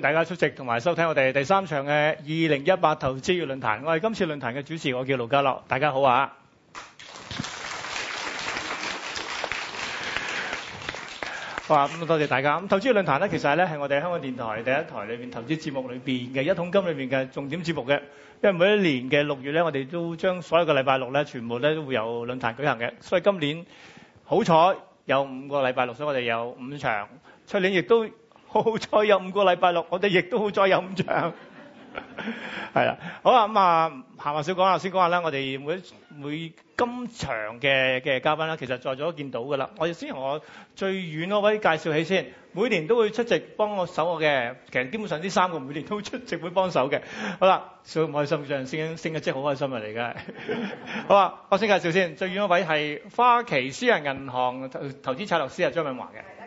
大家出席同埋收聽我哋第三場嘅二零一八投資月論壇，我係今次論壇嘅主持，我叫盧家樂，大家好啊！好啊，咁多謝大家。咁投資月論壇咧，其實咧係我哋香港電台第一台裏邊投資節目裏邊嘅一桶金裏邊嘅重點節目嘅，因為每一年嘅六月咧，我哋都將所有嘅禮拜六咧，全部咧都會有論壇舉行嘅，所以今年好彩有五個禮拜六，所以我哋有五場。出年亦都。好, 6，好， 好，再有五個禮拜六，我哋亦都好再有五場，係啦。好啊，咁啊，閒話少講啊，先講下啦。我哋每每今場嘅嘅嘉賓啦，其實在座都見到㗎啦。我哋先由我最遠嗰位介紹起先。每年都會出席幫我手我嘅，其實基本上呢三個，個每年都會出席會幫手嘅。好啦、啊，笑唔開心上先升升得即係好開心嚟㗎。好啊，我先介紹先，最遠嗰位係花旗私人銀行投投資策律師啊張敏華嘅。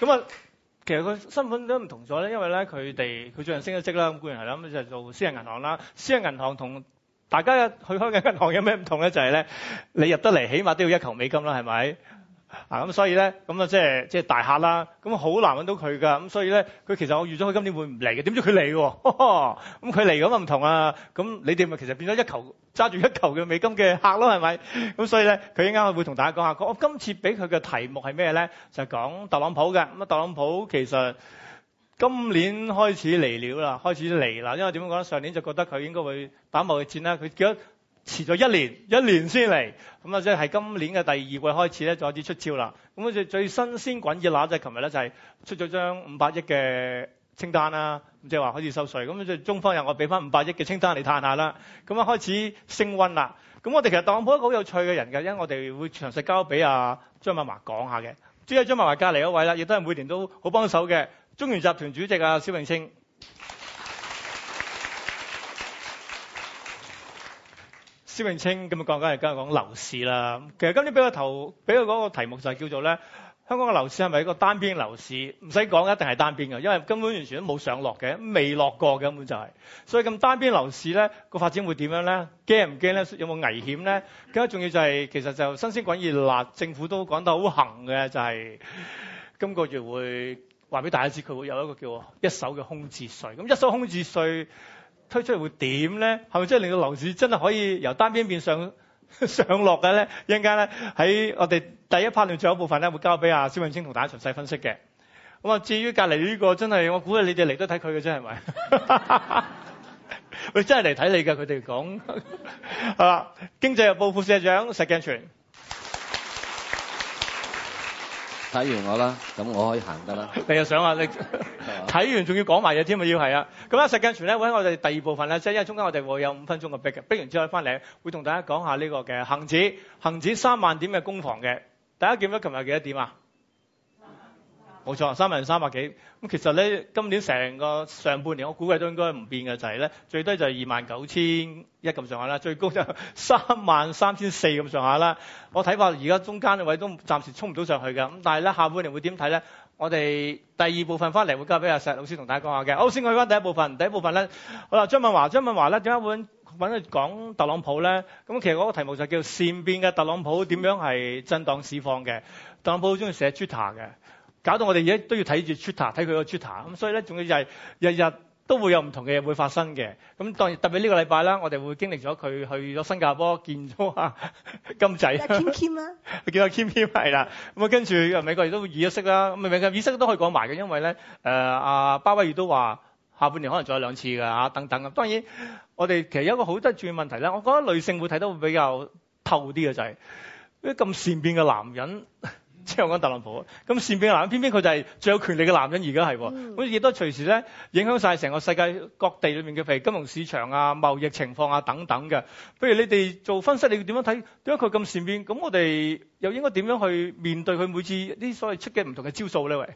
咁啊，其實個身份都唔同咗咧，因為咧佢哋佢最近升咗職啦，咁固然係啦，咁就做私人銀行啦。私人銀行同大家去開嘅銀行有咩唔同咧？就係咧，你入得嚟起碼都要一球美金啦，係咪？啊，咁所以咧，咁啊即係即係大客啦，咁好難揾到佢噶。咁所以咧，佢其實我預咗佢今年會唔嚟嘅，點知佢嚟喎。咁佢嚟咁啊，唔同啊。咁你哋咪其實變咗一球揸住一球嘅美金嘅客咯，係咪？咁所以咧，佢應該會同大家講下，我今次俾佢嘅題目係咩咧？就係、是、講特朗普嘅。咁特朗普其實今年開始嚟料啦，開始嚟啦。因為點樣講咧？上年就覺得佢應該會打貿易戰啦，佢遲咗一年，一年先嚟，咁啊即係今年嘅第二季開始咧，就開始出招啦。咁就最最新鮮滾熱辣，就係琴日咧就係出咗張五百億嘅清單啦，即係話開始收稅。咁就中方又我俾翻五百億嘅清單嚟探下啦。咁啊開始升溫啦。咁我哋其實特朗普一個好有趣嘅人嘅，因為我哋會詳細交俾阿張敏華講下嘅。即後張敏華隔離一位啦，亦都係每年都好幫手嘅。中原集團主席啊，施永青。施永青咁講講緊，而家講樓市啦。其實今年俾個頭俾我講個題目就係叫做咧，香港嘅樓市係咪一個單邊樓市？唔使講一定係單邊嘅，因為根本完全都冇上落嘅，未落過嘅根本就係、是。所以咁單邊樓市咧，個發展會點樣咧？驚唔驚咧？有冇危險咧？更加重要就係、是、其實就新鮮滾熱辣，政府都講得好行嘅就係、是、今個月會話俾大家知，佢會有一個叫一手嘅空置稅。咁一手空置稅，推出嚟會點咧？係咪真係令到樓市真係可以由單邊變上上落嘅咧？一陣間咧喺我哋第一派論最後部分咧，會交俾阿施永青同大家詳細分析嘅。咁啊，至於隔籬呢個真係，我估係你哋嚟都睇佢嘅，啫，係咪？ 佢真係嚟睇你嘅，佢哋講係啦。經濟日報副社長石鏡泉。睇完我啦，咁我可以行得啦。你又想啊？你睇 完仲要講埋嘢添啊？要係啊！咁啊，石鏡泉咧，會喺我哋第二部分咧，即係因為中間我哋會有五分鐘嘅逼嘅，逼完之後翻嚟會同大家講下呢個嘅恆指恆指三萬點嘅攻防嘅。大家見到琴日幾多點啊？冇錯，三萬三百幾。咁其實咧，今年成個上半年，我估計都應該唔變嘅，就係、是、咧，最低就係二萬九千一咁上下啦，最高就三萬三千四咁上下啦。我睇法，而家中間嘅位都暫時衝唔到上去嘅。咁但係咧，下半年會點睇咧？我哋第二部分翻嚟會交俾阿石老師同大家講下嘅。我先講翻第一部分。第一部分咧，好啦，張敏華，張敏華咧點解揾揾佢講特朗普咧？咁其實我個題目就叫善變嘅特朗普點樣係震盪市況嘅。特朗普好中意寫 Twitter 嘅。搞到我哋而家都要睇住 Twitter，睇佢個 Twitter。咁所以咧，仲要就係日日都會有唔同嘅嘢會發生嘅。咁當然特別呢個禮拜啦，我哋會經歷咗佢去咗新加坡見咗阿金仔。啊金金啊、見阿 Kim Kim 見阿 Kim 係啦。咁啊跟住美國亦都會議息啦。咁美、美國議息都可以講埋嘅，因為咧誒阿鮑威爾都話下半年可能再有兩次㗎嚇，等等。當然我哋其實有一個好得意嘅問題咧，我覺得女性會睇得會比較透啲嘅就係啲咁善變嘅男人。即係我講特朗普，咁善變嘅男人，偏偏佢就係最有權力嘅男人，而家係，好似亦都隨時咧影響晒成個世界各地裏面嘅譬如金融市場啊、貿易情況啊等等嘅。譬如你哋做分析，你要點樣睇？點解佢咁善變？咁我哋又應該點樣去面對佢每次啲所謂出嘅唔同嘅招數呢，喂，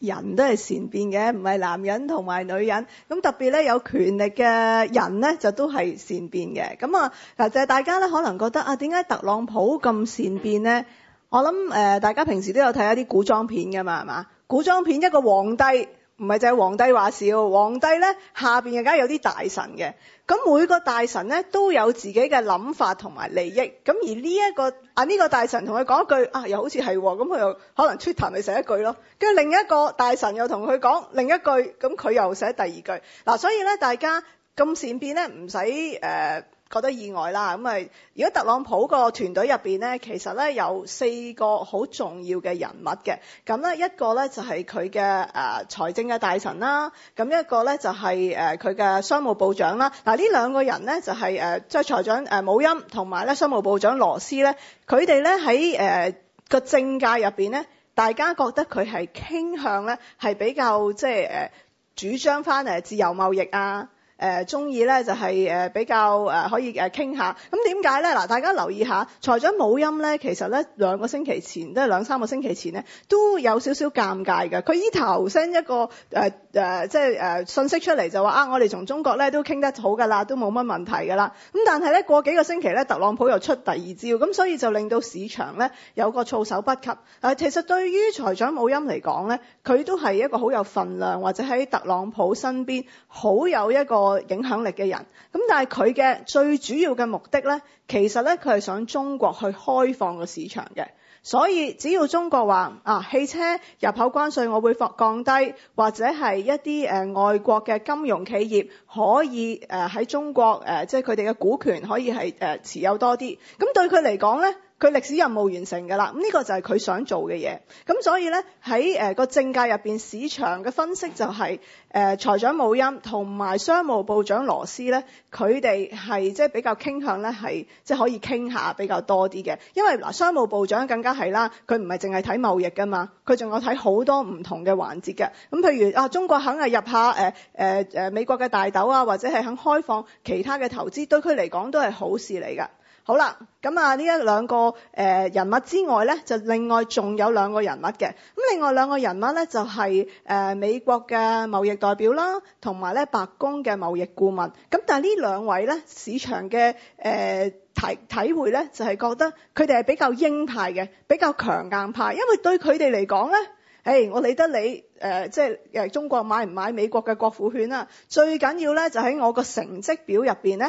人都係善變嘅，唔係男人同埋女人。咁特別咧，有權力嘅人咧，就都係善變嘅。咁啊，嗱，就係大家咧，可能覺得啊，點解特朗普咁善變咧？我諗誒、呃，大家平時都有睇一啲古裝片噶嘛，係嘛？古裝片一個皇帝唔係就係皇帝話事，皇帝咧下邊又梗係有啲大臣嘅。咁每個大臣咧都有自己嘅諗法同埋利益。咁而呢、這、一個啊呢、呢個大臣同佢講一句啊，又好似係喎，咁佢又可能 Twitter 咪寫一句咯。跟住另一個大臣又同佢講另一句，咁佢又寫第二句。嗱、啊，所以咧大家咁善變咧，唔使誒。呃覺得意外啦，咁咪如果特朗普個團隊入邊咧，其實咧有四個好重要嘅人物嘅，咁咧一個咧就係佢嘅財政嘅大臣啦，咁一個咧就係佢嘅商務部長啦。嗱呢兩個人咧就係即係財長誒姆欽同埋咧商務部長羅斯咧，佢哋咧喺個政界入邊咧，大家覺得佢係傾向咧係比較即係主張翻嚟自由貿易啊。誒中意咧就係、是、誒、呃、比較誒、呃、可以誒傾、呃、下，咁點解咧？嗱，大家留意下財長姆欽咧，其實咧兩個星期前都係兩三個星期前咧，都有少少尷尬嘅。佢依頭先一個誒誒、呃呃、即係誒、呃、信息出嚟就話啊，我哋從中國咧都傾得好㗎啦，都冇乜問題㗎啦。咁但係咧過幾個星期咧，特朗普又出第二招，咁所以就令到市場咧有個措手不及。呃、其實對於財長姆欽嚟講咧，佢都係一個好有份量，或者喺特朗普身邊好有一個個影響力嘅人，咁但係，佢嘅最主要嘅目的呢，其實呢佢係想中國去開放個市場嘅，所以只要中國話啊，汽車入口關稅我會放降低，或者係一啲誒外國嘅金融企業可以誒喺中國誒，即係佢哋嘅股權可以係誒持有多啲，咁對佢嚟講呢。佢歷史任務完成㗎啦，咁、這、呢個就係佢想做嘅嘢。咁所以呢，喺個、呃、政界入面市場嘅分析就係、是、財、呃、長穆音，同埋商務部長羅斯呢，佢哋係即係比較傾向呢，係即係可以傾下比較多啲嘅。因為、呃、商務部長更加係啦，佢唔係淨係睇貿易㗎嘛，佢仲有睇好多唔同嘅環節嘅。咁譬如、啊、中國肯係入下、呃呃呃、美國嘅大豆啊，或者係肯開放其他嘅投資，對佢嚟講都係好事嚟㗎。好啦，咁啊呢一兩個人物之外呢，就另外仲有兩個人物嘅。咁另外兩個人物呢，就係、是、誒美國嘅貿易代表啦，同埋呢白宮嘅貿易顧問。咁但係呢兩位呢市場嘅誒、呃、體、體會呢，就係、是、覺得佢哋係比較鷹派嘅，比較強硬派。因為對佢哋嚟講呢，誒我理得你誒即係中國買唔買美國嘅國庫券啦，最緊要呢，就喺、是、我個成績表入面呢。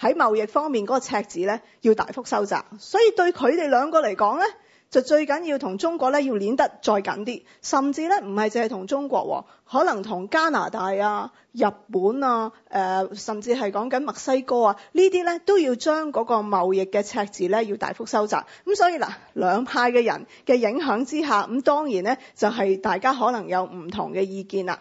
喺貿易方面嗰個赤字咧要大幅收窄，所以對佢哋兩個嚟講咧，就最緊要同中國咧要連得再緊啲，甚至咧唔係淨係同中國，可能同加拿大啊、日本啊、呃、甚至係講緊墨西哥啊呢啲咧都要將嗰個貿易嘅赤字咧要大幅收窄。咁所以嗱，兩派嘅人嘅影響之下，咁當然咧就係大家可能有唔同嘅意見啦。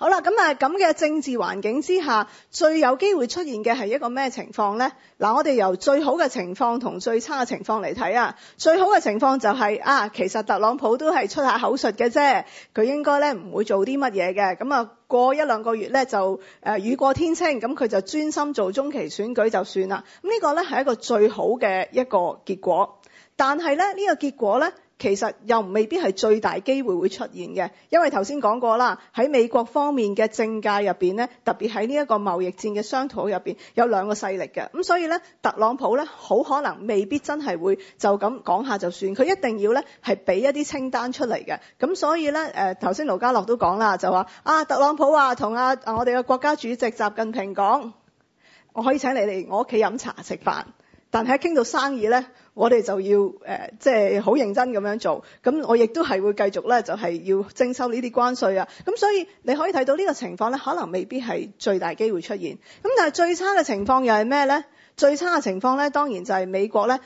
好啦，咁啊，咁嘅政治環境之下，最有機會出現嘅係一個咩情況咧？嗱，我哋由最好嘅情況同最差嘅情況嚟睇啊。最好嘅情況就係啊，其實特朗普都係出下口術嘅啫，佢應該咧唔會做啲乜嘢嘅。咁啊，過一兩個月咧就雨過天晴，咁佢就專心做中期選舉就算啦。咁呢個咧係一個最好嘅一個結果。但係咧，呢個結果咧。其實又未必係最大機會會出現嘅，因為頭先講過啦，喺美國方面嘅政界入面呢，特別喺呢個貿易戰嘅商討入面，有兩個勢力嘅，咁所以呢，特朗普呢，好可能未必真係會就咁講下就算，佢一定要呢係俾一啲清單出嚟嘅，咁所以呢，誒頭先盧家樂都講啦就話啊特朗普話同啊和我哋嘅國家主席習近平講，我可以請你嚟我屋企飲茶食飯，但係傾到生意呢。」我哋就要誒，即係好認真咁樣做。咁我亦都係會繼續咧，就係要徵收呢啲關稅啊。咁所以你可以睇到呢個情況咧，可能未必係最大機會出現。咁但係最差嘅情況又係咩咧？最差嘅情況咧，當然就係美國咧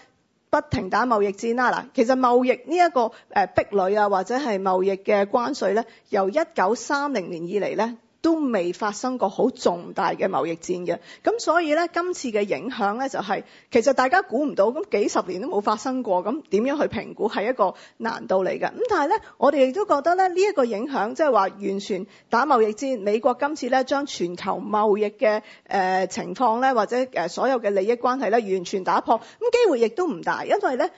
不停打貿易戰啦。嗱，其實貿易呢一個誒壁壘啊，或者係貿易嘅關稅咧，由一九三零年以嚟咧。都未發生過好重大嘅貿易戰嘅，咁所以咧，今次嘅影響咧就係，其實大家估唔到，咁幾十年都冇發生過，咁點樣去評估係一個難度嚟嘅。咁但係咧，我哋亦都覺得咧，呢一個影響即係話完全打貿易戰，美國今次咧將全球貿易嘅呃情況咧，或者呃所有嘅利益關係咧，完全打破，咁機會亦都唔大，因為咧。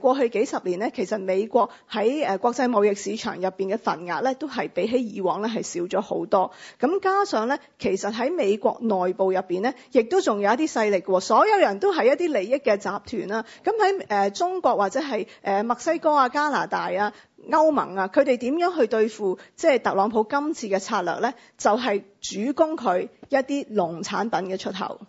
過去幾十年咧，其實美國喺國際貿易市場入邊嘅份額咧，都係比起以往咧係少咗好多。咁加上咧，其實喺美國內部入邊咧，亦都仲有一啲勢力喎。所有人都係一啲利益嘅集團啦。咁喺中國或者係誒墨西哥啊、加拿大啊、歐盟啊，佢哋點樣去對付即係特朗普今次嘅策略咧？就係主攻佢一啲農產品嘅出口。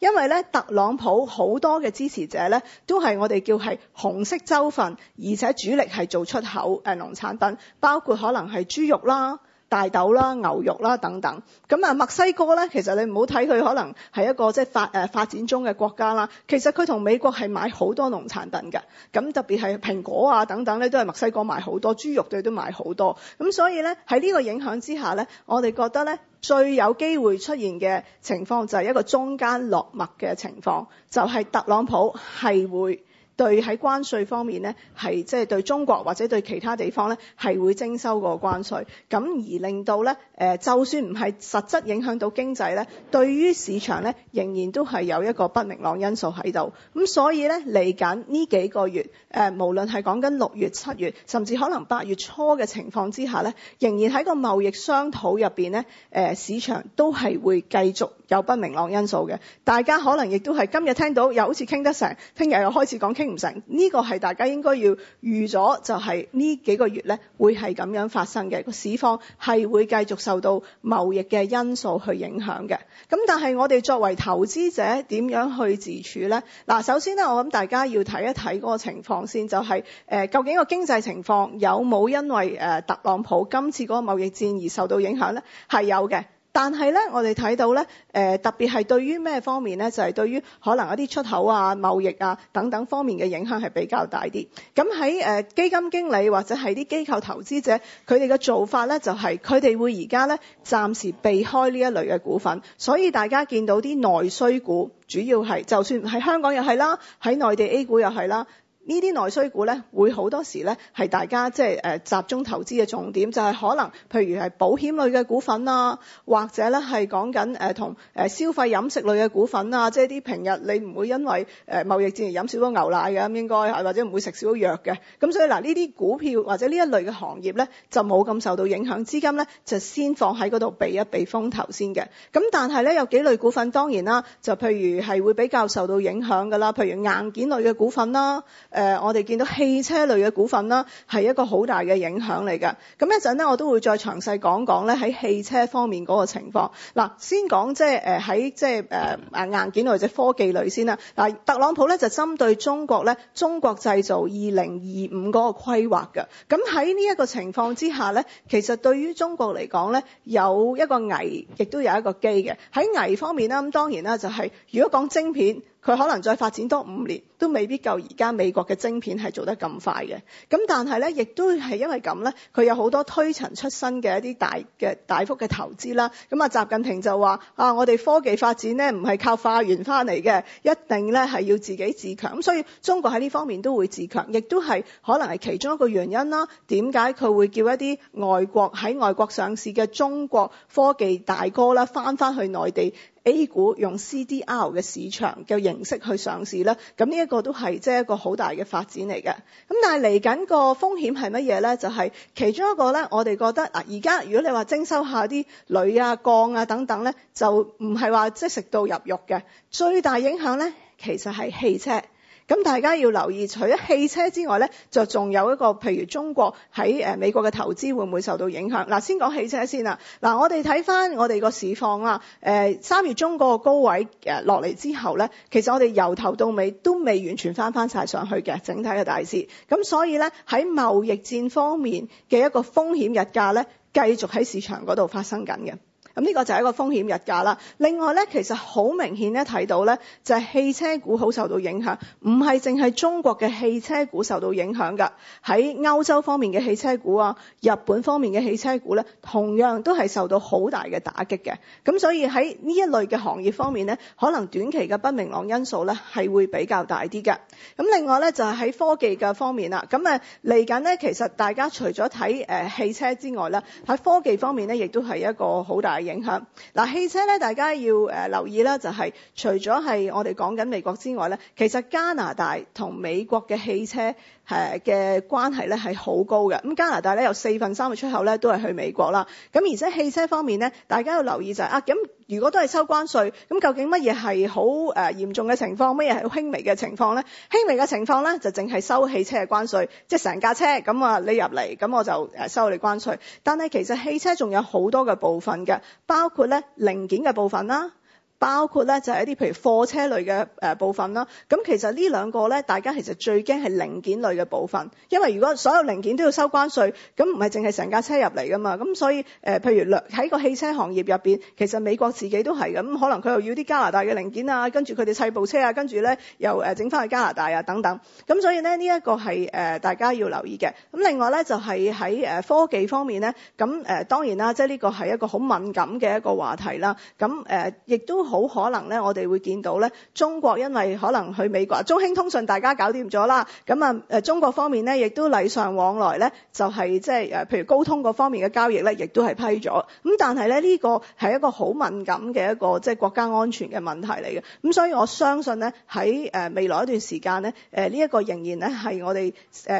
因為呢，特朗普好多嘅支持者呢，都係我哋叫係紅色州份，而且主力係做出口農產品，包括可能係豬肉啦。大豆啦、牛肉啦等等，咁啊，墨西哥咧，其實你唔好睇佢可能係一個即係發誒、呃、發展中嘅國家啦。其實佢同美國係買好多農產品嘅，咁特別係蘋果啊等等咧，都係墨西哥買好多豬肉，對都買好多。咁所以咧，喺呢個影響之下咧，我哋覺得咧，最有機會出現嘅情況就係一個中間落墨嘅情況，就係、是、特朗普係會。對喺關稅方面咧，係即係對中國或者對其他地方咧，係會徵收嗰個關稅，咁而令到咧。誒、呃，就算唔係實質影響到經濟咧，對於市場咧，仍然都係有一個不明朗因素喺度。咁、嗯、所以咧，嚟緊呢幾個月，呃、無論係講緊六月、七月，甚至可能八月初嘅情況之下咧，仍然喺個貿易商討入邊呢。咧、呃，市場都係會繼續有不明朗因素嘅。大家可能亦都係今日聽到，又好似傾得成，聽日又開始講傾唔成。呢、這個係大家應該要預咗，就係呢幾個月咧，會係咁樣發生嘅。個市況係會繼續。受到貿易嘅因素去影響嘅，咁但係我哋作為投資者點樣去自處咧？嗱，首先咧，我諗大家要睇一睇嗰個情況先，就係、是、誒、呃、究竟這個經濟情況有冇因為誒、呃、特朗普今次嗰個貿易戰而受到影響咧？係有嘅。但係呢，我哋睇到呢，呃、特別係對於咩方面呢？就係、是、對於可能一啲出口啊、貿易啊等等方面嘅影響係比較大啲。咁喺、呃、基金經理或者係啲機構投資者，佢哋嘅做法呢，就係佢哋會而家呢暫時避開呢一類嘅股份。所以大家見到啲內需股，主要係就算喺香港又係啦，喺內地 A 股又係啦。呢啲內需股咧，會好多時咧係大家即係誒集中投資嘅重點，就係可能譬如係保險類嘅股份啊，或者咧係講緊誒同誒消費飲食類嘅股份啊，即係啲平日你唔會因為誒貿易戰而飲少咗牛奶嘅咁應該係，或者唔會食少咗藥嘅。咁所以嗱，呢啲股票或者呢一類嘅行業咧，就冇咁受到影響，資金咧就先放喺嗰度避一避風頭先嘅。咁但係咧有幾類股份當然啦，就譬如係會比較受到影響㗎啦，譬如硬件類嘅股份啦。誒、呃，我哋見到汽車類嘅股份啦，係一個好大嘅影響嚟嘅。咁一陣咧，我都會再詳細講講咧喺汽車方面嗰個情況。嗱，先講即係誒喺即係誒硬件或者科技類先啦。嗱，特朗普咧就針對中國咧，中國製造二零二五嗰個規劃嘅。咁喺呢一個情況之下咧，其實對於中國嚟講咧，有一個危，亦都有一個機嘅。喺危方面啦，咁當然啦、就係，就係如果講晶片。佢可能再發展多五年都未必夠，而家美國嘅晶片係做得咁快嘅。咁但係咧，亦都係因為咁咧，佢有好多推陳出新嘅一啲大嘅大幅嘅投資啦。咁、嗯、啊，習近平就話：啊，我哋科技發展咧唔係靠化緣翻嚟嘅，一定咧係要自己自強。咁所以中國喺呢方面都會自強，亦都係可能係其中一個原因啦。點解佢會叫一啲外國喺外國上市嘅中國科技大哥啦，翻翻去內地？A 股用 CDR 嘅市場嘅形式去上市咧，咁呢個都係一個好大嘅發展嚟嘅。咁但係嚟緊個風險係乜嘢呢？就係、是、其中一個呢，我哋覺得嗱，而家如果你話徵收下啲鋁啊、鋼啊等等呢，就唔係話即食到入肉嘅。最大影響呢，其實係汽車。咁大家要留意，除咗汽車之外呢，就仲有一個，譬如中國喺美國嘅投資會唔會受到影響？嗱，先講汽車先啦。嗱，我哋睇返我哋個市況啦。誒，三月中嗰個高位落嚟之後呢，其實我哋由頭到尾都未完全返返晒上去嘅整體嘅大市。咁所以呢，喺貿易戰方面嘅一個風險日價呢，繼續喺市場嗰度發生緊嘅。咁呢個就係一個風險日價啦。另外呢，其實好明顯咧睇到呢，就係汽車股好受到影響，唔係淨係中國嘅汽車股受到影響㗎。喺歐洲方面嘅汽車股啊，日本方面嘅汽車股呢，同樣都係受到好大嘅打擊嘅。咁所以喺呢一類嘅行業方面呢，可能短期嘅不明朗因素呢，係會比較大啲嘅。咁另外呢，就係喺科技嘅方面啦。咁嚟緊呢，其實大家除咗睇汽車之外呢，喺科技方面呢，亦都係一個好大影響嗱，汽車咧，大家要、呃、留意啦，就係除咗係我哋講緊美國之外咧，其實加拿大同美國嘅汽車。誒嘅關係咧係好高嘅，咁加拿大咧有四份三嘅出口咧都係去美國啦。咁而且汽車方面咧，大家要留意就係、是、啊，咁如果都係收關稅，咁究竟乜嘢係好嚴重嘅情況，乜嘢係好輕微嘅情況咧？輕微嘅情況咧就淨係收汽車嘅關稅，即係成架車咁啊，你入嚟咁我就誒收你關稅。但係其實汽車仲有好多嘅部分嘅，包括咧零件嘅部分啦。包括咧就係一啲譬如貨車類嘅誒部分啦，咁其實呢兩個咧，大家其實最驚係零件類嘅部分，因為如果所有零件都要收關稅，咁唔係淨係成架車入嚟噶嘛，咁所以誒譬如喺個汽車行業入邊，其實美國自己都係咁可能佢又要啲加拿大嘅零件啊，跟住佢哋砌部車啊，跟住咧又誒整翻去加拿大啊等等，咁所以咧呢一個係誒大家要留意嘅。咁另外咧就係喺誒科技方面咧，咁誒當然啦，即係呢個係一個好敏感嘅一個話題啦，咁誒亦都。好可能咧，我哋會見到咧，中國因為可能去美國，中興通訊大家搞掂咗啦。咁啊中國方面咧，亦都禮尚往來咧，就是，就係即係譬如高通嗰方面嘅交易咧，亦都係批咗。咁但係咧，呢個係一個好敏感嘅一個即係，就是，國家安全嘅問題嚟嘅。咁所以我相信咧，喺未來一段時間咧，呢，這，一個仍然咧係我哋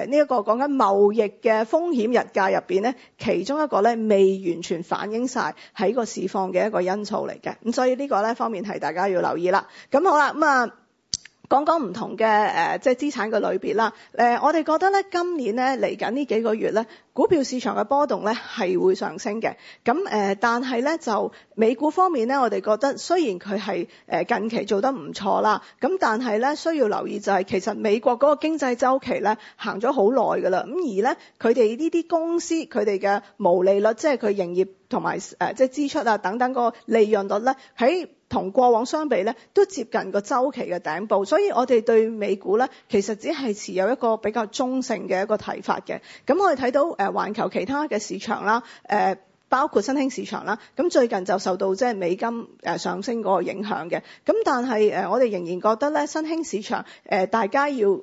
呢一個講緊貿易嘅風險日曆入邊咧，其中一個咧未完全反映曬喺個市況嘅一個因素嚟嘅。咁所以個呢個咧。方面係大家要留意啦。咁好啦，咁啊講講唔同嘅、呃、即係資產嘅類別啦、呃。我哋覺得咧，今年咧嚟緊呢幾個月咧，股票市場嘅波動咧係會上升嘅。咁、呃、但係咧就美股方面咧，我哋覺得雖然佢係、呃、近期做得唔錯啦，咁但係咧需要留意就係、是、其實美國嗰個經濟周期咧行咗好耐㗎啦。咁而咧佢哋呢啲公司佢哋嘅毛利率，即係佢營業同埋、呃、即係支出啊等等嗰個利潤率咧喺同過往相比咧，都接近個週期嘅頂部，所以我哋對美股咧，其實只係持有一個比較中性嘅一個睇法嘅。咁我哋睇到誒環球其他嘅市場啦，誒包括新興市場啦，咁最近就受到即係美金誒上升嗰個影響嘅。咁但係誒我哋仍然覺得咧，新興市場誒大家要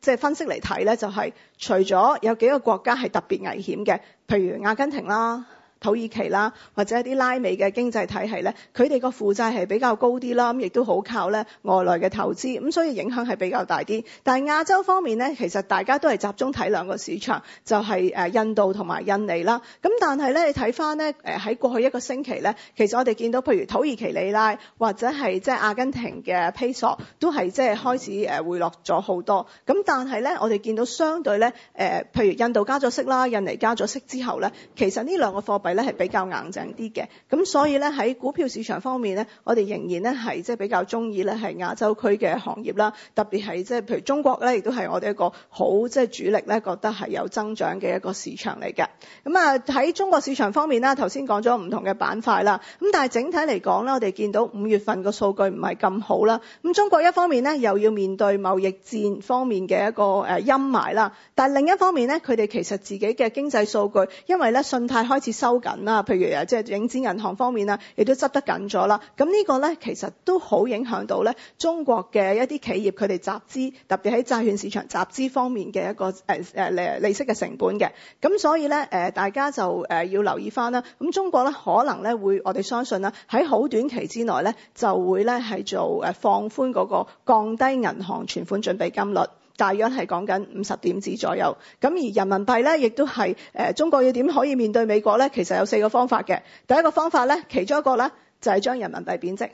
即係分析嚟睇咧，就係除咗有幾個國家係特別危險嘅，譬如阿根廷啦。土耳其啦，或者一啲拉美嘅經濟體系咧，佢哋個負債係比較高啲啦，咁亦都好靠咧外來嘅投資，咁所以影響係比較大啲。但係亞洲方面咧，其實大家都係集中睇兩個市場，就係、是、誒印度同埋印尼啦。咁但係咧，你睇翻咧誒喺過去一個星期咧，其實我哋見到譬如土耳其里拉或者係即係阿根廷嘅披索都係即係開始誒回落咗好多。咁但係咧，我哋見到相對咧誒，譬如印度加咗息啦，印尼加咗息之後咧，其實呢兩個貨幣。咧係比較硬淨啲嘅，咁所以咧喺股票市場方面咧，我哋仍然咧係即係比較中意咧係亞洲區嘅行業啦，特別係即係譬如中國咧，亦都係我哋一個好即係主力咧，覺得係有增長嘅一個市場嚟嘅。咁啊喺中國市場方面啦，頭先講咗唔同嘅板塊啦，咁但係整體嚟講咧，我哋見到五月份個數據唔係咁好啦。咁中國一方面咧又要面對貿易戰方面嘅一個陰霾啦，但係另一方面咧，佢哋其實自己嘅經濟數據因為咧信貸開始收。緊啦，譬如啊，即係影子銀行方面啊，亦都執得緊咗啦。咁、這、呢個咧，其實都好影響到咧中國嘅一啲企業佢哋集資，特別喺債券市場集資方面嘅一個誒誒利利息嘅成本嘅。咁所以咧誒，大家就誒要留意返啦。咁中國咧可能咧會，我哋相信啦，喺好短期之內咧就會咧係做誒放寬嗰個降低銀行存款準備金率。大約係講緊五十點子左右，咁而人民幣咧，亦都係、呃、中國要點可以面對美國咧？其實有四個方法嘅。第一個方法咧，其中一個咧就係、是、將人民幣貶值。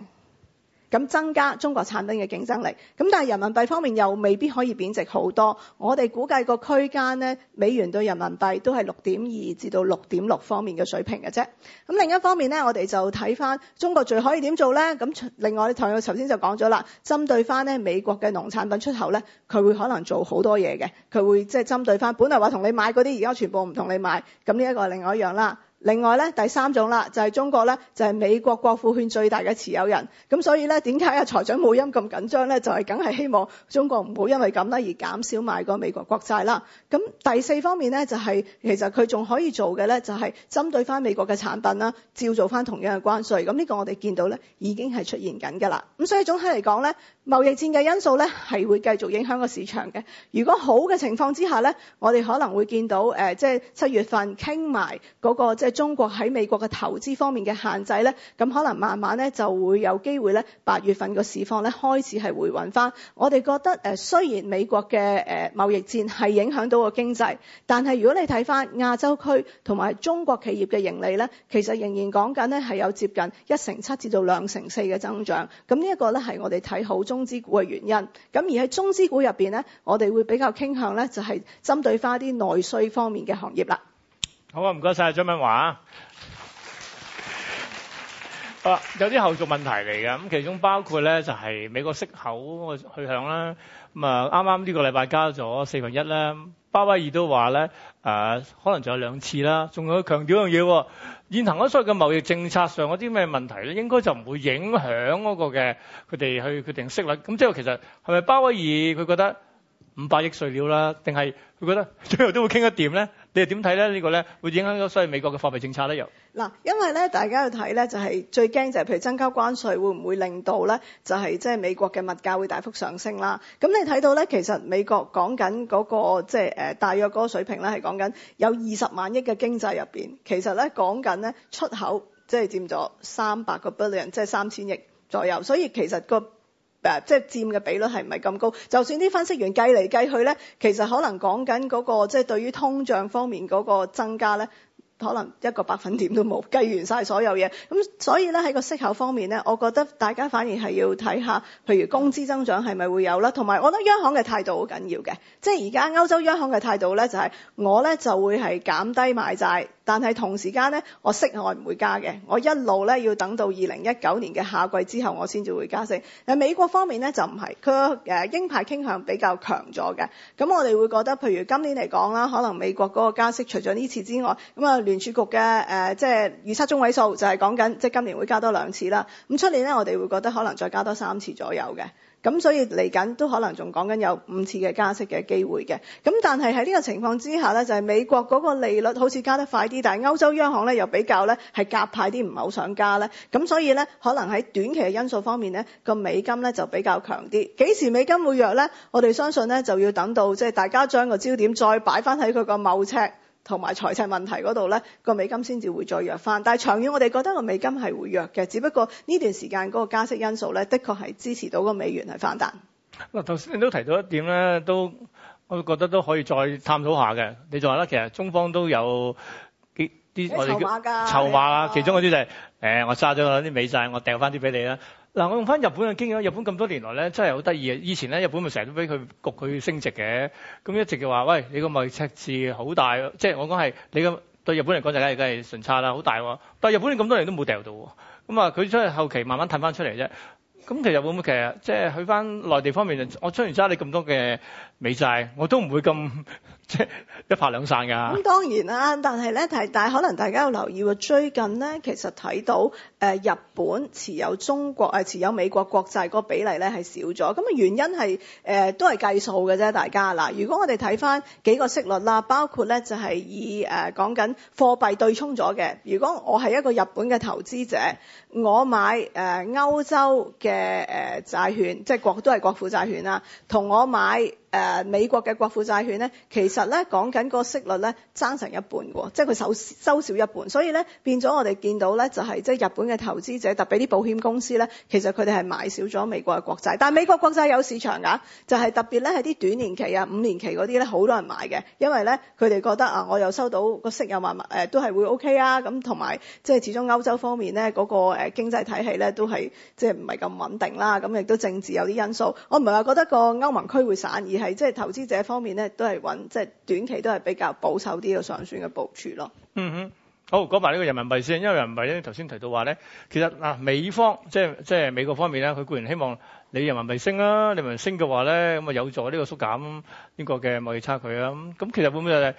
咁增加中國產品嘅競爭力，咁但係人民幣方面又未必可以貶值好多。我哋估計個區間呢，美元對人民幣都係六點二至到六點六方面嘅水平嘅啫。咁另一方面呢，我哋就睇返中國最可以點做呢？咁另外，唐友頭先就講咗啦，針對返呢美國嘅農產品出口呢，佢會可能做好多嘢嘅，佢會即針對返本來話同你買嗰啲，而家全部唔同你買。咁呢一個係另外一樣啦。另外呢，第三種啦，就係、是、中國呢就係、是、美國國庫券最大嘅持有人。咁所以呢，點解啊財長冇音咁緊張呢？就係梗係希望中國唔好因為咁啦而減少買個美國國債啦。咁第四方面呢，就係、是、其實佢仲可以做嘅呢，就係、是、針對翻美國嘅產品啦，照做翻同樣嘅關稅。咁呢個我哋見到呢已經係出現緊㗎啦。咁所以總體嚟講呢。貿易戰嘅因素呢係會繼續影響個市場嘅。如果好嘅情況之下呢，我哋可能會見到誒，即係七月份傾埋嗰個即係、就是、中國喺美國嘅投資方面嘅限制呢，咁可能慢慢呢就會有機會呢。八月份個市況呢開始係回穩翻。我哋覺得誒、呃，雖然美國嘅誒貿易戰係影響到個經濟，但係如果你睇翻亞洲區同埋中國企業嘅盈利呢，其實仍然講緊呢係有接近一成七至到兩成四嘅增長。咁呢一個呢係我哋睇好，中資股嘅原因，咁而喺中資股入邊咧，我哋會比較傾向咧，就係針對翻啲內需方面嘅行業啦。好啊，唔該晒，張敏華。啊，有啲後續問題嚟嘅，咁其中包括咧就係美國息口去向啦。咁啊，啱啱呢個禮拜加咗四分一啦。鮑威爾都話咧，可能仲有兩次啦。仲有強調一樣嘢，現行嗰所謂嘅貿易政策上嗰啲咩問題咧，應該就唔會影響嗰個嘅佢哋去決定息率。咁即係其實係咪鮑威爾佢覺得？五百億稅了啦，定係佢覺得最後都會傾得掂咧？你又點睇咧？呢個咧會影響咗所以美國嘅貨幣政策咧又嗱，因為咧大家要睇咧就係最驚就係譬如增加關稅會唔會令到咧就係即係美國嘅物價會大幅上升啦？咁你睇到咧其實美國講緊嗰個即係誒大約嗰個水平咧係講緊有二十萬億嘅經濟入邊，其實咧講緊咧出口即係佔咗三百個 billion，即係三千億左右，所以其實個。誒，即係佔嘅比率係唔係咁高？就算啲分析員計嚟計去咧，其實可能講緊嗰個，即係對於通脹方面嗰個增加咧。可能一個百分點都冇，計完晒所有嘢，咁所以咧喺個息口方面咧，我覺得大家反而係要睇下，譬如工資增長係咪會有啦，同埋我覺得央行嘅態度好緊要嘅。即係而家歐洲央行嘅態度咧，就係我咧就會係減低買債，但係同時間咧，我息我唔會加嘅，我一路咧要等到二零一九年嘅夏季之後，我先至會加息。但美國方面咧就唔係，佢鷹派傾向比較強咗嘅，咁我哋會覺得，譬如今年嚟講啦，可能美國嗰個加息除咗呢次之外，咁啊。聯儲局嘅誒，即係預測中位數，就係講緊即係今年會加多兩次啦。咁出年咧，我哋會覺得可能再加多三次左右嘅。咁所以嚟緊都可能仲講緊有五次嘅加息嘅機會嘅。咁但係喺呢個情況之下咧，就係美國嗰個利率好似加得快啲，但係歐洲央行咧又比較咧係夾派啲，唔係好想加咧。咁所以咧，可能喺短期嘅因素方面咧，個美金咧就比較強啲。幾時美金會弱咧？我哋相信咧就要等到即係大家將個焦點再擺翻喺佢個貿赤，同埋財政問題嗰度咧，個美金先至會再弱翻。但係長遠我哋覺得個美金係會弱嘅，只不過呢段時間嗰個加息因素咧，的確係支持到個美元係反彈。嗱，頭先你都提到一點咧，都我覺得都可以再探討下嘅。你仲話啦，其實中方都有幾啲我哋嘅籌碼㗎。籌碼啊，其中嗰啲就係誒，我揸咗嗰啲美債，我掟翻啲俾你啦。嗱，我用翻日本嘅經驗，日本咁多年來咧，真係好得意嘅。以前咧，日本咪成日都俾佢焗佢升值嘅，咁一直就話：，喂，你個貿易赤字好大，即係我講係你個對日本嚟講嚟緊係順差啦，好大喎！但係日本咁多年都冇掉到，咁啊，佢真係後期慢慢褪翻出嚟啫。咁其實會唔會其實即係去翻內地方面，我出完揸你咁多嘅。美債我都唔會咁即係一拍兩散㗎。咁當然啦，但係咧，但係可能大家有留意，最近咧其實睇到、呃、日本持有中國持有美國國債嗰個比例咧係少咗。咁啊原因係誒、呃、都係計數嘅啫，大家嗱。如果我哋睇翻幾個息率啦，包括咧就係、是、以誒講緊貨幣對沖咗嘅。如果我係一個日本嘅投資者，我買誒、呃、歐洲嘅誒、呃、債券，即係國都係國庫債券啦，同我買。誒、呃、美國嘅國庫債券咧，其實咧講緊個息率咧，爭成一半喎、哦，即係佢收收少一半，所以咧變咗我哋見到咧，就係、是、即係日本嘅投資者，特別啲保險公司咧，其實佢哋係買少咗美國嘅國債，但係美國國債有市場㗎，就係、是、特別咧係啲短年期啊、五年期嗰啲咧，好多人買嘅，因為咧佢哋覺得啊，我又收到個息又萬萬、呃、都係會 O、OK、K 啊，咁同埋即係始終歐洲方面咧嗰、那個誒、呃、經濟體系咧都係即係唔係咁穩定啦，咁亦都政治有啲因素，我唔係話覺得個歐盟區會散係即係投資者方面咧，都係揾即係短期都係比較保守啲嘅上選嘅部署咯。嗯哼，好講埋呢個人民幣先，因為人民幣咧頭先提到話咧，其實嗱、啊、美方即係即係美國方面咧，佢固然希望你人民幣升啦，你人民幣升嘅話咧，咁啊有助呢個縮減呢個嘅貿易差距啊。咁咁其實會唔會係、就是？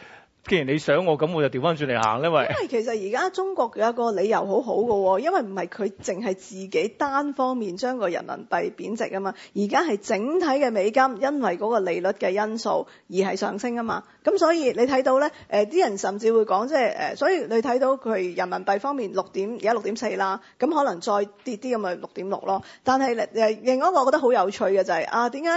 既然你想我，咁我就調翻轉嚟行咧，喂，因為其實而家中國有一個理由好好嘅、哦，因為唔係佢淨係自己單方面將個人民幣貶值啊嘛，而家係整體嘅美金因為嗰個利率嘅因素而係上升啊嘛，咁所以你睇到咧，誒、呃、啲人甚至會講即係誒，所以你睇到佢人民幣方面六點而家六點四啦，咁可能再跌啲咁咪六點六咯。但係、呃、另外一個我覺得好有趣嘅就係、是、啊，點解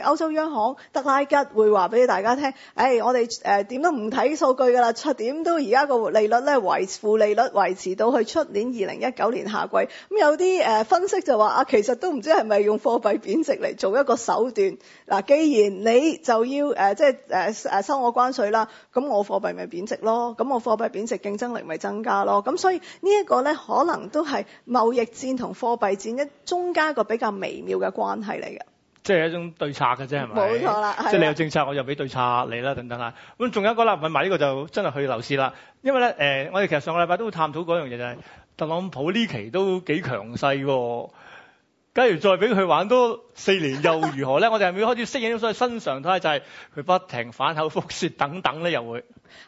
誒歐洲央行德拉吉會話俾大家聽，誒、哎，我哋誒點都唔睇。啲數據㗎啦，七點都而家個利率咧，維持負利率維持到去出年二零一九年夏季。咁有啲誒分析就話啊，其實都唔知係咪用貨幣貶值嚟做一個手段嗱，既然你就要誒即係誒誒收我關稅啦，咁我貨幣咪貶值咯，咁我貨幣貶值競爭力咪增加咯，咁所以這呢一個咧可能都係貿易戰同貨幣戰中間一中間一個比較微妙嘅關係嚟嘅。即係一種對策嘅啫，係咪錯？冇錯啦，即係你有政策，我就俾對策你啦，錯等等啦。咁仲了有一個啦，問埋呢個就真係去樓市啦。因為咧，誒，我哋其實上個禮拜都探討過一樣嘢，就係、是、特朗普呢期都幾強勢喎。假如再俾佢玩多四年又如何咧？ 我哋係咪要開始適應咗所謂新常態就係佢不停反口覆舌等等咧？又會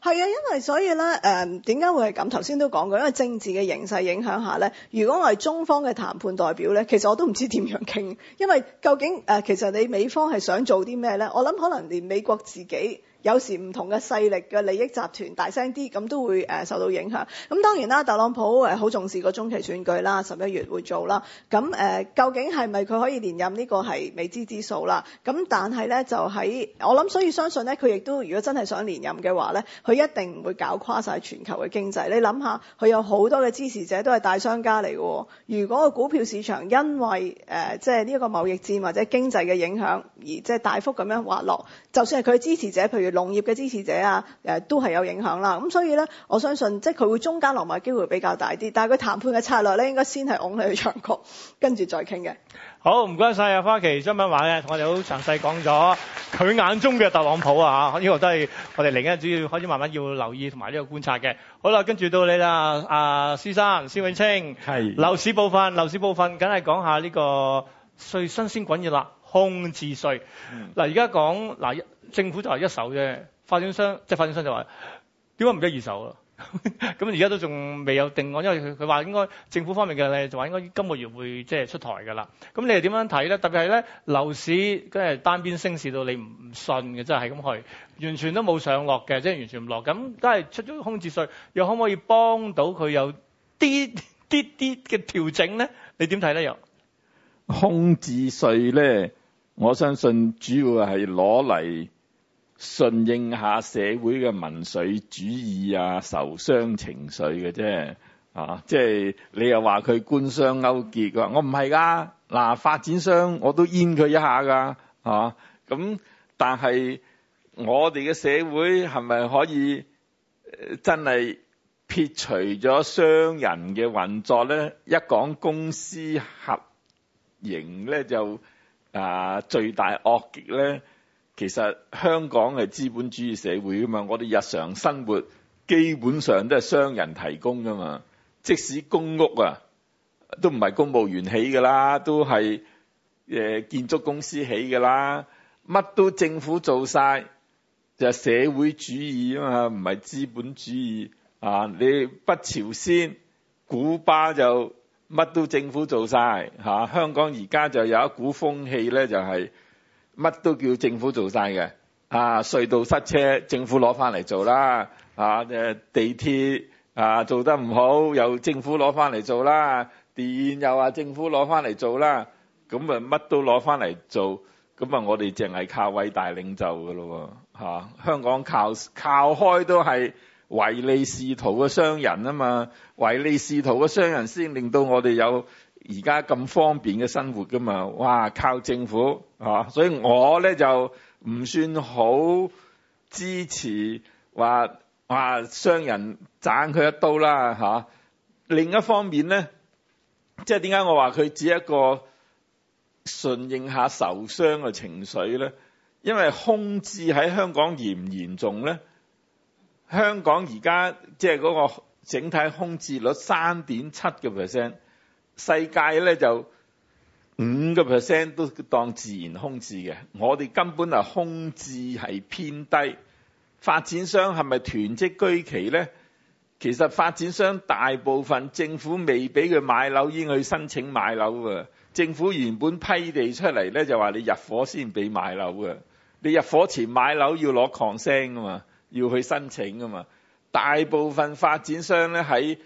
係啊，因為所以咧，誒，點解會係咁？頭先都講過，因為政治嘅形勢影響下咧，如果我係中方嘅談判代表咧，其實我都唔知點樣傾，因為究竟誒、呃、其實你美方係想做啲咩咧？我諗可能連美國自己。有時唔同嘅勢力嘅利益集團大聲啲，咁都會、呃、受到影響。咁當然啦，特朗普誒好重視個中期選舉啦，十一月會做啦。咁、呃、究竟係咪佢可以連任呢、呢個係未知之數啦。咁但係咧，就喺我諗，所以相信咧，佢亦都如果真係想連任嘅話咧，佢一定唔會搞垮曬全球嘅經濟。你諗下，佢有好多嘅支持者都係大商家嚟嘅、哦。如果個股票市場因為誒即係呢個貿易戰或者經濟嘅影響而即係大幅咁樣滑落，就算係佢支持者，譬如～農業嘅支持者啊，誒都係有影響啦。咁所以咧，我相信即係佢會中間攞埋機會比較大啲。但係佢談判嘅策略咧，應該先係拱佢去唱局，跟住再傾嘅。好，唔該晒啊，花旗張敏華呢同我哋好詳細講咗佢眼中嘅特朗普啊，呢、這個都係我哋嚟緊主要開始慢慢要留意同埋呢個觀察嘅。好啦，跟住到你啦，啊，施生施永青。係樓是市部分，樓市部分梗係講下呢、這個最新鮮滾熱辣。空置稅嗱，而家講嗱，政府就係一手啫。發展商即係發展商就話：點解唔畀二手？咁而家都仲未有定案，因為佢佢話應該政府方面嘅咧，就話應該今個月會即係出台㗎啦。咁你係點樣睇咧？特別係咧樓市即係單邊升市到你唔信嘅，即係咁去，完全都冇上落嘅，即係完全唔落。咁都係出咗空置稅，又可唔可以幫到佢有啲啲啲嘅調整咧？你點睇咧？又空置稅咧？我相信主要係攞嚟順應下社會嘅民粹主義啊、受傷情緒嘅啫，啊，即係你又話佢官商勾結噶，我唔係噶，嗱、啊、發展商我都閹佢一下噶，啊，咁但係我哋嘅社會係咪可以真係撇除咗商人嘅運作咧？一講公私合營咧就。啊！最大惡極咧，其實香港係資本主義社會啊嘛，我哋日常生活基本上都係商人提供噶嘛。即使公屋啊，都唔係公務員起噶啦，都係、呃、建築公司起噶啦。乜都政府做晒，就係、社會主義啊嘛，唔係資本主義啊。你北朝鮮，古巴就。乜都政府做晒，嚇、啊、香港而家就有一股風氣咧，就係、是、乜都叫政府做晒嘅。啊，隧道塞車政府攞翻嚟做啦，啊誒地鐵啊做得唔好由政府攞翻嚟做啦，電又話政府攞翻嚟做啦，咁啊乜都攞翻嚟做，咁啊我哋淨係靠偉大領袖㗎咯，嚇、啊、香港靠靠開都係。唯利是圖嘅商人啊嘛，唯利是圖嘅商人先令到我哋有而家咁方便嘅生活噶嘛，哇！靠政府嚇，所以我咧就唔算好支持話話商人斬佢一刀啦嚇、啊。另一方面咧，即係點解我話佢只一個順應下受傷嘅情緒咧？因為空置喺香港嚴唔嚴重咧？香港而家即係嗰個整體空置率三點七個 percent，世界咧就五個 percent 都當自然空置嘅。我哋根本係空置係偏低，發展商係咪囤積居奇咧？其實發展商大部分政府未俾佢買樓已經去申請買樓嘅，政府原本批地出嚟咧，就話你入伙先俾買樓嘅，你入伙前買樓要攞 consent 啊嘛？要去申請㗎嘛？大部分發展商咧喺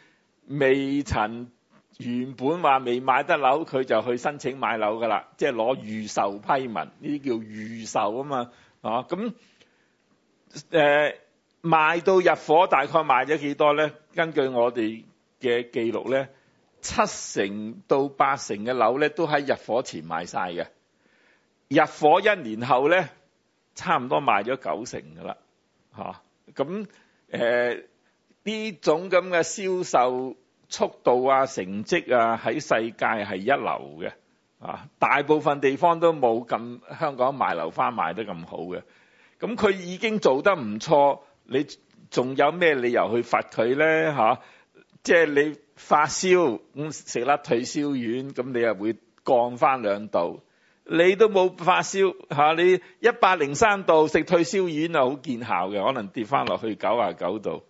未曾原本話未買得樓，佢就去申請買樓噶啦，即係攞預售批文，呢啲叫預售啊嘛。咁、啊、誒、呃、賣到入伙，大概賣咗幾多咧？根據我哋嘅記錄咧，七成到八成嘅樓咧都喺入伙前賣曬嘅，入伙一年後咧差唔多賣咗九成噶啦。嚇，咁，誒，呢種咁嘅銷售速度啊、成績啊，喺世界係一流嘅啊，大部分地方都冇咁，香港賣樓花賣得咁好嘅。咁佢已經做得唔錯，你仲有咩理由去罰佢咧、啊、即係你發燒咁食粒退燒丸咁，你又會降翻兩度。你都冇發燒嚇，你一百零三度食退燒丸啊，好見效嘅，可能跌翻落去九啊九度。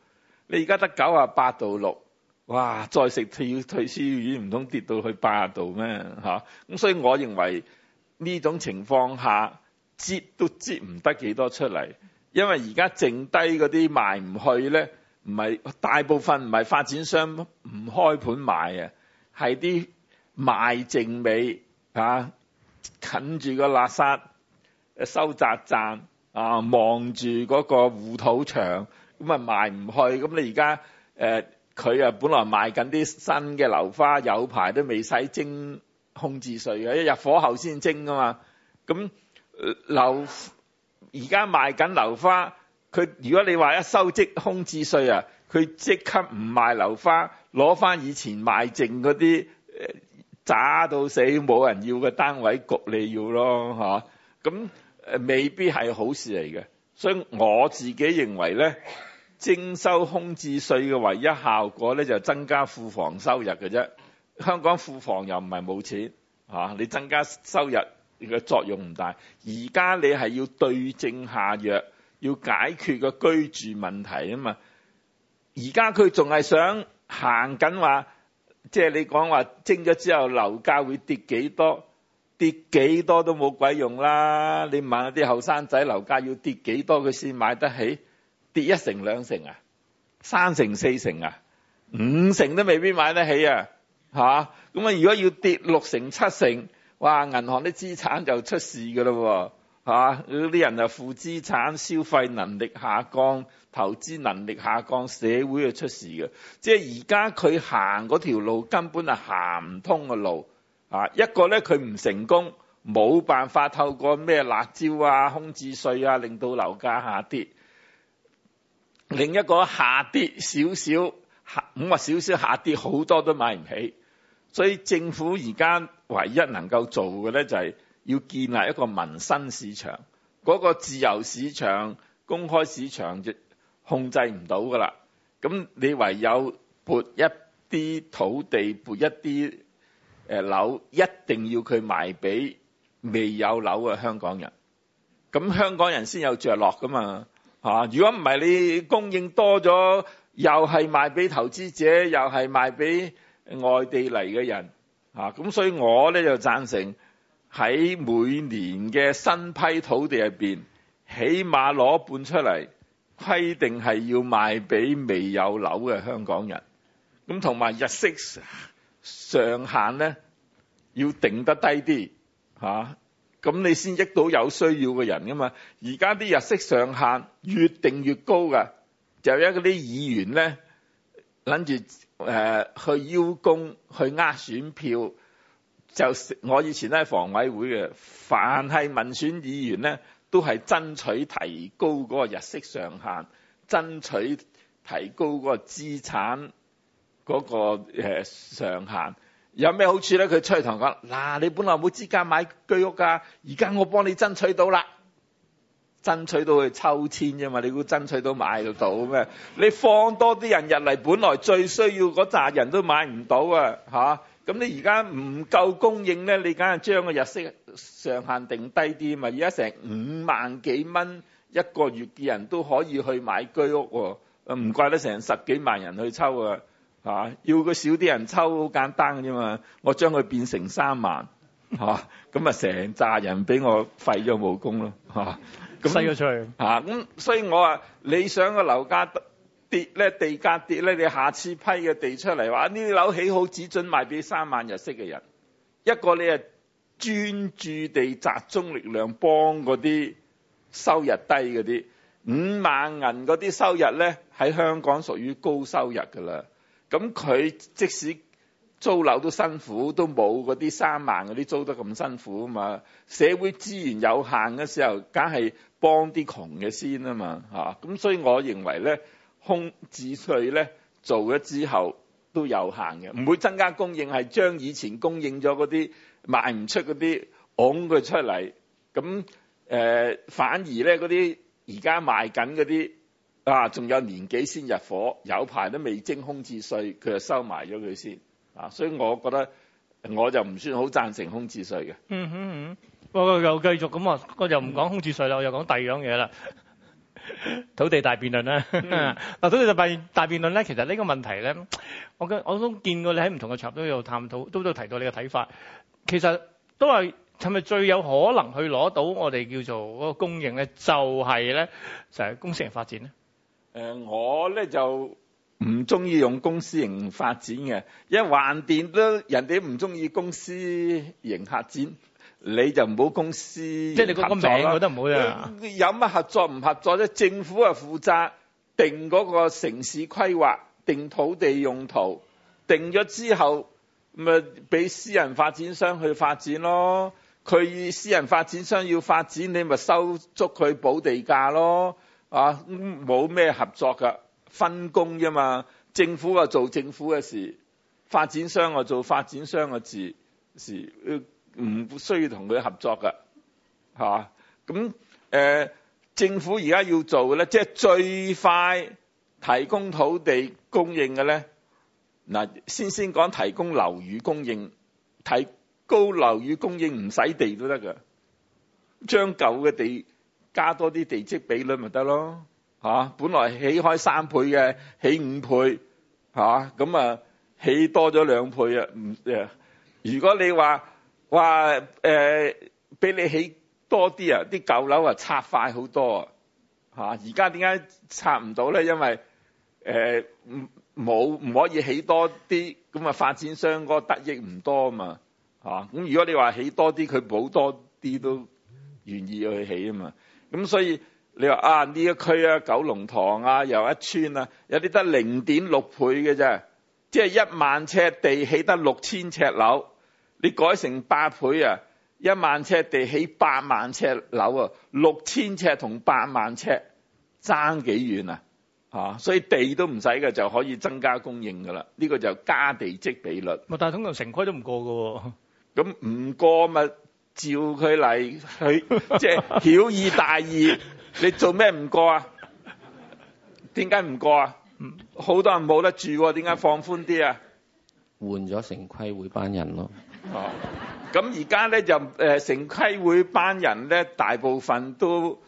你而家得九啊八度六，哇！再食退退燒丸，唔通跌到去八啊度咩嚇？咁所以，我認為呢種情況下，折都折唔得幾多出嚟，因為而家剩低嗰啲賣唔去咧，唔係大部分唔係發展商唔開盤賣啊，係啲賣剩尾嚇。近住個垃圾收集站啊，望住嗰個護土牆，咁啊賣唔去。咁你而家誒佢啊本來賣緊啲新嘅樓花，有排都未使徵空置稅嘅，一入伙後先徵噶嘛。咁、呃、樓而家賣緊樓花，佢如果你話一收徵空置稅啊，佢即刻唔賣樓花，攞翻以前賣剩嗰啲誒。呃渣到死，冇人要嘅單位，局你要咯，咁、啊、未必係好事嚟嘅，所以我自己認為咧，徵收空置稅嘅唯一效果咧就增加庫房收入嘅啫。香港庫房又唔係冇錢，嚇、你增加收入嘅作用唔大。而家你係要對症下藥，要解決個居住問題啊嘛。而家佢仲係想行緊話。即係你講話蒸咗之後樓價會跌幾多？跌幾多都冇鬼用啦！你問下啲後生仔樓價要跌幾多佢先買得起？跌一成兩成啊？三成四成啊？五成都未必買得起啊？嚇！咁啊，如果要跌六成七成，哇！銀行啲資產就出事㗎喇喎！係嗰啲人啊，負資產、消費能力下降、投資能力下降，社會係出事嘅。即係而家佢行嗰條路根本係行唔通嘅路。啊，一個咧佢唔成功，冇辦法透過咩辣椒啊、空置稅啊，令到樓價下跌。另一個下跌少少，咁話少少下跌，好多都買唔起。所以政府而家唯一能夠做嘅咧就係、是。要建立一個民生市場，嗰個自由市場、公開市場就控制唔到㗎啦。咁你唯有撥一啲土地、撥一啲誒樓，一定要佢賣俾未有樓嘅香港人，咁香港人先有着落㗎嘛嚇。如果唔係，你供應多咗，又係賣俾投資者，又係賣俾外地嚟嘅人嚇。咁所以我咧就贊成。喺每年嘅新批土地入邊，起碼攞一半出嚟，規定係要賣俾未有樓嘅香港人。咁同埋入息上限咧，要定得低啲吓。咁、啊、你先益到有需要嘅人噶嘛。而家啲入息上限越定越高噶，就有一啲議員咧，諗住誒去邀功、去呃選票。就我以前咧，房委會嘅，凡係民選議員咧，都係爭取提高嗰個日息上限，爭取提高嗰個資產嗰、嗰個、呃、上限。有咩好處咧？佢出去同我講：嗱、啊，你本來冇資格買居屋㗎，而家我幫你爭取到啦，爭取到去抽籤啫嘛。你估爭取到買得到買到咩？你放多啲人入嚟，本來最需要嗰扎人都買唔到啊！咁你而家唔夠供應咧，你梗係將個日息上限定低啲嘛。而家成五萬幾蚊一個月嘅人都可以去買居屋，哦，唔怪得成十幾萬人去抽啊！啊要個少啲人抽，好簡單嘅啫嘛。我將佢變成三萬，嚇、啊，咁啊成扎人俾我廢咗武功咯，嚇、啊。咁，嚇，咁，所以我話你想個樓價。跌咧，地價跌咧，你下次批嘅地出嚟話呢啲樓起好，只准賣俾三萬日息嘅人。一個你係專注地集中力量幫嗰啲收入低嗰啲，五萬銀嗰啲收入咧，喺香港屬於高收入㗎啦。咁佢即使租樓都辛苦，都冇嗰啲三萬嗰啲租得咁辛苦啊嘛。社會資源有限嘅時候，梗係幫啲窮嘅先啊嘛吓。咁所以我認為咧。空置稅咧做咗之後都有限嘅，唔會增加供應，係將以前供應咗嗰啲賣唔出嗰啲拱佢出嚟，咁、呃、反而咧嗰啲而家賣緊嗰啲啊，仲有年幾先入伙，有排都未徵空置稅，佢就收埋咗佢先啊，所以我覺得我就唔算好贊成空置稅嘅。嗯哼嗯，不過又繼續咁話，我又唔講空置稅啦，我又講第二樣嘢啦。土地大辯論啦，嗱、嗯， 土地大辯大辯論咧，其實呢個問題咧，我我都見過你喺唔同嘅場合都有探討，都都提到你嘅睇法。其實都係係咪最有可能去攞到我哋叫做嗰個供應咧，就係咧就係公司型發展咧？誒、呃，我咧就唔中意用公司型發展嘅，因為橫掂都人哋都唔中意公司型發展。你就唔好公司即係你嗰個名我都唔好有乜合作唔合作啫。政府啊，負責定嗰個城市規劃，定土地用途，定咗之後咪俾私人發展商去發展咯。佢私人發展商要發展，你咪收足佢補地價咯。啊，冇咩合作㗎，分工啫嘛。政府啊做政府嘅事，發展商啊做發展商嘅事事。唔需要同佢合作㗎。吓，咁誒、呃，政府而家要做嘅咧，即係最快提供土地供應嘅咧。嗱，先先講提供樓宇供應，提高樓宇供應唔使地都得㗎。將舊嘅地加多啲地積比率咪得咯？吓、啊，本來起開三倍嘅起五倍，吓、啊，咁啊起多咗兩倍啊！唔誒，如果你話，話誒俾你起多啲啊，啲舊樓啊拆快好多啊嚇！而家點解拆唔到咧？因為誒唔冇唔可以起多啲，咁啊發展商嗰得益唔多啊嘛嚇咁、啊、如果你話起多啲，佢補多啲都願意去起啊嘛。咁所以你話啊呢一區啊九龍塘啊又一村啊，有啲得零點六倍嘅啫，即係一萬尺地起得六千尺樓。你改成八倍啊，一萬尺地起八萬尺樓啊，六千尺同八萬尺爭幾遠啊？吓、啊，所以地都唔使嘅，就可以增加供應噶啦。呢、這個就加地積比率。咪但通常城規都唔過噶、哦，咁唔過咪照佢嚟，去 即係曉以大義，你做咩唔過啊？點解唔過啊？好多人冇得住，點解放寬啲啊？換咗、啊、城規會班人咯。 哦，咁而家咧就誒、呃、城規會班人咧，大部分都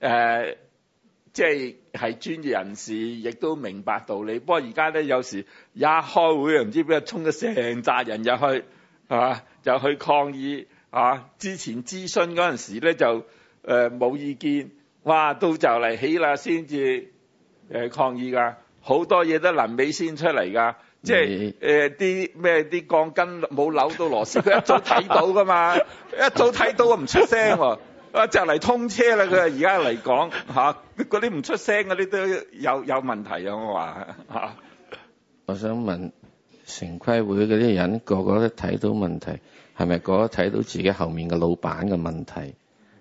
誒即係係專業人士，亦都明白道理。不過而家咧有時一開會唔知邊度衝咗成扎人入去、啊，就去抗議啊！之前諮詢嗰陣時咧就誒冇、呃、意見，哇！到就嚟起啦先至抗議㗎，好多嘢都臨尾先出嚟㗎。即係誒啲咩啲鋼筋冇扭到螺絲，佢一早睇到㗎嘛， 一早睇到唔出聲喎、啊，就嚟 通車啦！佢而家嚟講吓嗰啲唔出聲嗰啲都有有問題啊！我、啊、話吓我想問城規會嗰啲人個個都睇到問題，係咪個個睇到自己後面嘅老闆嘅問題？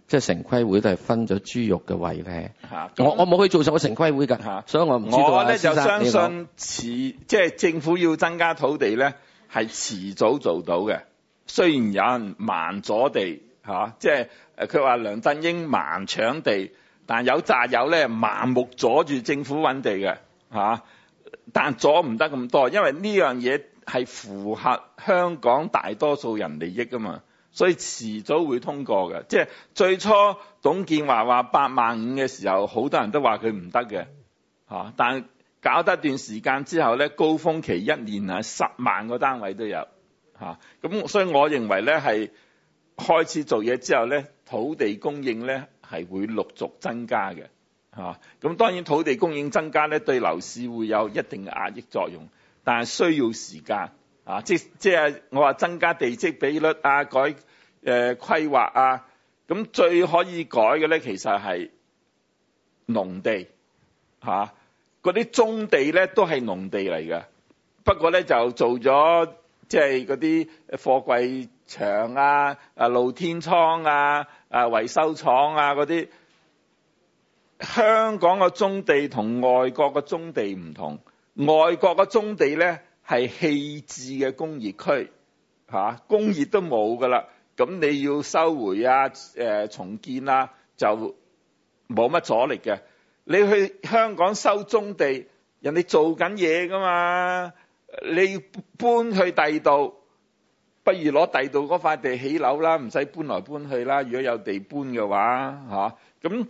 即係城規會都係分咗豬肉嘅位咧，我我冇去做成個城規會㗎，所以我唔知道啊。我咧就相信遲，即係政府要增加土地咧，係遲早做到嘅。雖然有人盲阻地，即係佢話梁振英盲搶地，但係有紮友咧盲目阻住政府揾地嘅嚇，但阻唔得咁多，因為呢樣嘢係符合香港大多數人利益㗎嘛。所以遲早會通過嘅，即係最初董建華話八萬五嘅時候，好多人都話佢唔得嘅嚇。但係搞得一段時間之後咧，高峰期一年啊十萬個單位都有嚇。咁所以我認為咧係開始做嘢之後咧，土地供應咧係會陸續增加嘅嚇。咁當然土地供應增加咧，對樓市會有一定嘅壓抑作用，但係需要時間啊。即即係我話增加地積比率啊，改誒、呃、規劃啊，咁最可以改嘅咧，其實係農地，嗰啲棕地咧都係農地嚟嘅，不過咧就做咗即係嗰啲貨櫃場啊、啊露天倉啊、啊維修廠啊嗰啲。香港嘅棕地同外國嘅棕地唔同，外國嘅棕地咧係棄置嘅工業區、啊、工業都冇噶啦。咁你要收回啊，呃、重建啊，就冇乜阻力嘅。你去香港收棕地，人哋做緊嘢噶嘛，你要搬去第度，不如攞第度嗰塊地起樓啦，唔使搬來搬去啦。如果有地搬嘅話，吓、啊，咁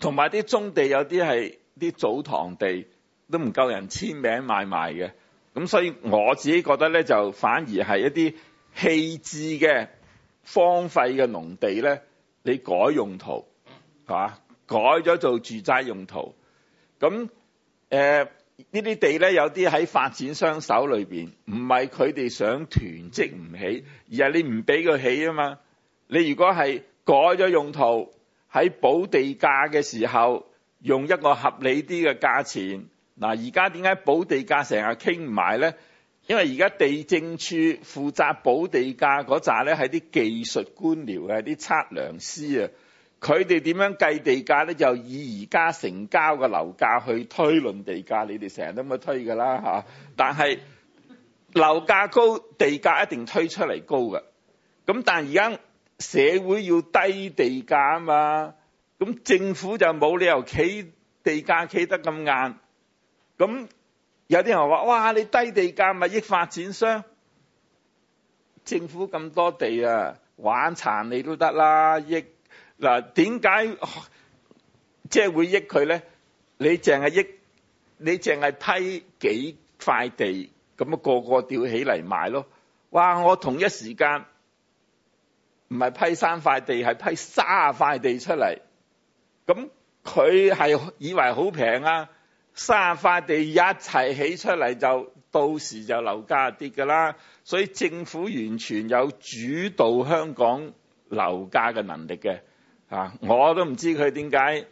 同埋啲棕地有啲係啲祖堂地，都唔夠人簽名買賣嘅。咁所以我自己覺得咧，就反而係一啲棄置嘅。荒廢嘅農地咧，你改用途係嘛？改咗做住宅用途，咁誒、呃、呢啲地咧，有啲喺發展商手裏面，唔係佢哋想囤積唔起，而係你唔俾佢起啊嘛。你如果係改咗用途，喺補地價嘅時候用一個合理啲嘅價錢。嗱，而家點解補地價成日傾唔埋咧？因為而家地政處負責補地價嗰紮咧，係啲技術官僚啊，啲測量師啊，佢哋點樣計地價咧？就以而家成交嘅樓價去推論地價，你哋成日都咁樣推噶啦嚇。但係樓價高，地價一定推出嚟高嘅。咁但係而家社會要低地價啊嘛，咁政府就冇理由企地價企得咁硬，咁。有啲人話：哇！你低地價咪益發展商？政府咁多地啊，玩殘你都得啦，益嗱，點解即係會益佢咧？你淨係益，你淨係批幾塊地，咁啊個個吊起嚟賣咯。哇！我同一時間唔係批三塊地，係批卅塊地出嚟，咁佢係以為好平啊？三廿塊地一齊起出嚟，就到時就樓價就跌㗎啦，所以政府完全有主導香港樓價嘅能力嘅，我都唔知佢點解誒，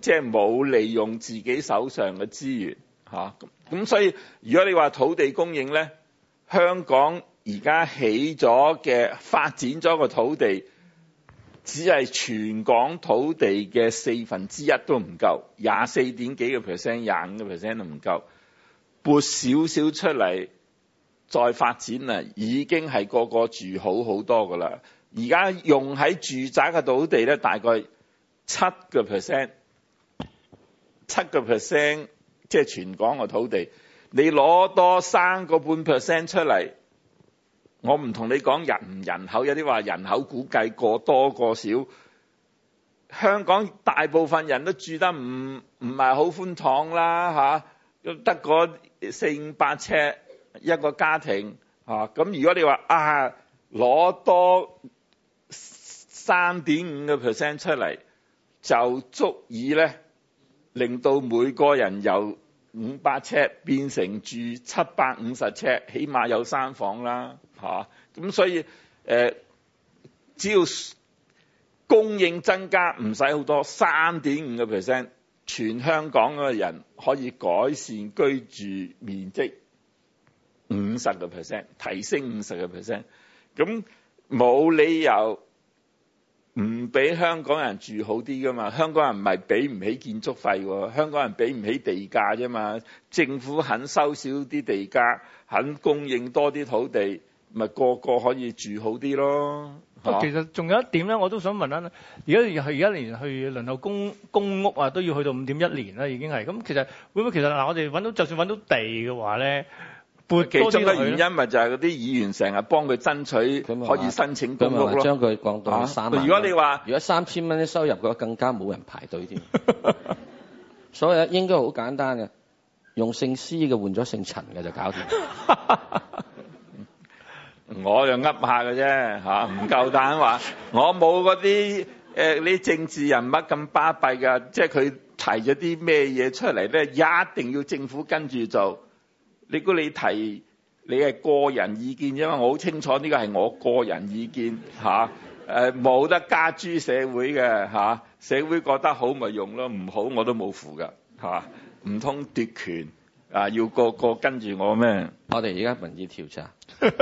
即係冇利用自己手上嘅資源咁。所以如果你話土地供應咧，香港而家起咗嘅發展咗個土地。只係全港土地嘅四分之一都唔夠廿四點幾個 percent，廿五個 percent 都唔夠，撥少少出嚟再發展啊，已經係個個住好好多噶啦。而家用喺住宅嘅土地咧，大概七個 percent，七個 percent 即係全港嘅土地，你攞多三個半 percent 出嚟。我唔同你講人唔人口，有啲話人口估計過多過少。香港大部分人都住得唔唔係好寬敞啦，吓，得個四五百尺一個家庭嚇。咁、啊、如果你話啊，攞多三點五個 percent 出嚟，就足以咧令到每個人由五百尺變成住七百五十尺，起碼有三房啦。吓，咁、啊、所以誒、呃，只要供應增加唔使好多，三點五個 percent，全香港嘅人可以改善居住面積五十個 percent，提升五十個 percent。咁冇理由唔俾香港人住好啲噶嘛？香港人唔係俾唔起建築費喎，香港人俾唔起地價啫嘛。政府肯收少啲地價，肯供應多啲土地。咪個個可以住好啲咯。啊、其實仲有一點咧，我都想問啦。如果又係而家連去輪候公公屋啊，都要去到五點一年啦，已經係。咁其實會唔會其實嗱，我哋揾到就算揾到地嘅話咧，撥多呢其中嘅原因咪就係嗰啲議員成日幫佢爭取，咁可以申請公屋將佢降到三、啊、如果你話如果三千蚊啲收入嘅話，更加冇人排隊添。 所以應該好簡單嘅，用姓施嘅換咗姓陳嘅就搞掂。 我就噏下嘅啫吓，唔夠膽話，我冇嗰啲誒，你政治人物咁巴閉㗎，即係佢提咗啲咩嘢出嚟咧，一定要政府跟住做。你估你提你係個人意見啫嘛？我好清楚呢個係我個人意見吓，誒、啊，冇、呃、得加諸社會嘅吓、啊，社會覺得好咪用咯，唔好我都冇符㗎嚇，唔通奪權？啊！要個個跟住我咩？ 我哋而家民意調查，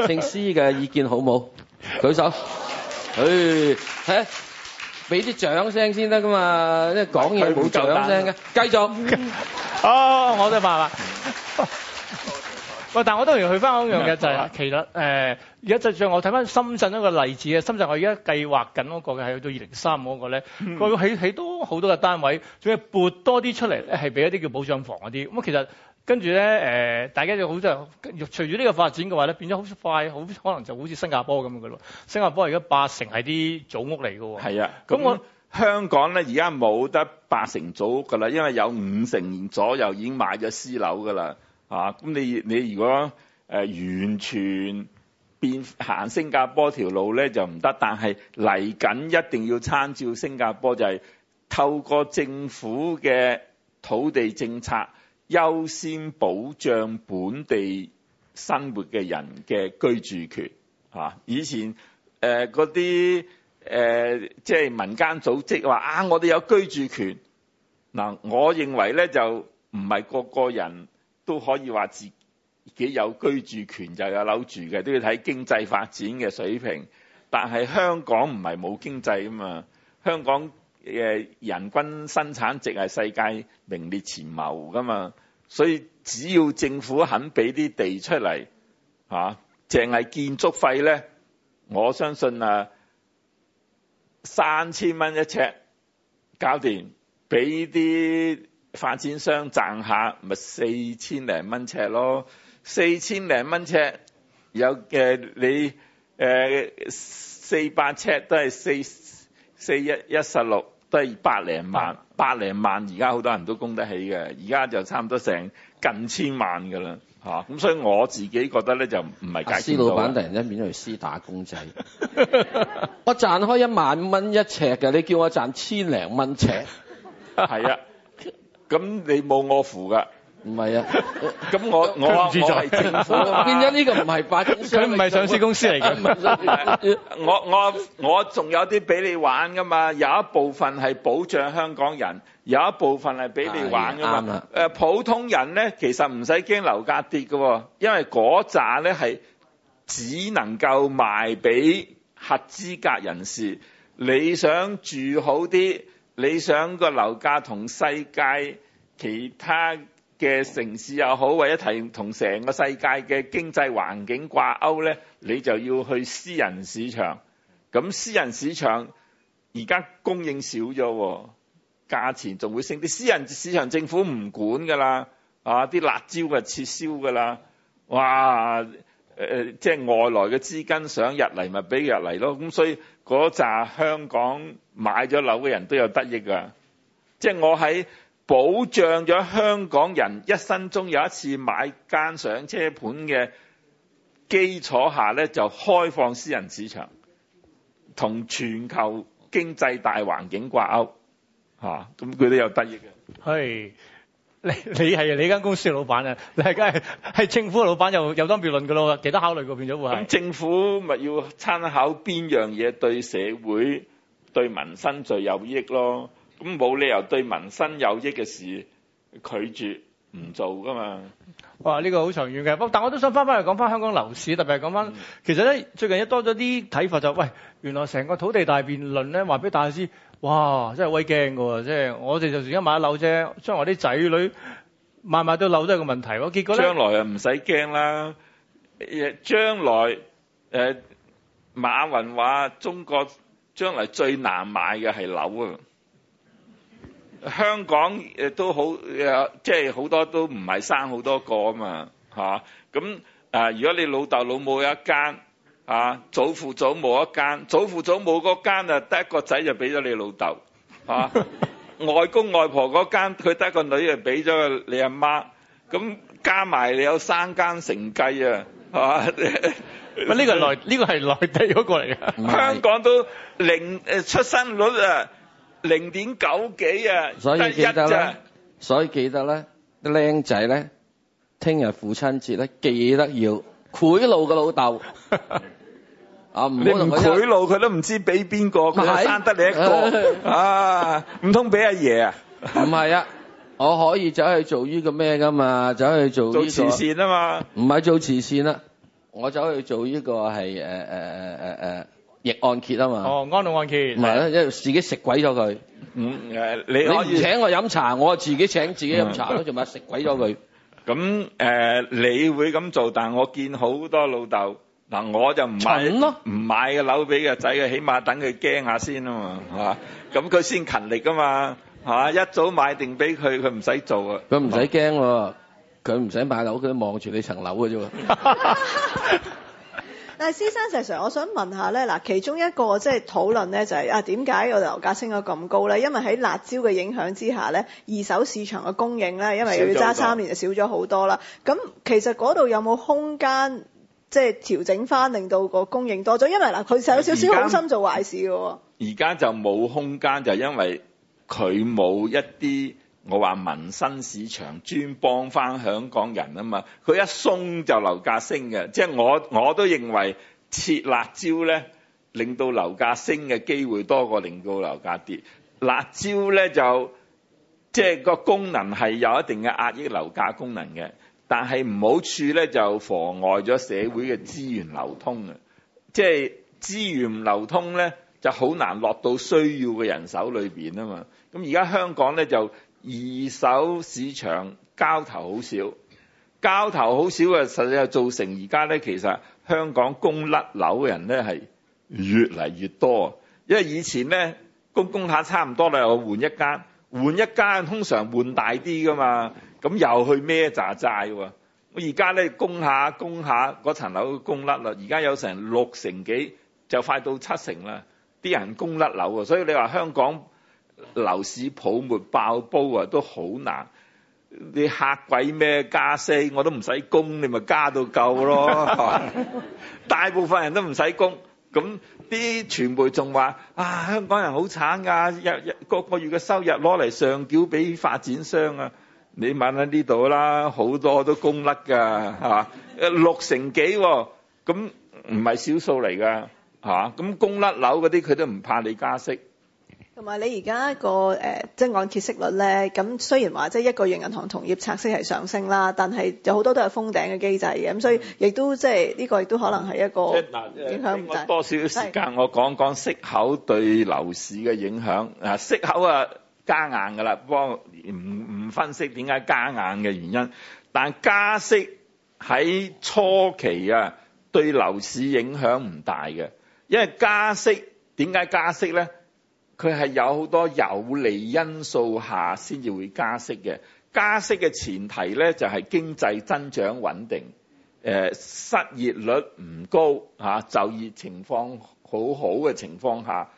姓施嘅意見好冇？舉手。唉、睇，下，俾啲掌聲先得噶嘛，因為講嘢冇掌聲嘅。繼續。哦，我都話啦。但我我當然去翻嗰樣嘅，就係、是、其實誒，而、呃、家就算我睇翻深圳一個例子，深圳我而家計劃緊嗰個嘅係去到二零三嗰個咧，佢起起多好多嘅單位，仲要撥多啲出嚟係俾一啲叫保障房嗰啲。咁其實跟住咧、呃、大家就好多人，隨住呢個發展嘅話咧，變咗好快，好可能就好似新加坡咁嘅咯。新加坡而家八成係啲祖屋嚟嘅喎。係啊，咁我香港咧而家冇得八成祖屋㗎啦，因為有五成左右已經買咗私樓㗎啦。啊，咁你你如果誒、呃、完全變行新加坡條路咧就唔得，但係嚟緊一定要參照新加坡，就係透過政府嘅土地政策，優先保障本地生活嘅人嘅居住權。啊，以前誒嗰啲誒即係民間組織話啊，我哋有居住權。嗱，啊，我認為咧就唔係個個人，都可以話自己有居住權就有樓住嘅，都要睇經濟發展嘅水平。但係香港唔係冇經濟啊嘛，香港誒人均生產值係世界名列前茅㗎嘛，所以只要政府肯俾啲地出嚟嚇，淨係建築費咧，我相信啊三千蚊一尺搞掂，俾啲。發展商賺下咪四千零蚊尺咯，四千零蚊尺有嘅、呃、你誒、呃、四百尺都係四四一一十六，都係百零萬，的百零萬而家好多人都供得起嘅，而家就差唔多成近千萬噶啦，嚇、啊、咁、啊、所以我自己覺得咧就唔係。私、啊、老闆突然間變咗去私打工仔， 我賺開一萬蚊一尺嘅，你叫我賺千零蚊尺，係啊。咁你冇我負㗎？唔係啊，咁我、啊、我唔知就係。我政府變咗呢個唔係發，佢唔係上市公司嚟嘅。 我我我仲有啲俾你玩㗎嘛，有一部分係保障香港人，有一部分係俾你玩㗎嘛。哎、普通人咧，其實唔使驚樓價跌㗎喎、哦，因為嗰紮咧係只能夠賣俾合資格人士。你想住好啲？你想個樓價同世界其他嘅城市又好，或者提同成個世界嘅經濟環境掛鈎咧，你就要去私人市場。咁私人市場而家供應少咗，價錢仲會升啲。私人市場政府唔管噶啦，啊啲辣招啊撤銷噶啦，哇，誒誒，即係外來嘅資金想入嚟咪俾入嚟咯。咁所以。嗰紮香港買咗樓嘅人都有得益㗎，即我喺保障咗香港人一生中有一次買間上車盤嘅基礎下咧，就開放私人市場同全球經濟大環境掛鈎嚇，咁佢都有得益嘅。係。你你係你間公司嘅老闆啊，你係梗係係政府嘅老闆，當的老闆又有得辯論嘅咯喎，幾考慮過變咗喎？咁政府咪要參考邊樣嘢對社會對民生最有益咯？咁冇理由對民生有益嘅事拒絕唔做噶嘛？哇！呢、呢個好長遠嘅，不但我都想翻返嚟講翻香港樓市，特別係講翻其實咧最近多了一多咗啲睇法就，就喂，原來成個土地大辯論咧，話俾大師。嘩，真係好鬼驚㗎喎，即係我哋就而家買樓啫，將來啲仔女買買都樓都係個問題喎。結果咧，將來就唔使驚啦。將來誒馬雲話中國將來最難買嘅係樓啊！香港都好，即係好多都唔係生好多個嘛咁、啊、如果你老豆老母有一間。啊！祖父祖母一間，祖父祖母嗰間啊，得一個仔就俾咗你老豆，啊、 外公外婆嗰間，佢得一個女就俾咗你阿媽。咁加埋你有三間承繼啊，係、啊、呢 個呢係內， 內地嗰個嚟嘅。是香港都零出生率啊，零點九幾啊，得一就。所以記得咧，所以記得咧，啲僆仔咧，聽日父親節咧，記得要賄賂個老豆。 啊！你唔賄賂佢都唔知俾邊個，佢生得你一個啊！唔通俾阿爺啊？唔係啊！我可以走去做呢個咩噶嘛？走去做做慈善啊嘛？唔係做慈善啦，我走去做呢個係誒誒誒誒誒逆按揭啊嘛！哦，安老按揭唔係啦，因為自己食鬼咗佢。嗯誒，你你請我飲茶，我自己請自己飲茶咯，仲咪食鬼咗佢？咁誒，你會咁做，但我見好多老豆。嗱，我就唔買唔咯買個樓俾個仔，佢起碼等佢驚下先啊嘛，咁佢先勤力噶嘛，一早買定俾佢，佢唔使做啊，佢唔使驚，佢唔使買樓，佢都望住你層樓嘅啫。但係先生石 Sir，我想問下咧，嗱，其中一個即係討論咧、就係，就係啊，點解個樓價升咗咁高咧？因為喺辣招嘅影響之下咧，二手市場嘅供應咧，因為要揸三年就少咗好多啦。咁其實嗰度有冇空間？即係調整翻，令到個供應多咗，因為嗱，佢就有少少好心做壞事嘅。而家就冇空間，就因為佢冇一啲我話民生市場專幫翻香港人啊嘛。佢一鬆就樓價升嘅，即係我我都認為撤辣招咧，令到樓價升嘅機會多過令到樓價跌。辣招咧就即係個功能係有一定嘅壓抑樓價功能嘅。但係唔好處咧，就妨礙咗社會嘅資源流通啊！即係資源唔流通咧，就好難落到需要嘅人手裏面啊嘛！咁而家香港咧就二手市場交投好少，交投好少啊！實際就造成而家咧，其實香港供甩樓嘅人咧係越嚟越多，因為以前咧供供下差唔多啦，我換一間，換一間通常換大啲噶嘛。咁又去孭扎債喎！我而家咧供下供下嗰層樓供甩啦，而家有成六成幾，就快到七成啦！啲人供甩樓啊，所以你話香港樓市泡沫爆煲啊，都好難。你嚇鬼咩加四，我都唔使供，你咪加到夠咯。大部分人都唔使供，咁啲傳媒仲話啊，香港人好慘噶，日日個個月嘅收入攞嚟上繳俾發展商啊！你問喺呢度啦，好多都供甩噶，係嘛？誒六成幾喎？咁唔係少數嚟㗎，嚇咁供甩樓嗰啲佢都唔怕你加息。同埋你而家個誒即係按揭息率咧，咁雖然話即係一個月銀行同業拆息係上升啦，但係有好多都係封頂嘅機制嘅，咁所以亦都即係呢個亦都可能係一個影響唔大。多少時間，我講講息口對樓市嘅影響啊！息口啊～加硬噶啦，不過唔唔分析點解加硬嘅原因。但加息喺初期啊，對樓市影響唔大嘅，因為加息，點解加息咧？佢係有好多有利因素下先至會加息嘅。加息嘅前提咧，就係經濟增長穩定，誒失業率唔高嚇，就業情況好好嘅情況下。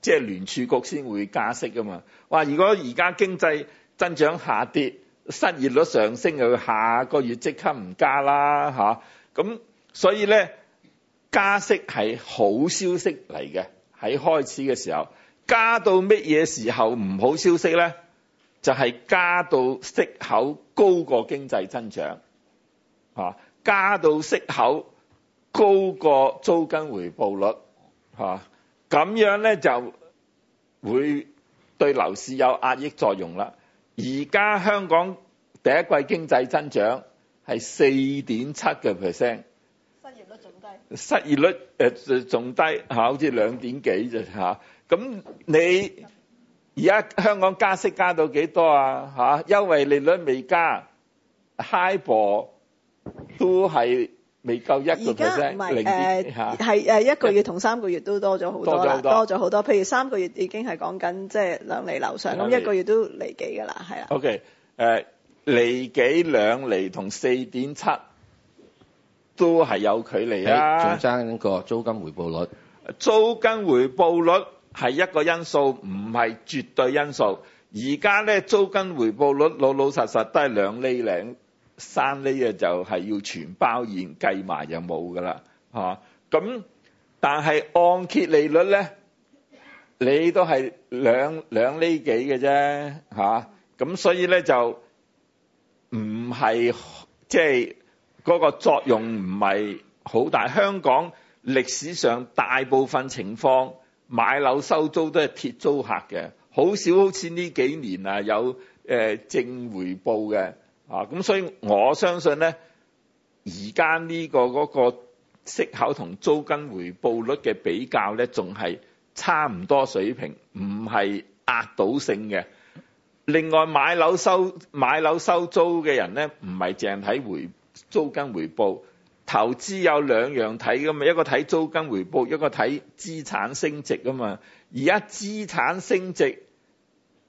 即係聯儲局先會加息㗎嘛！話如果而家經濟增長下跌、失業率上升，又下個月即刻唔加啦吓。咁所以咧，加息係好消息嚟嘅。喺開始嘅時候，加到乜嘢時候唔好消息咧？就係加到息口高過經濟增長吓，加到息口高過租金回報率吓。咁樣咧就會對樓市有壓抑作用啦。而家香港第一季經濟增長係四點七嘅 percent，失業率仲低，失業率誒仲低嚇，好似兩點幾啫嚇。咁你而家香港加息加到幾多啊？嚇，優惠利率未加，HIBOR 都係。未夠一個 percent，係誒一個月同三個月都多咗好多啦，多咗好多。譬如三個月已經係講緊即係兩釐樓上咁，一個月都釐幾㗎啦，係啦。OK，誒、呃、釐幾兩釐同四點七都係有距離啊，想爭呢個租金回報率。租金回報率係一個因素，唔係絕對因素。而家呢租金回報率老老實實都係兩釐零。三厘嘅就係要全包現計埋就冇噶啦，嚇。咁但係按揭利率咧，你都係兩兩厘幾嘅啫嚇，咁、啊、所以咧，就唔係即係嗰個作用唔係好大。香港歷史上大部分情況買樓收租都係貼租客嘅，好少好似呢幾年啊有誒、呃、正回報嘅。啊，咁所以我相信咧，而家呢個嗰個息口同租金回報率嘅比較咧，仲係差唔多水平，唔係壓倒性嘅。另外買樓收買樓收租嘅人咧，唔係淨係睇回租金回報，投資有兩樣睇噶嘛，一個睇租金回報，一個睇資產升值啊嘛。而家資產升值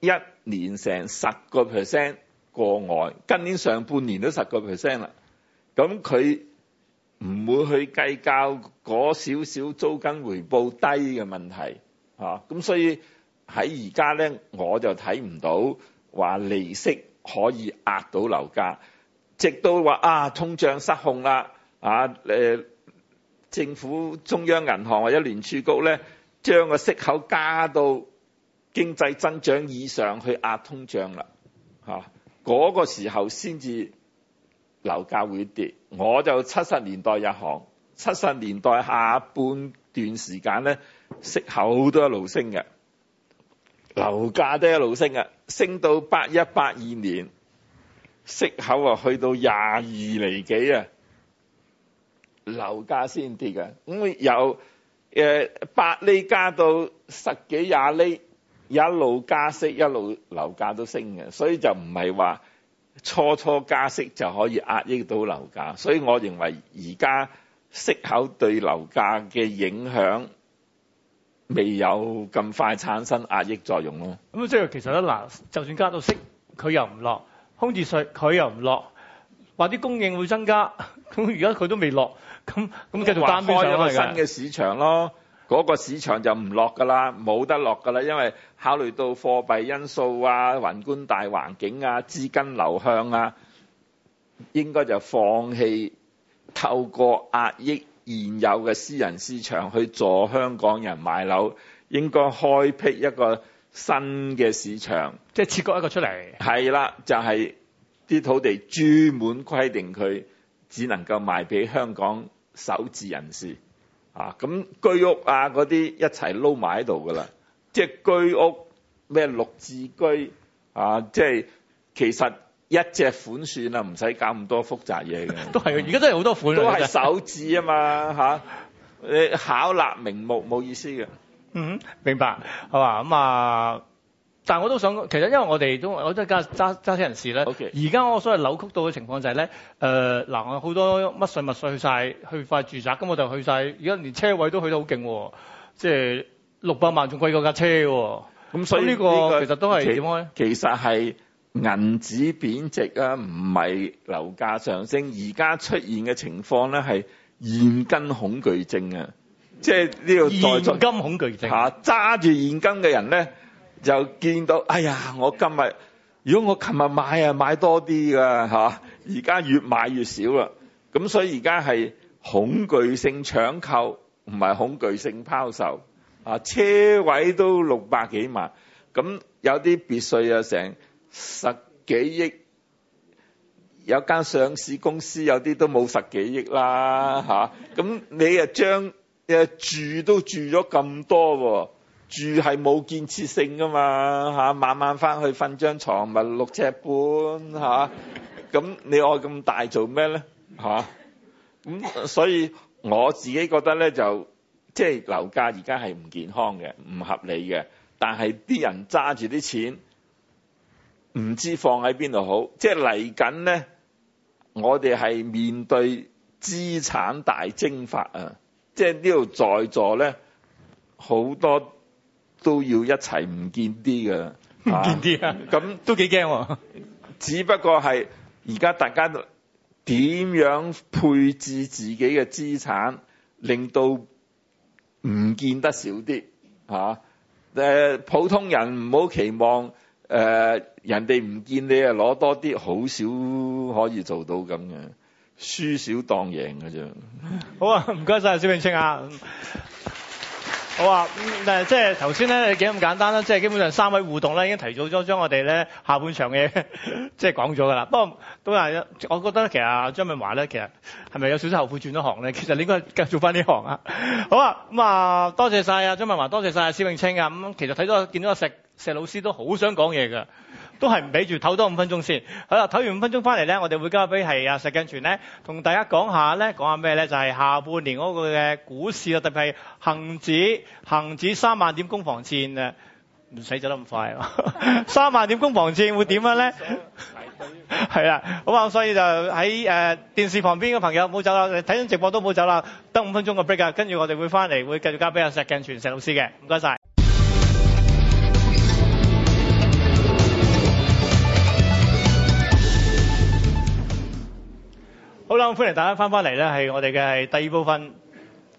一年成十個 percent。過外，今年上半年都十個 percent 啦，咁佢唔會去計較嗰少少租金回報低嘅問題，嚇，咁所以喺而家咧，我就睇唔到話利息可以壓到樓價，直到話啊通脹失控啦，啊誒、呃，政府中央銀行或者聯儲局咧，將個息口加到經濟增長以上去壓通脹啦，嚇、啊。嗰個時候先至樓價會跌，我就七十年代入行，七十年代下半段時間咧，息口都一路升嘅，樓價都一路升嘅，升到八一八二年，息口啊去到廿二厘幾啊，樓價先跌嘅，咁由誒八釐加到十幾廿厘。一路加息一路樓價都升嘅，所以就唔係話初初加息就可以壓抑到樓價，所以我認為而家息口對樓價嘅影響未有咁快產生壓抑作用咯。咁即係其實咧嗱，就算加到息，佢又唔落，空置稅佢又唔落，話啲供應會增加，咁而家佢都未落，咁咁繼續單邊上嘅新嘅市場咯。嗰個市場就唔落㗎啦，冇得落㗎啦，因為考慮到貨幣因素啊、宏觀大環境啊、資金流向啊，應該就放棄透過壓抑現有嘅私人市場去助香港人買樓，應該開闢一個新嘅市場。即係切割一個出嚟。係啦，就係、是、啲土地專門規定，佢只能夠賣俾香港首置人士。啊，咁居屋啊嗰啲一齊撈埋喺度噶啦，即係居屋咩六字居啊，即係其實一隻款算啦，唔使搞咁多複雜嘢嘅。都係而家都係好多款啊。都係手指嘛啊嘛吓，你巧立名目冇意思嘅。嗯，明白，係嘛咁啊。但係我都想，其實因為我哋都我都係揸揸揸車人士咧。而家 Okay. 我所謂扭曲到嘅情況就係、是、咧，誒、呃、嗱，我好多乜稅物稅去晒，去塊住宅咁我就去晒。而家連車位都去得好勁喎，即係六百萬仲貴過架車喎、哦。咁、嗯、所以呢個其實都係點講咧？其實係銀紙貶值啊，唔係樓價上升。而家出現嘅情況咧係現金恐懼症啊，即係呢個現金恐懼症嚇揸住現金嘅、啊、人咧。就見到，哎呀！我今日如果我琴日買啊，買多啲㗎嚇，而家越買越少啦。咁所以而家係恐懼性搶購，唔係恐懼性拋售。啊，車位都六百幾萬，咁有啲別墅又成十幾億，有間上市公司有啲都冇十幾億啦嚇。咁你又將誒住都住咗咁多喎？住係冇建設性㗎嘛嚇，晚晚翻去瞓張床呎，咪六尺半嚇，咁你愛咁大做咩咧嚇？咁所以我自己覺得咧就即係、就是、樓價而家係唔健康嘅，唔合理嘅。但係啲人揸住啲錢唔知放喺邊度好，即係嚟緊咧，我哋係面對資產大蒸發啊！即係呢度在座咧好多。都要一齊唔見啲㗎，唔見啲啊！咁、啊、都幾驚喎。只不過係而家大家點樣配置自己嘅資產，令到唔見得少啲、啊、普通人唔好期望、呃、人哋唔見你啊攞多啲，好少可以做到咁嘅，輸少當贏㗎。啫。好啊，唔該晒，施永青啊！ 好啊，咁、嗯、即係頭先咧，幾咁簡單啦，即係基本上三位互動咧，已經提早咗將我哋咧下半場嘅即係講咗噶啦。不過都係，我覺得其實張敏華咧，其實係咪有少少後悔轉咗行咧？其實你應該繼續做翻呢行啊。好啊，咁、嗯、啊，多謝晒啊張敏華，多謝晒啊施永青啊。咁、嗯、其實睇到見到阿石石老師都好想講嘢㗎。都係唔俾住唞多五分鐘先，好啦，唞完五分鐘翻嚟咧，我哋會交俾係阿石鏡泉咧，同大家講下咧，講下咩咧？就係下半年嗰個嘅股市啊，特別係恆指，恆指三萬點攻防戰啊，唔使走得咁快咯，三萬點攻防戰會點樣咧？係啦，好啊，所以就喺誒電視旁邊嘅朋友冇走啦，睇緊直播都冇走啦，得五分鐘個 break，跟住我哋會翻嚟會繼續交俾阿石鏡泉石老師嘅，唔該曬。好，歡迎大家翻返嚟咧，係我哋嘅第二部分，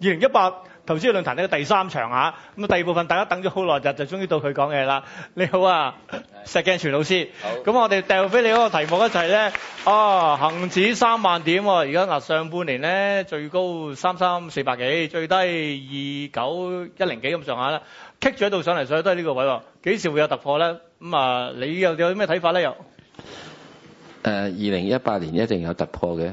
二零一八投資論壇咧第三場嚇。咁啊，第二部分大家等咗好耐日，就終於到佢講嘢啦。你好啊，是石鏡泉老師。咁好我哋掉畀你嗰個題目一齊咧。啊，恒指三萬點，而家嗱上半年咧最高三三四百幾，最低二九一零幾咁上下啦。卡住喺度上嚟上去都係呢個位喎。幾時會有突破咧？咁啊，你又有啲咩睇法咧？又？誒，二零一八年一定有突破嘅。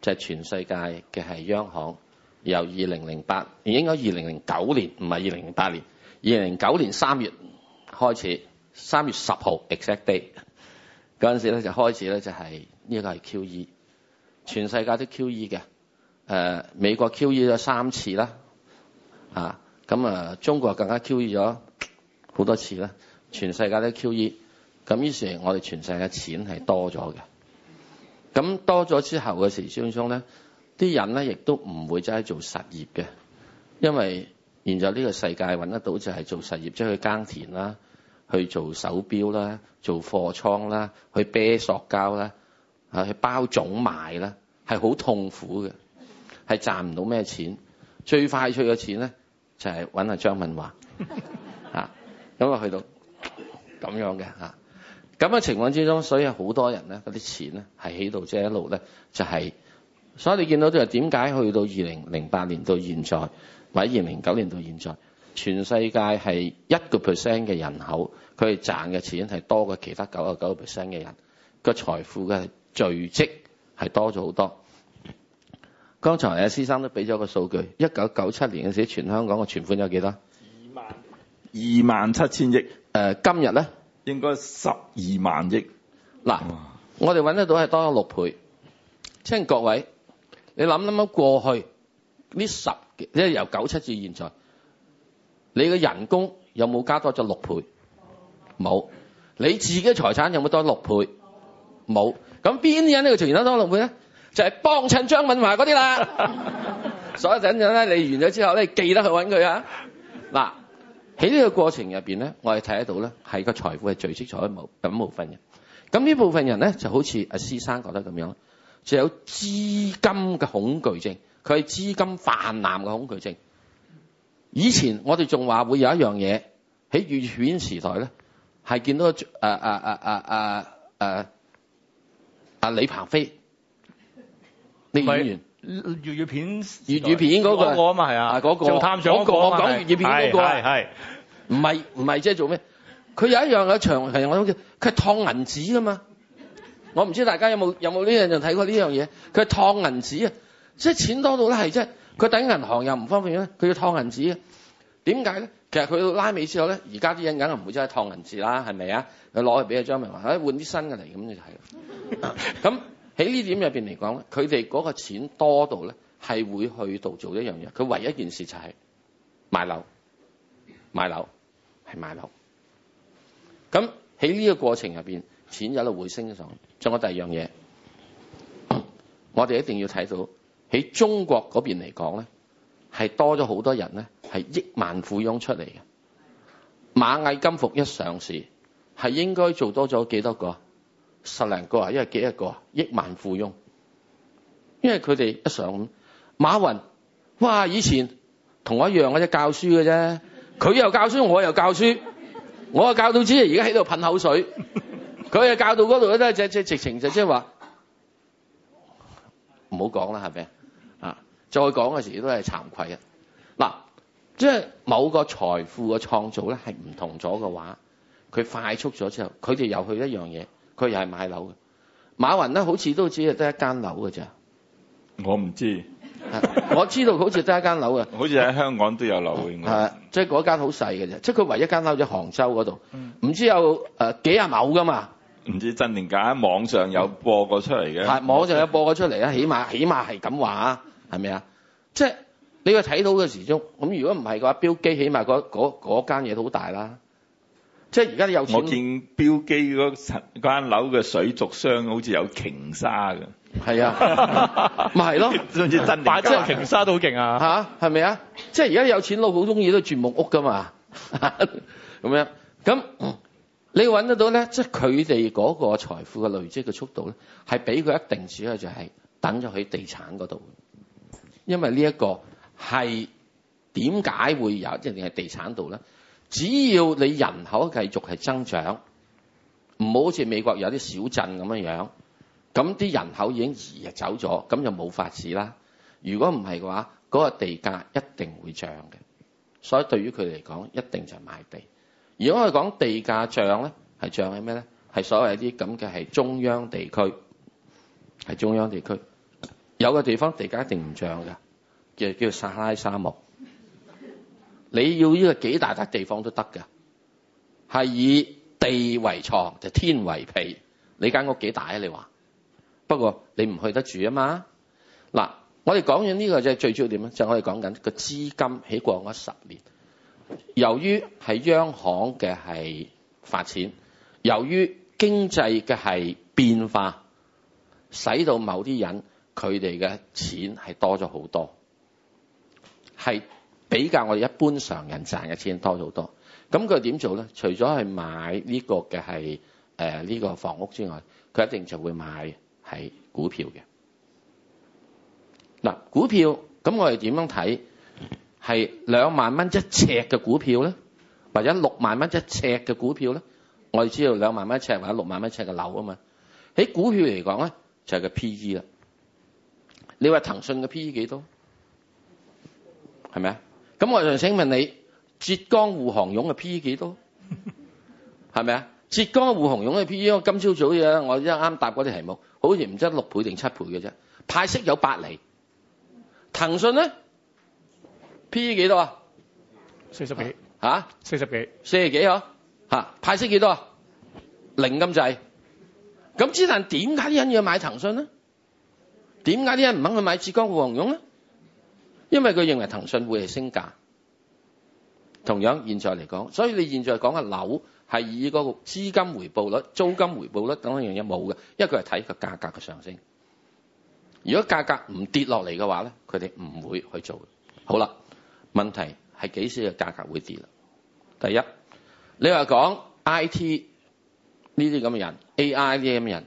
即係全世界嘅係央行由二零零八，應該二零零九年，唔係二零零八年，二零零九年三月開始，三月十號 exact day 嗰陣時咧就開始咧就係呢個係 QE，全世界都 QE 嘅，誒美國 QE 咗三次啦，啊咁啊中國更加 QE 咗好多次啦，全世界都 QE，咁於是我哋全世界錢係多咗嘅。咁多咗之後嘅時時中呢咧，啲人咧亦都唔會真係做實業嘅，因為現在呢個世界揾得到就係做實業，即係去耕田啦，去做手錶啦，做貨倉啦，去啤塑膠啦，啊去包種賣啦，係好痛苦嘅，係賺唔到咩錢，最快出嘅錢咧就係揾阿張敏華 啊，因去到咁樣嘅咁嘅情況之中，所以好多人咧，嗰啲錢咧，係起到即一路咧，就係、是，所以你見到就係點解去到二零零八年到現在，或者二零零九年到現在，全世界係一個 percent 嘅人口，佢哋賺嘅錢係多過其他九啊九個 percent 嘅人，個財富嘅聚積係多咗好多。剛才阿施生都俾咗個數據，一九九七年嘅時，全香港嘅存款有幾多？二萬二萬七千億。誒、呃，今日咧？應該十二萬億嗱，我哋揾得到係多咗六倍。請各位，你諗諗過去呢十幾，即係由九七至現在，你嘅人工有冇加多咗六倍？冇。你自己財產有冇多六倍？冇。咁邊啲人呢個財產多六倍咧？就係幫襯張敏華嗰啲啦。 所以陣陣咧，你完咗之後咧，記得去揾佢啊。嗱。喺呢個過程入邊咧，我哋睇得到咧，係個財富係聚積在某某部分人。咁呢部分人咧，就好似阿施生覺得咁樣，就有資金嘅恐懼症，佢係資金氾濫嘅恐懼症。以前我哋仲話會有一樣嘢喺預選時代咧，係見到誒誒誒誒誒誒阿李鵬飛，你講完。粵語片、嗰個，粵語片嗰個啊嘛係啊，嗰個，我講粵語片嗰個唔係唔係即係做咩？佢有一樣嘅場，其實我都叫佢係燙銀紙㗎嘛。我唔知大家有冇有冇呢樣就睇過呢樣嘢？佢係燙銀紙啊，即係錢多到咧係即係，佢等銀行又唔方便咧，佢要燙銀紙啊。點解呢？其實佢要拉尾之後呢，而家啲人梗係唔會真係燙銀紙啦，係咪啊？佢攞嚟畀阿張明話，唉換啲新嘅嚟咁就係、是、咁。 喺呢點入面嚟講咧，佢哋嗰個錢多到是係會去到做一樣嘢。佢唯一一件事就係買樓，買樓係買樓。咁喺呢個過程入面，錢一路回升上。仲有第二樣嘢，我哋一定要睇到喺中國嗰邊嚟講呢，係多咗好多人呢，係億萬富翁出嚟嘅。螞蟻金服一上市，係應該做多咗幾多個？十零個啊，因為幾一個億萬富翁，因為佢哋一想咁，馬雲哇，以前同我一樣嘅啫，教書嘅啫，佢又教書，我又教書，我啊教到之而家喺度噴口水，佢啊教到嗰度咧，即即直情就即係話唔好講啦，係咪啊？再講嘅時都係慚愧嗱，即係某個財富嘅創造咧，係唔同咗嘅話，佢快速咗之後，佢哋又去一樣嘢。佢又係買樓嘅，馬雲咧好似都只係得一間樓嘅咋？我唔知， 我知道佢好似得一間樓嘅。好似喺香港都有樓嘅。應該係吧，即係嗰間好細嘅啫，即係佢唯一間樓喺杭州嗰度，唔、嗯、知有誒、呃、幾廿畝噶嘛？唔知真定假？網上有播過出嚟嘅。係網上有播過出嚟啦， 起碼起碼係咁話啊，係咪啊？即、就、係、是、你要睇到嘅時鐘，咁如果唔係嘅話，標記起碼嗰嗰間嘢都好大啦。即係而家有錢，我見標基嗰層嗰間樓嘅水族箱好似有鯨鯊嘅。係啊，咪係咯， 就係、甚至真百隻鯨鯊都好勁啊！嚇，係咪啊？即係而家有錢佬好中意都住木屋㗎嘛？咁 樣咁你揾得到咧？即係佢哋嗰個財富嘅累積嘅速度咧，係俾佢一定主要就係等咗喺地產嗰度。因為呢一個係點解會有，一定係地產度咧？只要你人口繼續係增長，唔好好似美國有啲小鎮咁樣樣，咁啲人口已經移走咗，咁就冇法子啦。如果唔係嘅話，嗰個地價一定會漲嘅。所以對於佢嚟講，一定就係賣地。如果我哋講地價漲咧，係漲喺咩咧？係所謂啲咁嘅係中央地區，係中央地區。有個地方地價一定唔漲嘅，叫叫撒哈拉沙漠。你要呢個幾大笪地方都得㗎，係以地為床，就天為被。你間屋幾大啊？你話，不過你唔去得住啊嘛。嗱，我哋講緊呢個就最主要點咧，就係我哋講緊個資金起過咗十年，由於係央行嘅係發錢，由於經濟嘅係變化，使到某啲人佢哋嘅錢係多咗好多，係。比較我哋一般常人賺嘅錢多咗好多，咁佢點做咧？除咗係買呢個嘅係誒呢個房屋之外，佢一定就會買係股票嘅。嗱，股票咁我哋點樣睇？係兩萬蚊一尺嘅股票咧，或者六萬蚊一尺嘅股票咧，我哋知道兩萬蚊一尺或者六萬蚊一尺嘅樓啊嘛。喺股票嚟講咧，就係個 PE 啦。你話騰訊嘅 PE 幾多？係咪啊？咁我就請問你，浙江互航勇嘅 P E 幾多？係咪啊？浙江互航勇嘅 P E 我今朝早嘢，我啱啱答嗰啲題目，好似唔知道六倍定七倍嘅啫。派息有八釐。騰訊呢 p E 幾多啊？四十幾。啊啊、四十幾？四廿幾嗬、啊？派息幾多少啊？多少零咁滯。咁之但點解啲人要買騰訊呢？點解啲人唔肯去買浙江互航勇呢？因為佢認為騰訊會係升價，同樣現在嚟講，所以你現在講嘅樓係以嗰個資金回報率，租金回報率咁樣樣嘢冇嘅，因為佢係睇個價格嘅上升。如果價格唔跌落嚟嘅話咧，佢哋唔會去做。好啦，問題係幾時嘅價格會跌啦？第一，你話講 I T 呢啲咁嘅人，A I 呢啲咁嘅人，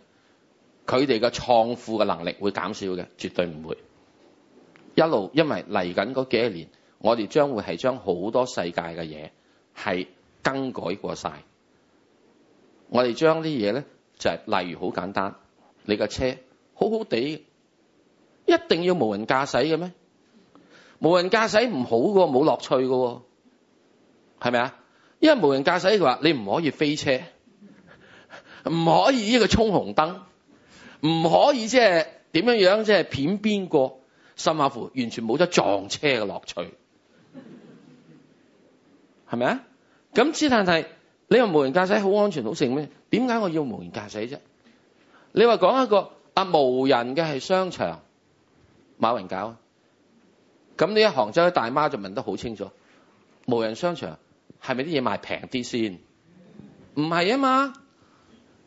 佢哋嘅創富嘅能力會減少嘅，絕對唔會。一路，因為嚟緊嗰幾年，我哋將會係將好多世界嘅嘢係更改過曬。我哋將啲嘢呢，就係、是，例如好簡單，你個車好好地，一定要無人駕駛嘅咩？無人駕駛唔好嘅喎，冇樂趣嘅喎，係咪呀？因為無人駕駛的話，佢話你唔可以飛車，唔可以呢個衝紅燈，唔可以即係點樣樣，即係騙邊個？甚至乎完全冇咗撞車嘅樂趣，係咪啊？咁只係係你話無人駕駛好安全好勝咩？點解我要無人駕駛啫？你話講一個啊無人嘅係商場，馬雲搞啊？咁你喺杭州啲大媽就問得好清楚，無人商場係咪啲嘢賣平啲先？唔係啊嘛？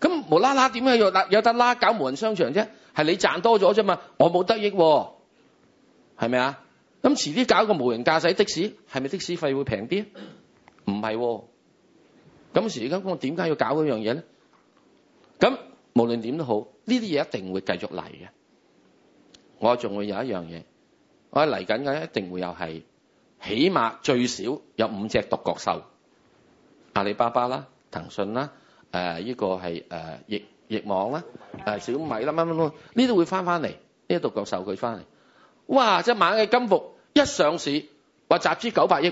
咁無啦啦點解有得有得啦搞無人商場啫？係你賺多咗啫嘛？我冇得益喎，啊。係咪啊？咁遲啲搞個無人駕駛的士，係咪的士費會平啲？唔係喎，咁時而家我點解要搞嗰樣嘢咧？咁無論點都好，呢啲嘢一定會繼續嚟嘅。我仲會有一樣嘢，我嚟緊嘅一定會又係，起碼最少有五隻獨角獸，阿里巴巴啦、騰訊啦、誒呢個係誒易易網啦、誒小米啦、乜乜乜，呢啲會翻翻嚟，呢啲獨角獸佢翻嚟。哇！隻螞蟻金服一上市，話集資九百億，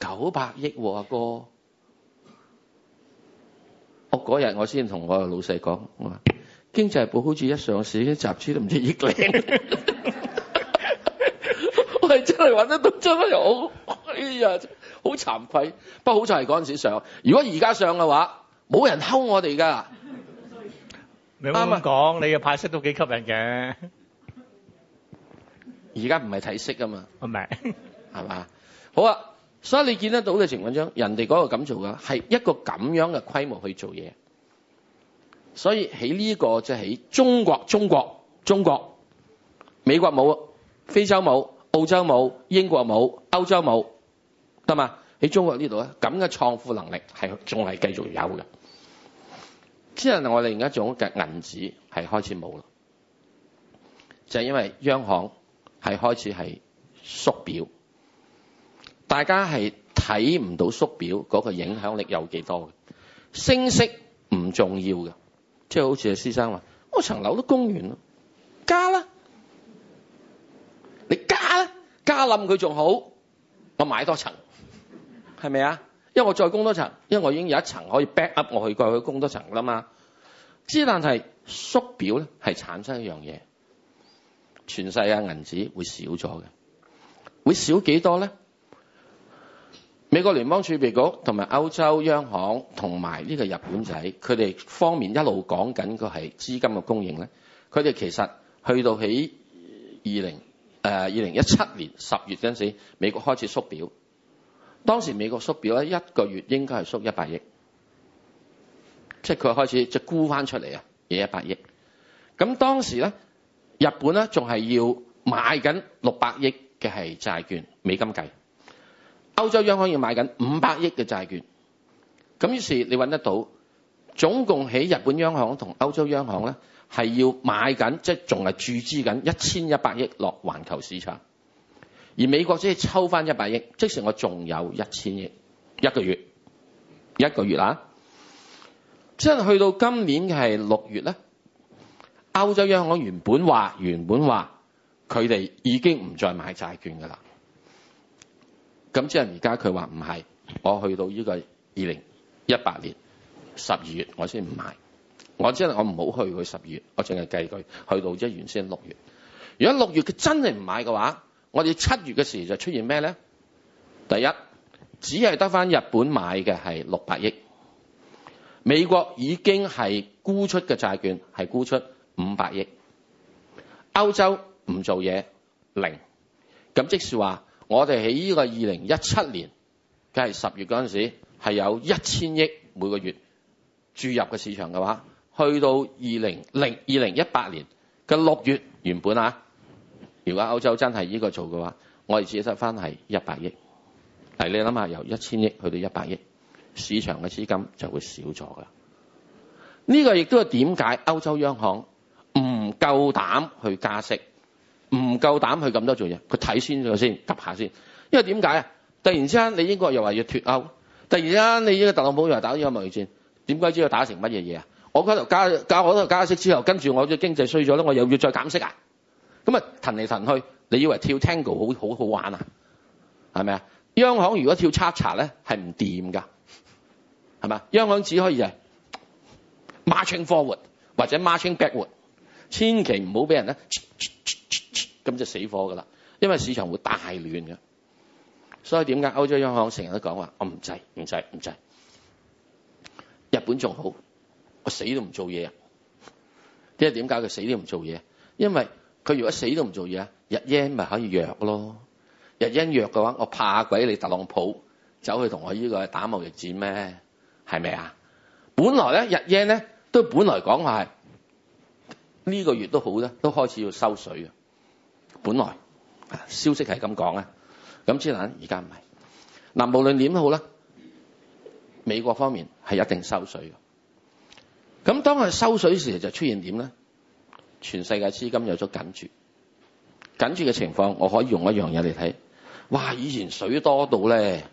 九百億阿哥，我嗰日我先同我老細講，我話經濟日報好似一上市啲集資都唔知億零， 我係真係玩得獨出人，好，哎呀，好慚愧。不過好在係嗰陣時上，如果而家上嘅話，冇人坑我哋噶。啱啱講你嘅吧派息都幾吸引嘅。而家唔係睇息啊嘛，唔係，係嘛？好啊，所以你見得到嘅情況中，人哋嗰個咁做嘅係一個咁樣嘅規模去做嘢，所以喺呢、這個就喺、是、中國、中國、中國、美國冇、非洲冇、澳洲冇、英國冇、歐洲冇，得嘛？喺中國呢度咧，咁嘅創富能力係仲係繼續有嘅，只、就、係、是、我哋而家做緊銀紙係開始冇啦，就係、是、因為央行。係開始係縮表，大家係睇唔到縮表嗰個影響力有幾多嘅升息唔重要嘅，即係好似阿施生話，我層樓都供完咯，加啦，你加啦，加冧佢仲好，我買多層，係咪啊？因為我再供多層，因為我已經有一層可以 back up，我可以再去供多層㗎嘛。之但係縮表咧係產生一樣嘢。全世界銀紙會少咗嘅，會少幾多咧？美國聯邦儲備局同埋歐洲央行同埋呢個日本仔，佢哋方面一路講緊個係資金嘅供應咧。佢哋其實去到喺二零誒二零一七年十月嗰陣時，美國開始縮表。當時美國縮表咧，一個月應該係縮一百億，即係佢開始即係沽翻出嚟啊，嘢一百億。咁當時咧。日本咧仲係要買緊六百億嘅係債券，美金計；歐洲央行要買緊五百億嘅債券。咁於是你揾得到，總共喺日本央行同歐洲央行咧係要買緊，即係仲係注資緊一千一百億落環球市場。而美國只係抽翻一百億，即是我仲有一千億一個月，一個月啦，即係去到今年嘅係六月咧。歐洲央行原本話，原本話佢哋已經唔再買債券噶啦。咁即係而家佢話唔係，我去到呢個二零一八年十二月，我先唔買。我即係我唔好去佢十二月，我淨係計佢去到一元先六月。如果六月佢真係唔買嘅話，我哋七月嘅時候就出現咩咧？第一，只係得翻日本買嘅係六百億，美國已經係沽出嘅債券係沽出。五百億，歐洲唔做嘢零，咁即是話，我哋喺呢個二零一七年即係十月嗰陣時係有一千億每個月注入嘅市場嘅話，去到二零零二零一八年嘅六月原本啊，如果歐洲真係呢個做嘅話，我哋自己得翻係一百億，係你諗下由一千億去到一百億，市場嘅資金就會少咗㗎啦。呢個亦都係點解歐洲央行，夠膽去加息，唔夠膽去咁多做嘢，佢睇先咗先，急下先。因為點解啊？突然之間，你英國又話要脫歐，突然之間，你呢個特朗普又話打呢個貿易戰，點解知道打成乜嘢嘢啊？我開頭加加，我開頭加息之後，跟住我嘅經濟衰咗咧，我又要再減息啊？咁啊，騰嚟騰去，你以為跳 tango 好好好玩啊？係咪啊？央行如果跳 cha-cha 咧，係唔掂噶，係咪啊？央行只可以係 marching forward 或者 marching backward。千祈唔好俾人咧，咁就死火噶啦，因為市場會大亂㗎。所以點解歐洲央行成日都講話我唔制，唔制，唔制，日本仲好，我死都唔做嘢。點解點解佢死都唔做嘢？因為佢如果死都唔做嘢啊，日 yen 咪可以弱咯。日 yen 弱嘅話，我怕鬼你特朗普走去同我呢個打貿易戰咩？係咪啊？本來咧日 yen 咧都本來講話係。呢個月都好咧，都開始要收水嘅，本來消息係咁講啊，咁千層而家唔係。嗱，無論點好啦，美國方面係一定收水嘅。咁當係收水時就出現點咧？全世界資金有咗緊住，緊住嘅情況，我可以用一樣嘢嚟睇。哇！以前水多到咧，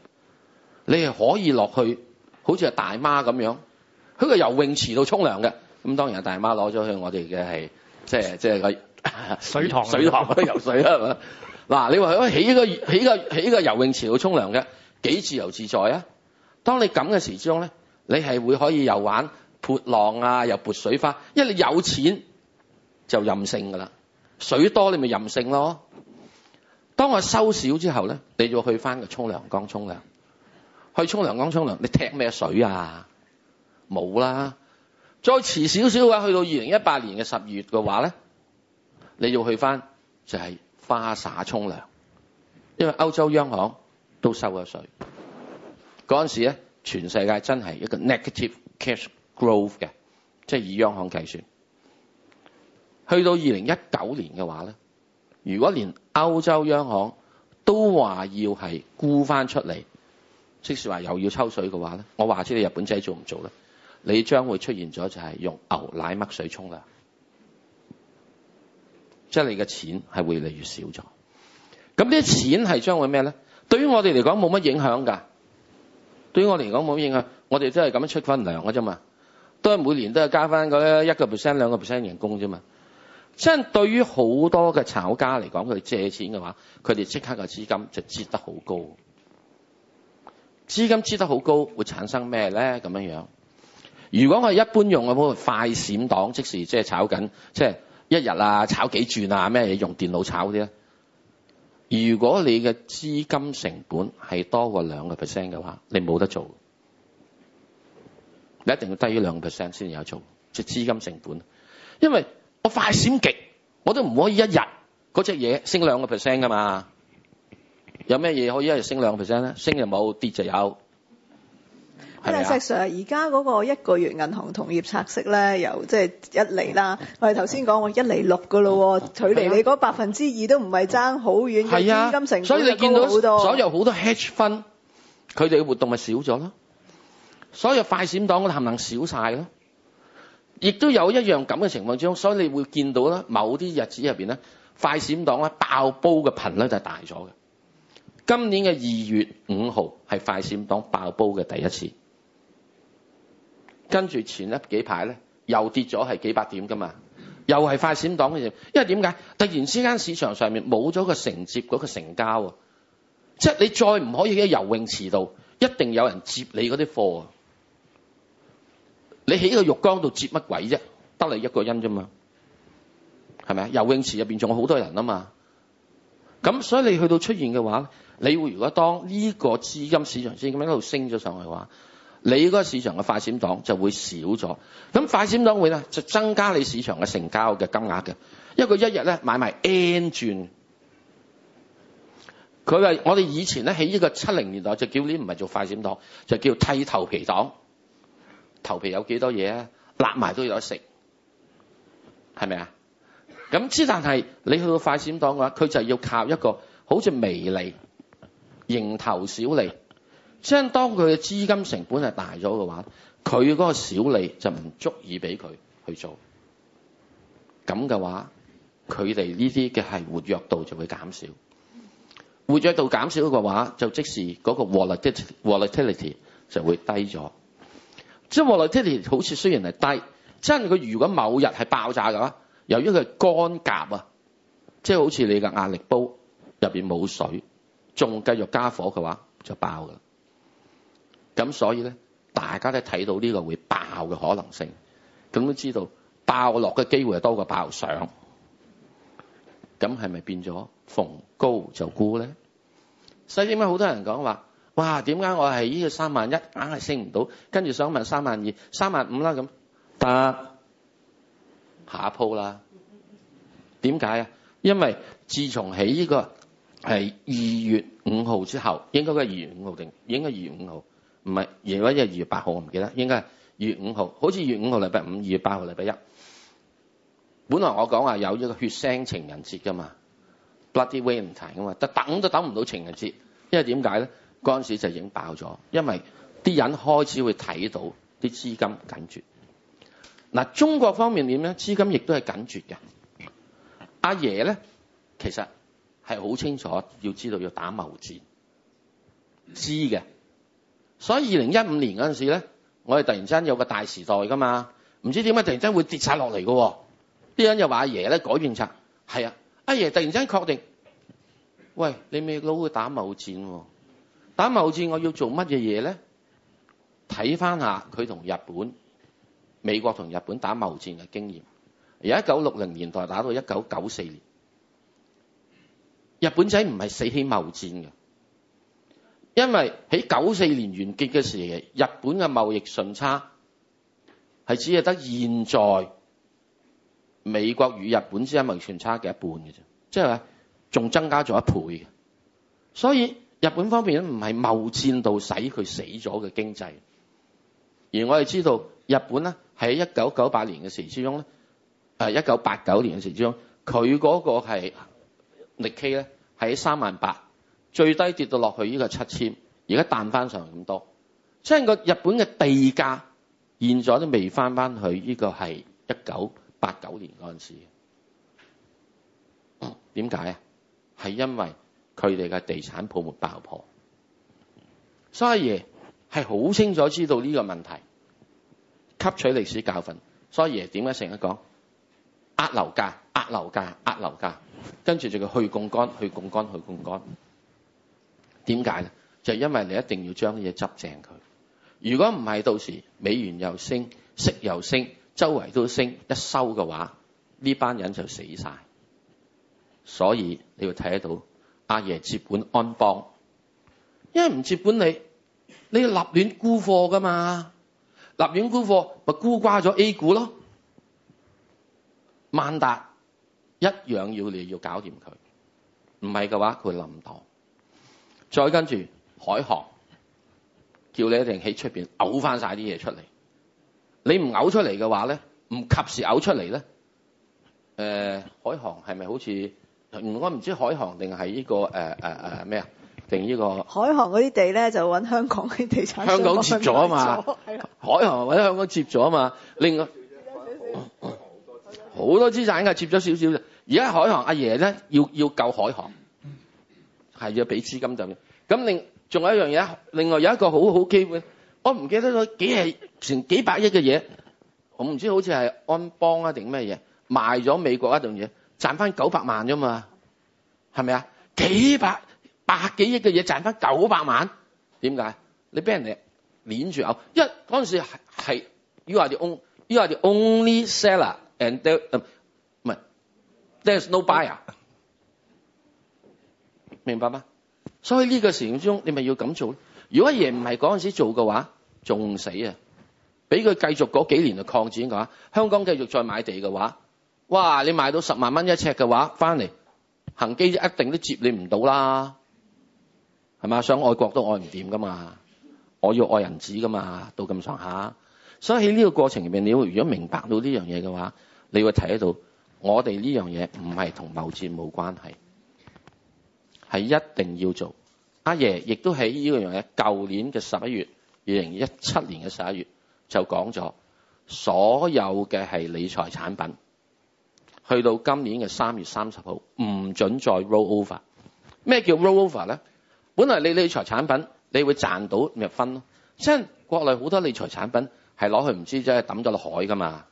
你係可以落去，好似係大媽咁樣喺個游泳池度沖涼嘅。咁當然大媽攞咗去我哋嘅係即係即係水塘 水塘嗰度游水啦，係咪？ 嗱，你話喺起個起個起個游泳池去沖涼嘅幾自由自在啊？當你咁嘅時候咧，你係會可以遊玩潑浪啊，又潑水花，因為你有錢就任性㗎啦，水多你咪任性咯。當我收少之後咧，你就要去翻個沖涼缸沖涼，去沖涼缸沖涼，你踢咩水啊？冇啦。再遲少少嘅話，去到二零一八年嘅十月嘅話咧，你要去翻就係、是、花灑沖涼，因為歐洲央行都收咗水。嗰陣時咧，全世界真係一個 negative cash growth 嘅，即係以央行計算。去到二零一九年嘅話咧，如果連歐洲央行都話要係沽翻出嚟，即係話又要抽水嘅話咧，我話知你日本仔做唔做啦？你將會出現咗就係用牛奶抹水沖啦，即係你嘅錢係會越嚟越少咗。咁啲錢係將會咩咧？對於我哋嚟講冇乜影響㗎。對於我嚟講冇乜影響，我哋都係咁樣出翻糧㗎啫嘛。都係每年都係加翻嗰一個 percent、兩個 percent 人工啫嘛。即係對於好多嘅炒家嚟講，佢借錢嘅話，佢哋即刻個資金就擠得好高。資金擠得好高，會產生咩咧？咁樣樣。如果我係一般用啊，嗰個快閃檔，即是即係炒緊，即係一日啊，炒幾轉啊，咩嘢用電腦炒啲咧？如果你嘅資金成本係多過兩個 percent 嘅話，你冇得做的，你一定要低於兩個 percent 先有做，即係資金成本。因為我快閃極，我都唔可以一日嗰隻嘢升兩個 percent 噶嘛。有咩嘢可以一日升兩個 percent 咧？升又冇，跌就有。石 sir 而家嗰個一個月銀行同業拆息咧，又即係一釐啦。我哋頭先講我一釐六噶咯，佢離你嗰百分之二都唔係爭好遠嘅資、啊、金成，所以你見到所有好多 hedge fund，佢哋嘅活動咪少咗咯。所有快閃黨嘅含能少曬咯，亦都有一樣咁嘅情況之中，所以你會見到咧。某啲日子入面咧，快閃黨咧爆煲嘅頻率就係大咗嘅。今年嘅二月五號係快閃黨爆煲嘅第一次。跟住前一幾排咧，又跌咗係幾百點噶嘛，又係快閃黨嘅。因為點解？突然之間市場上面冇咗個承接嗰個成交啊！即係你再唔可以喺游泳池度，一定有人接你嗰啲貨啊！你喺個浴缸度接乜鬼啫？得你一個人啫嘛，係咪啊？游泳池入面仲有好多人啊嘛！咁所以你去到出現嘅話，你會如果當呢個資金市場先咁樣一度升咗上去嘅話。你嗰個市場嘅快閃黨就會少咗，咁快閃黨會咧就增加你市場嘅成交嘅金額嘅，因為佢一日咧買埋 N 轉，佢話我哋以前咧喺呢個七零年代就叫呢唔係做快閃黨，就叫剃頭皮黨。頭皮有幾多嘢啊？揦埋都有得食，係咪啊？咁之但係你去到快閃黨嘅話，佢就要靠一個好似微利，蠅頭小利。即係當佢嘅資金成本係大咗嘅話，佢嗰個小利就唔足以俾佢去做。咁嘅話，佢哋呢啲嘅係活躍度就會減少。活躍度減少嘅話，就即使嗰個 volatility 就會低咗。即係 volatility 好似雖然係低，真係佢如果某日係爆炸嘅話，由於佢係乾夾啊，即係好似你嘅壓力煲入面冇水，仲繼續加火嘅話，就爆㗎。咁所以咧，大家都睇到呢個會爆嘅可能性，咁都知道爆落嘅機會係多過爆上，咁係咪變咗逢高就沽咧？所以點解好多人講話哇？點解我係呢個三萬一硬係升唔到，跟住想問三萬二、三萬五啦？咁、啊、得下一鋪鋪啦？點解啊？因為自從喺呢、呢個係二月五號之後，應該都係二月五號定應該二月五號。唔係，而家二月八號，我唔記得，應該係二月五號，好似二月五號禮拜五，二月八號禮拜一。本來我講話有一個血腥情人節噶嘛，Bloody Valentine 嘛，但等都等唔到情人節，因為點解咧？嗰陣時就已經爆咗，因為啲人開始會睇到啲資金緊絕。嗱、啊，中國方面點咧？資金亦都係緊絕嘅。阿、啊、爺呢，其實係好清楚，要知道要打貿戰，知嘅。所以二零一五年嗰陣時咧，我哋突然間有個大時代噶嘛，唔知點解突然間會跌晒落嚟㗎喎，啲人又話阿爺咧改變策，係啊，阿爺突然間確定，喂，你咪佬會打貿戰喎，啊，打貿戰我要做乜嘢嘢咧？睇翻下佢同日本、美國同日本打貿戰嘅經驗，由一九六零年代打到一九九四年，日本仔唔係死起貿戰嘅。因為喺九四年完結嘅時候，日本嘅貿易順差係只係得現在美國與日本之間貿易順差嘅一半嘅啫，即係話仲增加咗一倍嘅，所以日本方面咧唔係貿戰到使佢死咗嘅經濟，而我哋知道日本咧喺一九九八年嘅時之中咧，誒一九八九年嘅時之中，佢、呃、嗰個係 Nikkei 咧喺三萬八。最低跌到落去呢個七千，而家彈翻上咁多。雖然個日本嘅地價現在都未翻翻去，呢個係一九八九年嗰陣時。點解啊？係因為佢哋嘅地產泡沫爆破。所以爺係好清楚知道呢個問題，吸取歷史教訓。所以爺點解成日講壓樓價、壓樓價、壓樓價，跟住就叫去槓桿、去槓桿、去槓桿。點解咧？就係因為你一定要將啲嘢執正佢。如果唔係，到時美元又升，息又升，周圍都升，一收嘅話，呢班人就死晒。所以你要睇得到阿爺接管安邦，因為唔接管你，你要立亂沽貨噶嘛，立亂沽貨咪孤掛咗 A 股咯。萬達一樣要你要搞掂佢，唔係嘅話佢冧檔。再跟住海航，叫你一定喺出面嘔翻曬啲嘢出嚟。你唔嘔出嚟嘅話咧，唔及時嘔出嚟咧，誒、呃、海航係咪好似我唔知海航定係呢個誒誒咩啊？定、呃、呢、呃這個海航嗰啲地咧就揾香港嘅地產商香港接咗。嘛。嗯、海航或者香港接咗啊嘛，另外好多資產嘅接咗少少啫。而家海航阿爺咧要要救海航。係要俾資金就咁，咁另仲有一樣嘢，另外有一個好好機會，我唔記得咗幾廿成幾百億嘅嘢，我唔知好似係安邦啊定咩嘢賣咗美國一樣嘢，賺翻九百萬啫嘛，係咪啊？幾百百幾億嘅嘢賺翻九百萬，點解？你俾人哋連住因為嗰陣時係要話啲 only seller and there 唔、呃、係 there's no buyer。明白嗎？所以呢個事件中，你咪要咁做咧。如果爺唔係嗰陣時做嘅話，仲唔死啊！俾佢繼續嗰幾年嘅擴展嘅話，香港繼續再買地嘅話，哇！你買到十萬蚊一尺嘅話，翻嚟恒基一定都接你唔到啦，係嘛？想愛國都愛唔掂噶嘛，我要愛人子噶嘛，到咁上下。所以喺呢個過程入面，你如果明白到呢樣嘢嘅話，你會睇得到我哋呢樣嘢唔係同貿戰冇關係。係一定要做，阿爺亦都喺呢個樣嘢，舊年嘅十一月，二零一七年嘅十一月就講咗，所有嘅係理財產品，去到今年嘅三月三十號唔准再 roll over。咩叫 roll over 咧？本來你理財產品，你會賺到咪分咯，即係國內好多理財產品係攞去唔知即係抌咗落海㗎嘛。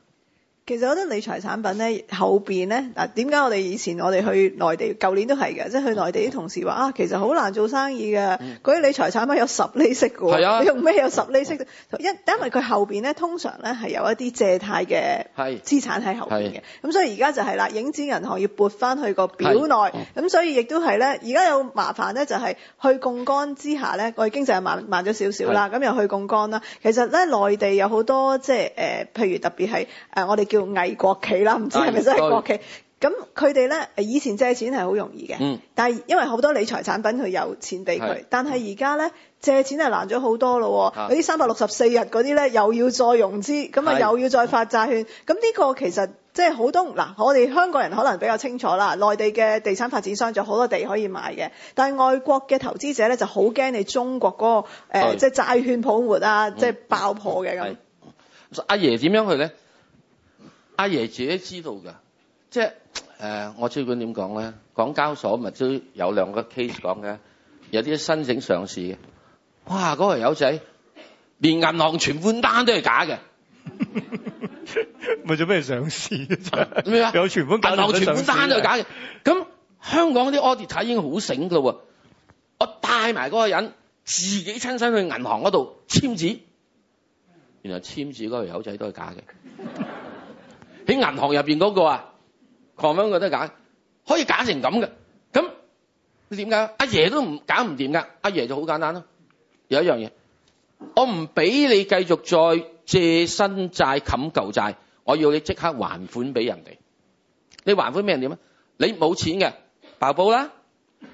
其實好多理財產品咧，後邊咧，嗱，點解我哋以前我哋去內地舊年都係嘅，即係去內地啲同事話啊，其實好難做生意嘅，嗰啲、嗯、理財產品有十厘息嘅、嗯、你用咩有十厘息的？一、嗯、因為佢後邊咧，通常咧，係有一啲借貸嘅資產喺後邊嘅，咁所以而家就係啦，影子銀行要撥翻去個表內，咁、嗯、所以亦都係咧，而家有麻煩咧就係去槓桿之下咧，我哋經濟係慢慢咗少少啦，咁是又去槓桿啦。其實咧，內地有好多即係誒，譬如特別係誒我哋叫。叫偽國企啦，唔知係咪真係國企？咁佢哋呢，以前借錢係好容易嘅，但係因為好多理財產品佢有錢俾佢，但係而家呢，借錢係難咗好多咯。嗰啲三百六十四日嗰啲呢，又要再融資，咁啊又要再發債券。咁呢個其實即係好多嗱，我哋香港人可能比較清楚啦。內地嘅地產發展商就好多地可以買嘅，但係外國嘅投資者呢，就好驚你中國嗰個誒，即係債券泡沫啊，即係爆破嘅咁。阿爺點樣去呢？阿爺自己知道㗎，即係誒、呃，我最緊點講咧？港交所咪都有兩個 case 講嘅，有啲申請上市嘅，哇！嗰、嗰個友仔連銀行存款單都係假嘅，咪 做咩上市咩啊？麼有存款單都係假嘅，咁 香港啲 auditor 已經好醒㗎喎，我帶埋嗰個人自己親身去銀行嗰度簽字，原來簽字嗰個友仔都係假嘅。 喺銀行入邊嗰個啊，狂揾佢都假，可以假成咁嘅。咁你點解阿爺都唔搞唔掂噶？阿爺就好簡單咯、啊，有一樣嘢，我唔俾你繼續再借新債冚舊債，我要你即刻還款俾人哋。你還款俾人點啊？你冇錢嘅爆煲啦，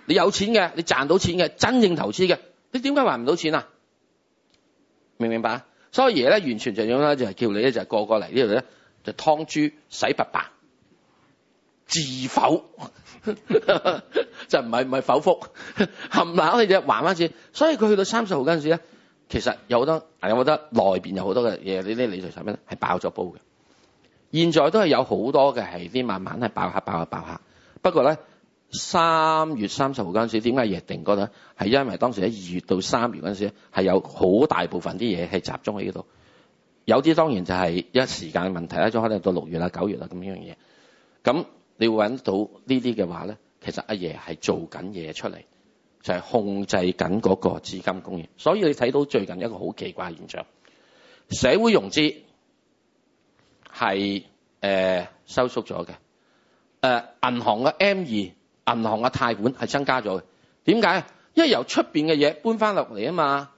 你有錢嘅，你賺到錢嘅，真正投資嘅，你點解還唔到錢啊？明唔明白啊？所以爺咧完全就樣咧就係叫你咧就係個個嚟呢度咧。就劏豬洗白白，自否呵呵就唔係唔係否覆冚笠啫，玩翻轉。所以佢去到三十號嗰陣時咧，其實有好多，我覺得內邊有好多嘅嘢呢啲理財產品係爆咗煲嘅。現在都係有好多嘅係啲慢慢係爆下爆下爆下。不過咧，三月三十號嗰陣時，點解逆定覺得係因為當時喺二月到三月嗰陣時咧，係有好大部分啲嘢係集中喺嗰度。有啲當然就係一時間嘅問題，一就可能到六月啦、九月啦咁樣嘢。咁你會揾到呢啲嘅話咧，其實阿爺係做緊嘢出嚟，就係、是、控制緊嗰個資金供應。所以你睇到最近一個好奇怪嘅現象，社會融資係、呃、收縮咗嘅。銀、呃、行嘅 M 二、銀行嘅貸款係增加咗嘅。點解？因為由出面嘅嘢搬翻落嚟啊嘛。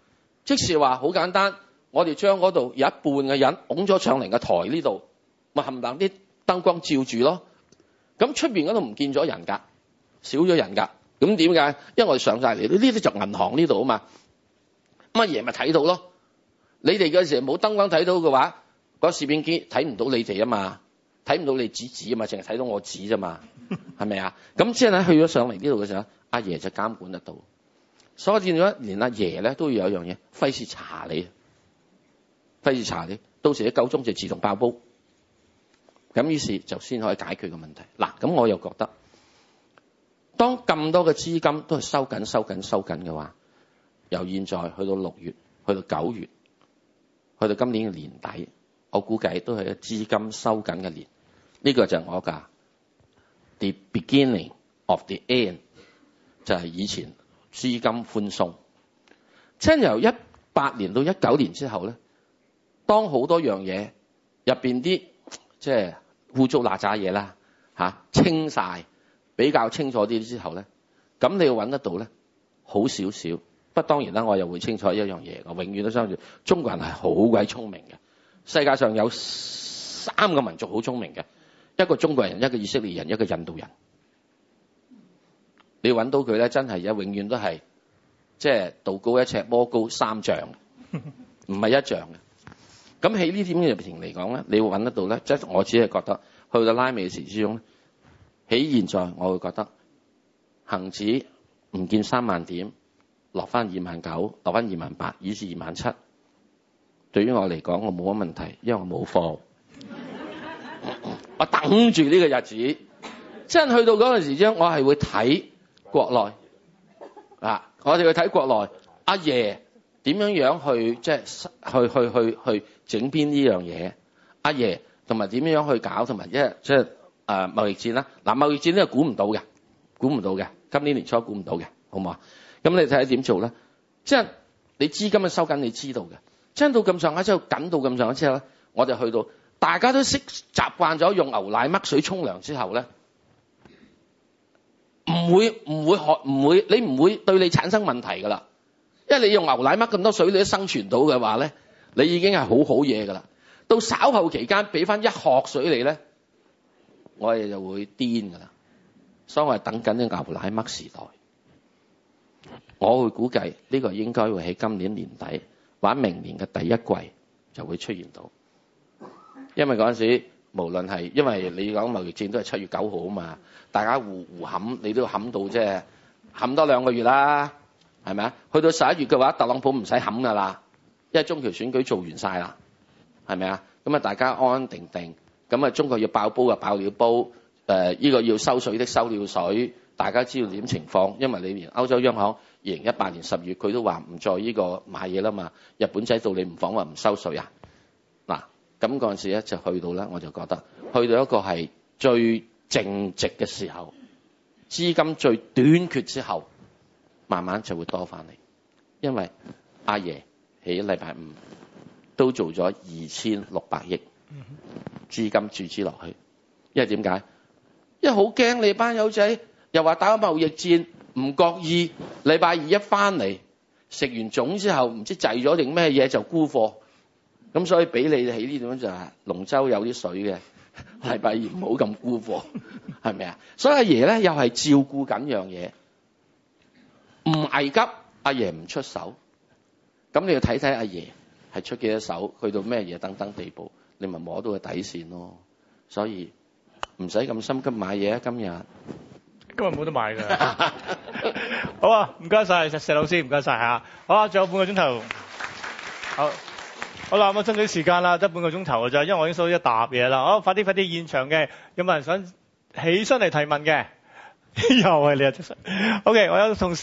即是話好簡單。我哋將嗰度有一半嘅人拱咗上嚟嘅台呢度，咪冚唪唥啲燈光照住咯。咁出面嗰度唔見咗人㗎，少咗人㗎。咁點解？因為我哋上曬嚟，呢啲就銀行呢度啊嘛。阿爺咪睇到咯。你哋嘅時候冇燈光睇到嘅話，個攝影機睇唔到你哋啊嘛，睇唔到你指指啊嘛，淨係睇到我指啫嘛，係咪啊？咁後呢，去咗上嚟呢度嘅時候，阿、啊、爺就監管得到。所以我見到連阿爺咧都要有樣嘢，費事查你。費事查，到時喺夠鐘就自動爆煲咁，於是就先可以解決個問題嗱。咁我又覺得，當咁多嘅資金都係收緊、收緊、收緊嘅話，由現在去到六月、去到九月、去到今年嘅年底，我估計都係一資金收緊嘅年。呢個就係我噶 the beginning of the end，就係以前資金寬鬆，即係由一八年到一九年之後咧。當好多樣嘢入面啲即係污糟邋遢嘢啦清晒比較清楚啲之後咧，咁你要揾得到咧，好少少。不過當然啦，我又會清楚一樣嘢我永遠都相信中國人係好鬼聰明嘅。世界上有三個民族好聰明嘅，一個中國人，一個以色列人，一個印度人。你揾到佢咧，真係而家永遠都係即係道高一尺，魔高三丈，唔係一丈嘅。咁喺呢點嘅情形嚟講咧，你會揾得到咧？即係我只係覺得，去到拉尾嘅時之中咧，喺現在我會覺得恒指唔見三萬點，落翻二萬九，落翻二萬八，以至二萬七。對於我嚟講，我冇乜問題，因為我冇貨。 我等住呢個日子，即係去到嗰陣時將，我係會睇國內。啊， 我哋去睇國內阿爺點樣樣去，即係去去去去。去去整邊呢樣嘢，阿爺同埋點樣去搞，同埋一即係誒貿易戰啦。嗱，貿易戰呢係估唔到嘅，估唔到嘅，今年年初估唔到嘅，好唔好啊？咁你睇下點做咧？即係你資金嘅收緊，你知道嘅，係到咁上下之後，緊到咁上下之後咧，我就去到大家都識習慣咗用牛奶乜水沖涼之後咧，唔會唔會學唔會你唔會對你產生問題㗎啦。因為你用牛奶乜咁多水你都生存到嘅話咧。你已經係好好嘢㗎啦，到稍後期間俾翻一殼水你咧，我哋就會癲㗎啦。所以我係等緊啲牛奶麥時代，我會估計呢個應該會喺今年年底或者明年嘅第一季就會出現到，因為嗰陣時無論係因為你講貿易戰都係七月九號啊嘛，大家互互冚你都要冚到即係冚多兩個月啦，係咪啊？去到十一月嘅話，特朗普唔使冚㗎啦。即係中期選舉做完晒啦，係咪啊？咁啊，大家安安定定咁啊，中國要爆煲就爆料煲，誒、呃，依、這個要收水的收料水，大家知道點情況，因為你連歐洲央行二零一八年十月佢都話唔再呢個買嘢啦嘛，日本仔到你唔反話唔收水啊嗱，咁嗰陣時咧就去到咧，我就覺得去到一個係最靜寂嘅時候，資金最短缺之後，慢慢就會多翻嚟，因為阿爺。起禮拜五都做咗二千六百億資金注資落去，因為點解？因為好驚你班友仔又話打貿易戰，唔覺意禮拜二一翻嚟，食完粽之後唔知滯咗定咩嘢就沽貨，咁所以俾你起呢種就係龍舟有啲水嘅，禮拜二唔好咁沽貨，係咪啊？所以阿爺咧又係照顧緊樣嘢，唔危急阿爺唔出手。咁你要睇睇阿爺係出幾多手，去到咩嘢等等地步，你咪摸到個底線咯。所以唔使咁心急買嘢 啊！今日今日冇得買㗎。好啊，唔該曬石石老師，唔該曬嚇。好啊，仲有半個鐘頭。好，好啦，我爭取時間啦，得半個鐘頭嘅咋，因為我已經收咗一疊嘢啦。好，快啲快啲，現場嘅有冇人想起身嚟提問嘅？ 又係你啊！O K，我有同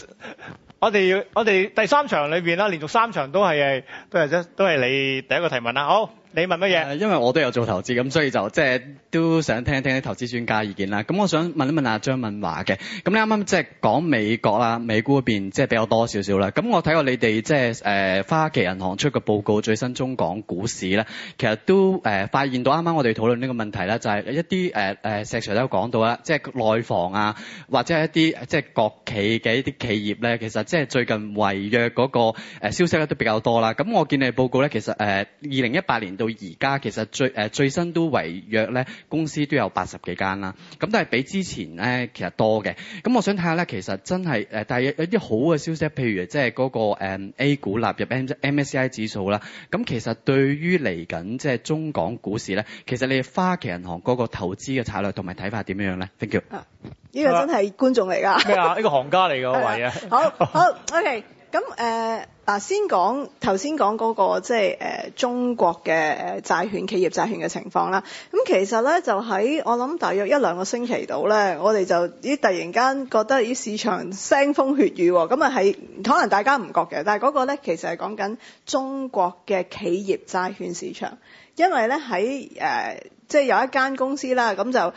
我哋要，我哋第三場裏邊啦，連續三場都係，誒，都係一，都係你第一個提問啦，好。你問乜嘢、呃？因為我都有做投資咁，所以就即係、就是、都想聽一聽啲投資專家意見啦。咁我想問一問阿張敏華嘅。咁你啱啱即係講美國啦，美股嗰邊即係比較多少少啦。咁我睇過你哋即係花旗銀行出嘅報告，最新中港股市咧，其實都、呃、發現到啱啱我哋討論呢個問題啦，就係、是、一啲、呃、石財都有講到啦，即係內房啊，或者係一啲即係國企嘅一啲企業咧，其實即係最近違約嗰個消息咧都比較多啦。咁我見你報告咧，其實誒二零一八年度到而家其實最誒、呃、最新都違約咧，公司都有八十幾間啦。咁但係比之前咧其實多嘅。咁我想睇下咧，其實真係誒、呃，但係有啲好嘅消息，譬如即係嗰個、嗯、A 股納入 MSCI 指數啦。咁其實對於嚟緊即係中港股市咧，其實你哋花旗銀行嗰個投資嘅策略同埋睇法點樣樣咧？Thank you、啊。呢、呢個真係觀眾嚟㗎。咩 啊？呢個行家嚟㗎，我懷疑係、啊。好好 ，OK。咁誒嗱，先講頭先講嗰個即係誒中國嘅誒債券，企業債券嘅情況啦。咁其實咧就喺我諗，大約一兩個星期度咧，我哋就咦突然間覺得咦市場腥風血雨喎。咁啊，係可能大家唔覺嘅，但係嗰個咧其實係講緊中國嘅企業債券市場，因為咧喺即係有一間公司啦，咁就誒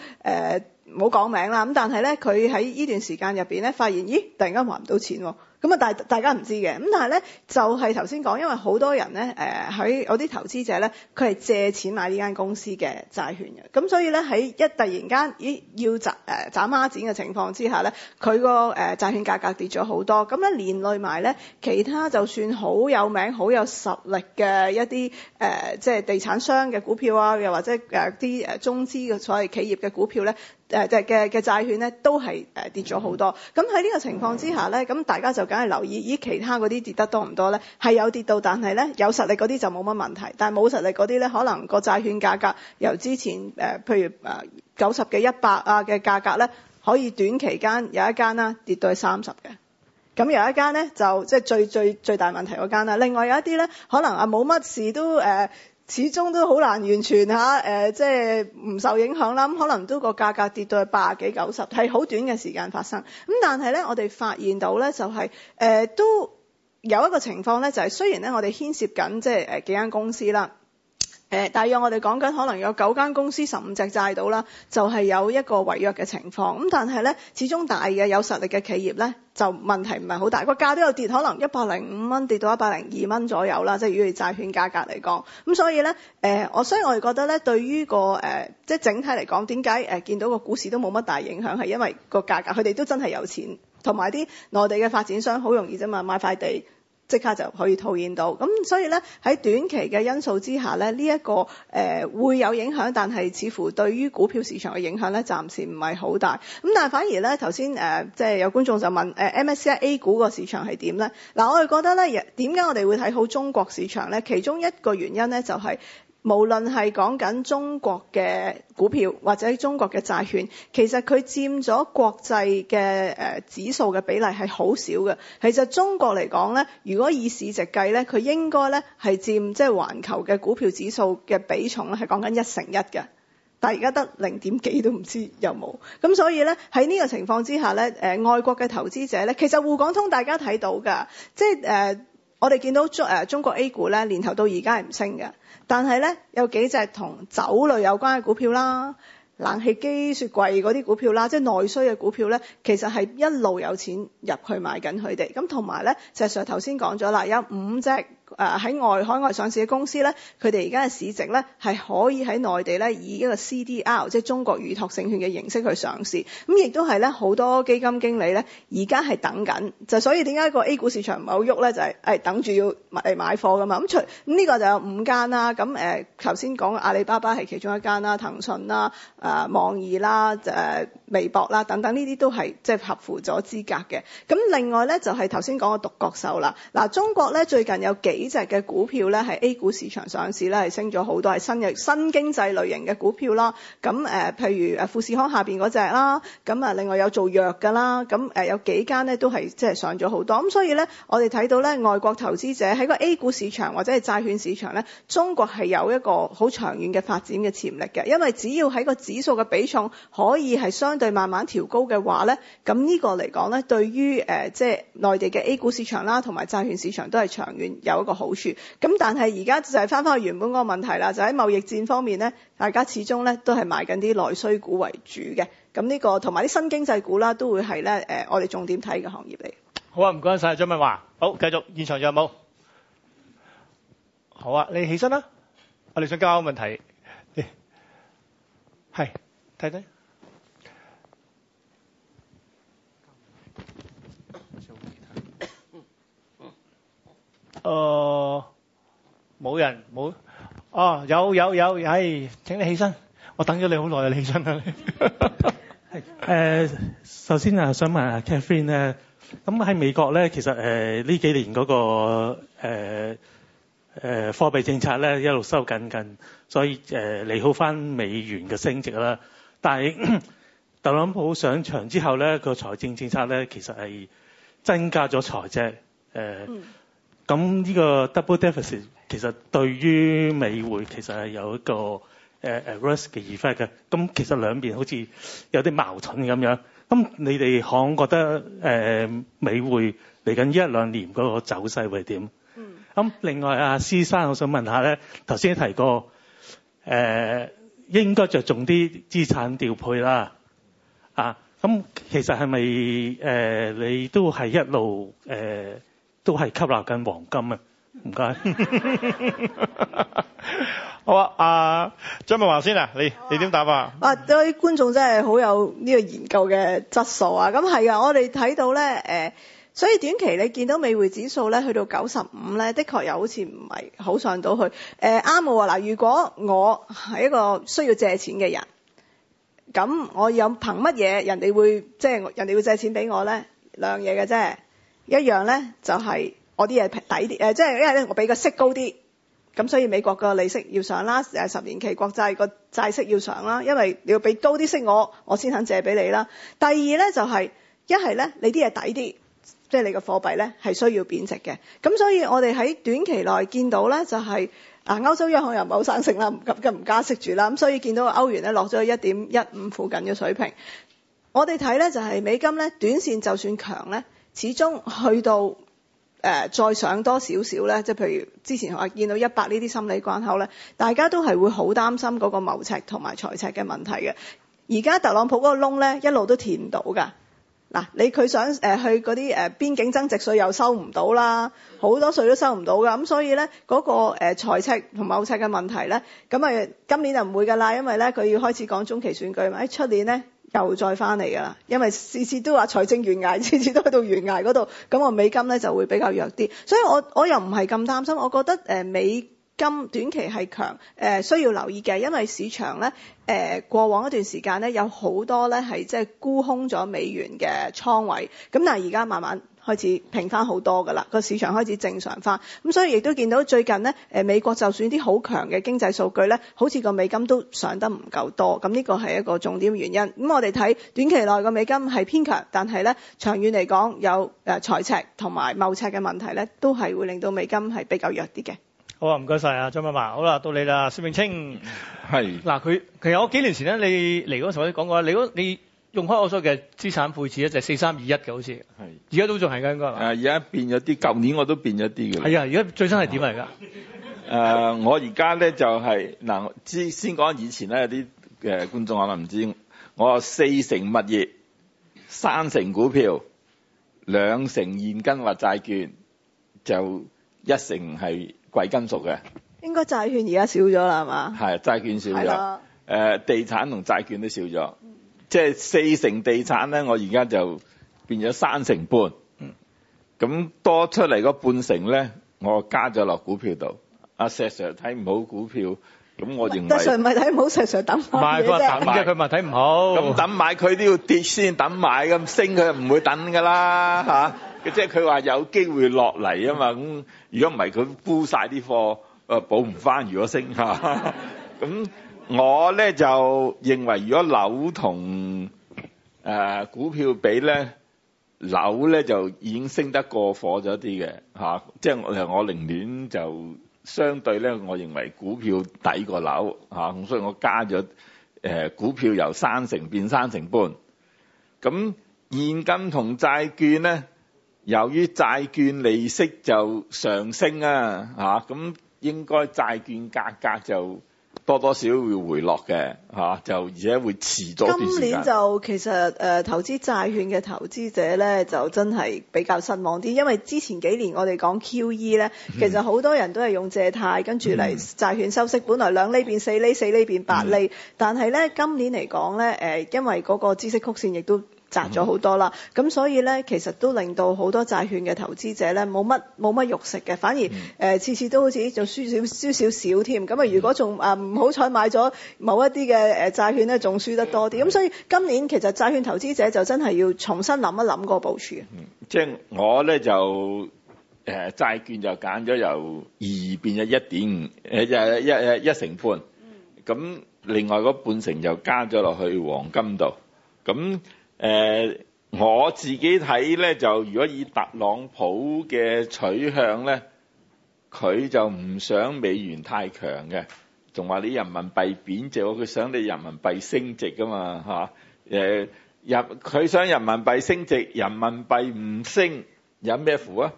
冇講名啦。咁但係咧佢喺呢段時間入邊咧，發現咦突然間還唔到錢喎。咁啊，但大家唔知嘅，咁但係咧就係頭先講，因為好多人咧，誒喺有啲投資者咧，佢係借錢買呢間公司嘅債券嘅，咁所以咧喺一突然間，咦要斬誒斬孖展嘅情況之下咧，佢個誒債券價格跌咗好多，咁咧連累埋咧其他就算好有名、好有實力嘅一啲誒、呃、即係地產商嘅股票啊，又或者誒啲誒中資嘅所謂企業嘅股票咧。誒嘅嘅嘅債券咧，都係、呃、跌咗好多。咁喺呢個情況之下咧，咁大家就梗係留意咦，以其他嗰啲跌得多唔多咧？係有跌到，但係咧有實力嗰啲就冇乜問題。但係冇實力嗰啲咧，可能個債券價格由之前、呃、譬如誒九十嘅一百啊嘅價格咧，可以短期間有一間啦跌到係三十嘅。咁有一間咧就即係、就是、最最最大問題嗰間啦。另外有一啲咧可能啊冇乜事都誒。呃始終都好難完全嚇、呃、即係唔受影響啦。咁可能都個價格跌到去八十幾九十，係好短嘅時間發生。咁但係咧，我哋發現到咧就係、是呃、都有一個情況咧，就係、是、雖然咧我哋牽涉緊即係、呃、幾間公司啦。誒、呃，大約我哋講緊，可能有九間公司十五隻債到啦，就係、是、有一個違約嘅情況。咁但係呢，始終大嘅有實力嘅企業呢，就問題唔係好大。個價都有跌，可能一百零五蚊跌到一百零二蚊左右啦，即係如果係債券價格嚟講。咁所以呢，誒、呃，我所以我哋覺得呢，對於個誒、呃，即係整體嚟講，點解誒見到個股市都冇乜大影響，係因為個價格，佢哋都真係有錢，同埋啲內地嘅發展商好容易啫嘛，買塊地。即刻就可以套現到，咁所以咧喺短期嘅因素之下咧，呢、這、一個、呃、會有影響，但係似乎對於股票市場嘅影響咧，暫時唔係好大。咁但係反而咧，頭先即係有觀眾就問、呃、MSCI A 股個市場係點咧？嗱、呃，我哋覺得咧，點解我哋會睇好中國市場咧？其中一個原因咧就係、是。無論係講緊中國嘅股票或者中國嘅債券，其實佢佔咗國際嘅、呃、指數嘅比例係好少嘅。其實中國嚟講咧，如果以市值計咧，佢應該咧係佔即係環球嘅股票指數嘅比重咧係講緊一成一嘅，但係而家得零點幾都唔知有冇。咁所以咧喺呢個情況之下咧，誒、呃、外國嘅投資者咧，其實滬港通大家睇到㗎，即係、呃我哋見到中國 A 股咧，年頭到而家係唔升嘅，但係呢有幾隻同酒類有關嘅股票啦、冷氣機、雪櫃嗰啲股票啦，即係內需嘅股票呢，其實係一路有錢入去買緊佢哋。咁同埋呢，石 Sir 頭先講咗啦，有五隻。誒喺、呃、外海外上市嘅公司咧，佢哋而家嘅市值咧係可以喺內地咧以一個 CDR 即係中國預託證券嘅形式去上市，咁、嗯、亦都係咧好多基金經理咧而家係等緊，就所以點解個 A 股市場唔好喐咧？就係、是、係、哎、等住要嚟買貨噶嘛。咁、嗯、除咁呢、嗯這個就有五間啦，咁誒頭先講阿里巴巴係其中一間啦，騰訊啦、誒、啊、網易啦、誒、啊、微博啦等等呢啲都係即係合乎咗資格嘅。咁、嗯、另外咧就係頭先講嘅獨角獸啦。嗱、啊、中國咧最近有幾。幾隻嘅股票咧係 A 股市場上市咧係升咗好多，係新嘅新經濟類型嘅股票啦。咁誒、呃，譬如誒富士康下邊嗰隻啦，咁啊另外有做藥㗎啦。咁誒、呃、有幾間咧都係即係上咗好多。咁所以咧，我哋睇到咧，外國投資者喺個 A 股市場或者係債券市場咧，中國係有一個好長遠嘅發展嘅潛力嘅。因為只要喺個指數嘅比重可以係相對慢慢調高嘅話咧，咁呢個嚟講咧，對於誒即係內地嘅 A 股市場啦，同埋債券市場都係長遠有個好處，咁但係而家就係翻翻去原本嗰個問題啦，就喺貿易戰方面咧，大家始終咧都係賣緊啲內需股為主嘅，咁呢、這個同埋啲新經濟股啦，都會係咧誒，我哋重點睇嘅行業嚟。好啊，唔該晒張敏華，好繼續現場仲有冇？好啊，你起身啦，我哋想交個問題，係睇睇。看看誒冇、呃、人冇哦有有有唉、哎，請你起身，我等咗你好耐啊！你起身啊！係誒，首先啊，想問下 Catherine、呃咧，咁喺美國咧，其實誒呢、呃、幾年嗰、那個誒誒、呃呃、貨幣政策咧一路收緊緊，所以誒利、呃、好翻美元嘅升值啦。但係 特朗普上場之後咧，個財政政策咧其實係增加咗財政誒。呃嗯咁呢個 double deficit 其實對於美匯其實係有一個 risk 嘅 effect 嘅，咁其實兩邊好似有啲矛盾咁樣。咁你哋可能覺得美匯嚟緊呢一兩年嗰個走勢會係點？嗯。咁另外阿施生，我想問下咧，頭先提過、呃、應該着重啲資產調配啦。啊，咁其實係咪、呃、你都係一路、呃都係吸納緊黃金啊！唔該， 好啊，阿、啊、張敏華先啊，你啊你點答啊？啊，啲觀眾真係好有呢個研究嘅質素啊！咁係啊，我哋睇到咧，誒、呃，所以短期你見到美匯指數咧，去到九十五咧，的確又好似唔係好上到去。誒，啱喎，嗱、哦呃，如果我係一個需要借錢嘅人，咁我有憑乜嘢人哋會即係人哋會借錢俾我咧？兩嘢嘅啫。一樣咧就係、是、我啲嘢抵啲，即係因為咧我俾個息高啲，咁所以美國個利息要上啦，就是、十年期國債個債息要上啦，因為你要俾高啲息我，我先肯借俾你啦。第二咧就係、是、一係咧、就是、你啲嘢抵啲，即係你嘅貨幣咧係需要貶值嘅。咁所以我哋喺短期內見到咧就係、是、啊歐洲央行又唔好生性啦，咁又唔加息住啦，咁所以見到歐元咧落咗一點一五附近嘅水平。我哋睇咧就係、是、美金咧短線就算強咧。始終去到誒、呃、再上多少少咧，即係譬如之前我見到一百呢啲心理關口咧，大家都係會好擔心嗰個貿赤同埋財赤嘅問題嘅。而家特朗普嗰個窿咧，一路都填唔到㗎。嗱、啊，你佢想誒、呃、去嗰啲誒邊境增值稅又收唔到啦，好多稅都收唔到㗎。咁所以咧，嗰、嗰個誒財赤同貿赤嘅問題咧，咁咪今年就唔會㗎啦，因為咧佢要開始講中期選舉嘛。喺出年咧。又再返嚟㗎啦，因為次次都話財政懸崖，次次都去到懸崖嗰度，咁我美金咧就會比較弱啲。所以我我又唔係咁擔心，我覺得美金短期係強、呃，需要留意嘅，因為市場咧、呃、過往一段時間咧有好多咧係即係沽空咗美元嘅倉位，咁但係而家慢慢，開始平翻好多㗎啦，個市場開始正常化。咁，所以亦都見到最近呢，誒美國就算啲好強嘅經濟數據咧，好似個美金都上得唔夠多，咁呢個係一個重點原因。咁我哋睇短期內個美金係偏強，但係咧長遠嚟講有誒財赤同埋貿赤嘅問題咧，都係會令到美金係比較弱啲嘅。好啊，唔該晒啊張敏華，好啦，到你啦，施永青，係嗱，佢是其實我幾年前咧你嚟嗰陣時候我講過啦，你嗰你。仲開我所嘅資產配置咧就係四三二一嘅好似，而家都仲係㗎應該係。而家變咗啲，舊年我都變咗啲嘅。係啊，而家最新係點嚟㗎？誒 呃，我而家咧就係、是、嗱，之先講以前咧有啲誒觀眾可能唔知，我，知道我四成物業，三成股票，兩成現金或債券，就一成係貴金屬嘅。應該債券而家少咗啦係嘛？係債券少咗，誒、呃、地產同債券都少咗。即係四成地產咧，我而家就變咗三成半。嗯，咁多出嚟嗰半成咧，我加咗落股票度。阿石 Sir 睇唔好股票，咁、嗯、我認為。石 Sir 咪睇唔好，石 Sir 等。唔係佢話抌買，佢咪睇唔好。咁等買佢都要跌先等買，咁升佢又唔會等噶啦、啊、即係佢話有機會落嚟啊嘛。咁如果唔係佢沽晒啲貨，誒補唔翻。如果升咁。啊啊嗯我咧就認為，如果樓同誒股票比咧，樓咧就已經升得過火咗啲嘅嚇，即係我我寧願就相對咧，我認為股票抵過樓嚇，所以我加咗誒股票由三成變三成半。咁現金同債券咧，由於債券利息就上升啊嚇，咁應該債券價格就。多多少少會回落嘅、啊，就而且會持續。今年就其實、呃、投資債券嘅投資者咧，就真係比較失望啲，因為之前幾年我哋講 QE 咧，嗯、其實好多人都係用借貸跟住嚟債券收息，本來兩厘變四厘，四厘變八厘，嗯、但係咧今年嚟講咧，呃、因為嗰個知識曲線亦都，賺咗好多啦，咁所以咧，其實都令到好多債券嘅投資者咧，冇乜冇乜肉食嘅，反而、嗯呃、次次都好似就輸少，少少少少添，咁啊如果仲唔好彩買咗某一啲嘅誒債券咧，仲輸得多啲，咁所以今年其實債券投資者就真係要重新諗一諗個部署、嗯、即係我咧就誒債、呃、券就揀咗由二變咗一點、呃、一一一成半。咁、嗯嗯、另外嗰半成就加咗落去黃金度，咁。呃、我自己睇咧，就如果以特朗普嘅取向咧，佢就唔想美元太強嘅，仲話你人民幣貶值，佢想你人民幣升值噶嘛吓，佢、啊呃、想人民幣升值，人民幣唔升有咩符啊？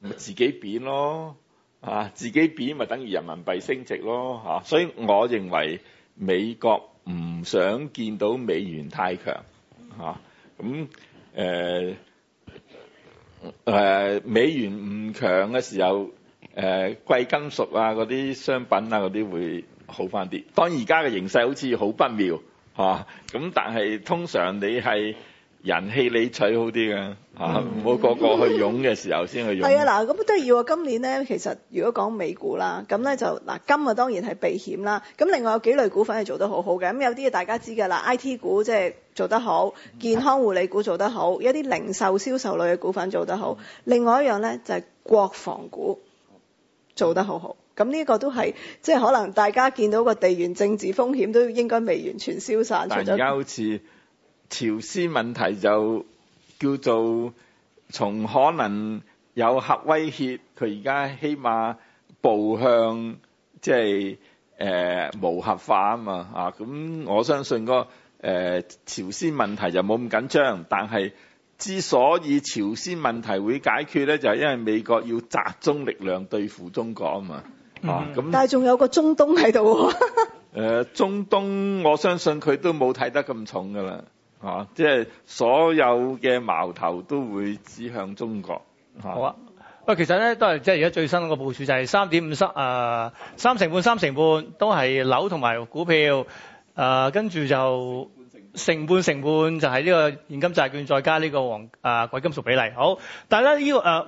咪自己貶咯啊！自己貶咪、啊、等於人民幣升值咯吓、啊，所以我認為美國唔想見到美元太強。啊，咁誒誒美元唔強嘅時候，誒、呃、貴金屬啊嗰啲商品啊嗰啲會好返啲。當而家嘅形勢好似好不妙，嚇、嗯、咁，但係通常你係。人氣你取好啲嘅唔好個個去湧嘅時候先去用。係啊、嗯，嗱，咁都要今年呢，其實如果講美股啦，咁呢就嗱，金當然係避險啦。咁另外有幾類股份係做得好好嘅，咁有啲嘢大家知㗎啦。I T 股即係做得好，健康護理股做得好，一啲零售銷售類嘅股份做得好。嗯、另外一樣呢，就係、是、國防股做得好好。咁呢個都係即係可能大家見到個地緣政治風險都應該未完全消散。朝鮮問題就叫做從可能有核威脅，佢而家起碼步向即係誒無核化啊嘛啊！咁我相信個誒朝鮮問題就冇咁緊張，但係之所以朝鮮問題會解決咧，就係因為美國要集中力量對付中國啊嘛啊！咁但係仲有個中東喺度誒，中東我相信佢都冇睇得咁重噶啦。啊！即係所有嘅矛頭都會指向中國。啊好啊，喂，其實咧都係即係而家最新嗰個部署就係三點五三啊，三成半三成半都係樓同埋股票啊，跟住就成半成半就係呢個現金債券再加呢個黃啊貴金屬比例。好，但係咧呢個誒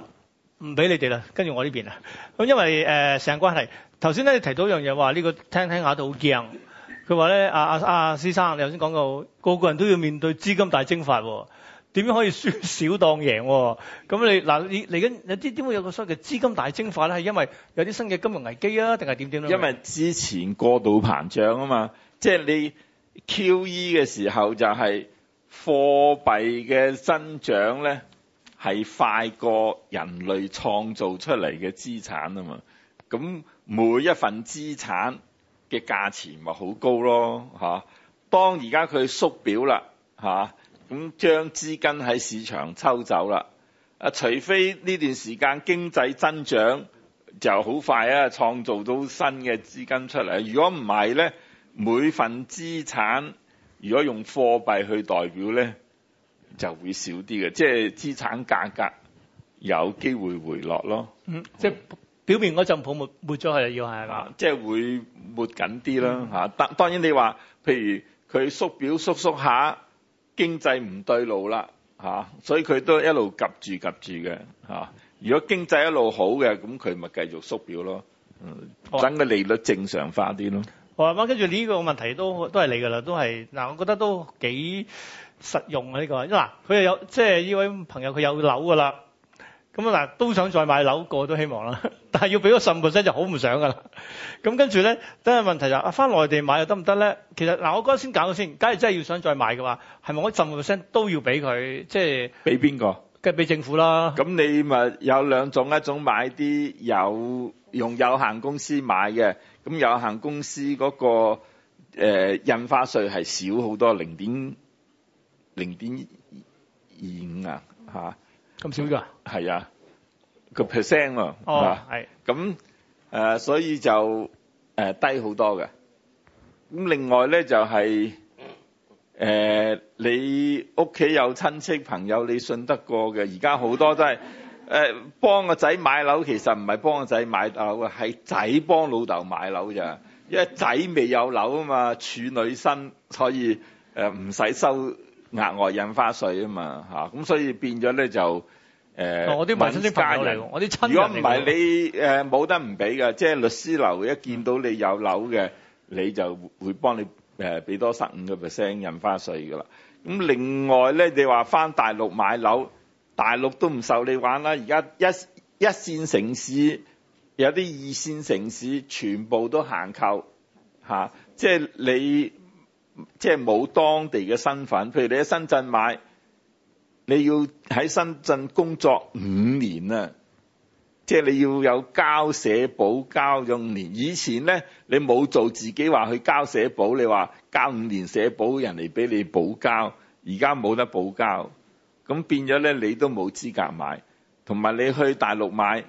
唔俾你哋啦，跟住我呢邊啊。咁因為誒時間關係，頭先咧提到一樣嘢，話呢個聽聽下都好驚。佢話呢，阿阿阿施先生，你頭先講到個個人都要面對資金大蒸發喎，點樣可以輸少當贏喎？咁你嗱，你嚟緊有啲點會有個所謂嘅資金大蒸發呢？係因為有啲新嘅金融危機啊，定係點點咧？因為之前過度膨脹啊嘛，即係你 QE 嘅時候就係貨幣嘅增長呢，係快過人類創造出嚟嘅資產啊嘛，咁每一份資產嘅價錢咪好高咯嚇，啊，當而家佢縮表啦嚇，咁，啊，將資金喺市場抽走啦。啊，除非呢段時間經濟增長就好快啊，創造到新嘅資金出嚟。如果唔係咧，每份資產如果用貨幣去代表咧，就會少啲嘅，即係資產價格有機會回落咯。嗯，好即係。表面嗰陣泡沫抹咗去又要係啊，是即係會抹緊啲啦嚇。但當然你話，譬如佢縮表縮縮下，經濟唔對路啦嚇，所以佢都一路 𥁤 住 𥁤 住嘅嚇。如果經濟一路好嘅，咁佢咪繼續縮表咯。嗯，等個、哦、利率正常化啲咯、哦。好啊，咁跟住呢個問題都都係你噶啦，都係嗱、啊，我覺得都幾實用啊呢、呢個。因為嗱、啊，佢又有即係呢位朋友佢有樓噶啦。咁啊嗱，都想再買樓，個個都希望啦。但係要俾個十五 percent 就好唔想噶啦。咁跟住咧，等一問題就啊、係，翻內地買又得唔得咧？其實嗱，我陣先搞到先，假如真係要想再買嘅話，係咪我十 percent 都要俾佢？即係俾邊個？梗係俾政府啦。咁你咪有兩種，一種買啲有用有限公司買嘅，咁有限公司嗰、嗰個、呃、印花稅係少好多，零點零點二五啊，咁少㗎？係啊，個 percent 喎，係、啊。咁誒、哦啊，所以就誒低好多嘅。咁另外咧就係、是、誒、啊，你屋企有親戚朋友你信得過嘅，而家好多都係誒、啊、幫個仔買樓，其實唔係幫個仔買樓啊，係仔幫老豆買樓咋，因為仔未有樓啊嘛，處女身，所以誒唔使收。額外印花稅啊嘛嚇，咁所以變咗咧就、呃哦、我誒民間，如果唔係你誒冇、呃、得唔俾嘅，即係律師樓一見到你有樓嘅，你就會幫你誒俾、呃、多十五個 percent 印花稅㗎啦。咁、嗯、另外咧，你話返大陸買樓，大陸都唔受你玩啦。而家一一線城市有啲二線城市全部都限購嚇，即係你。即係冇當地嘅身份，譬如你喺深圳買，你要喺深圳工作五年啊！即係你要有交社保，交咗五年。以前咧，你冇做自己話去交社保，你話交五年社保，人哋俾你補交。而家冇得補交，咁變咗咧，你都冇資格買。同埋你去大陸買，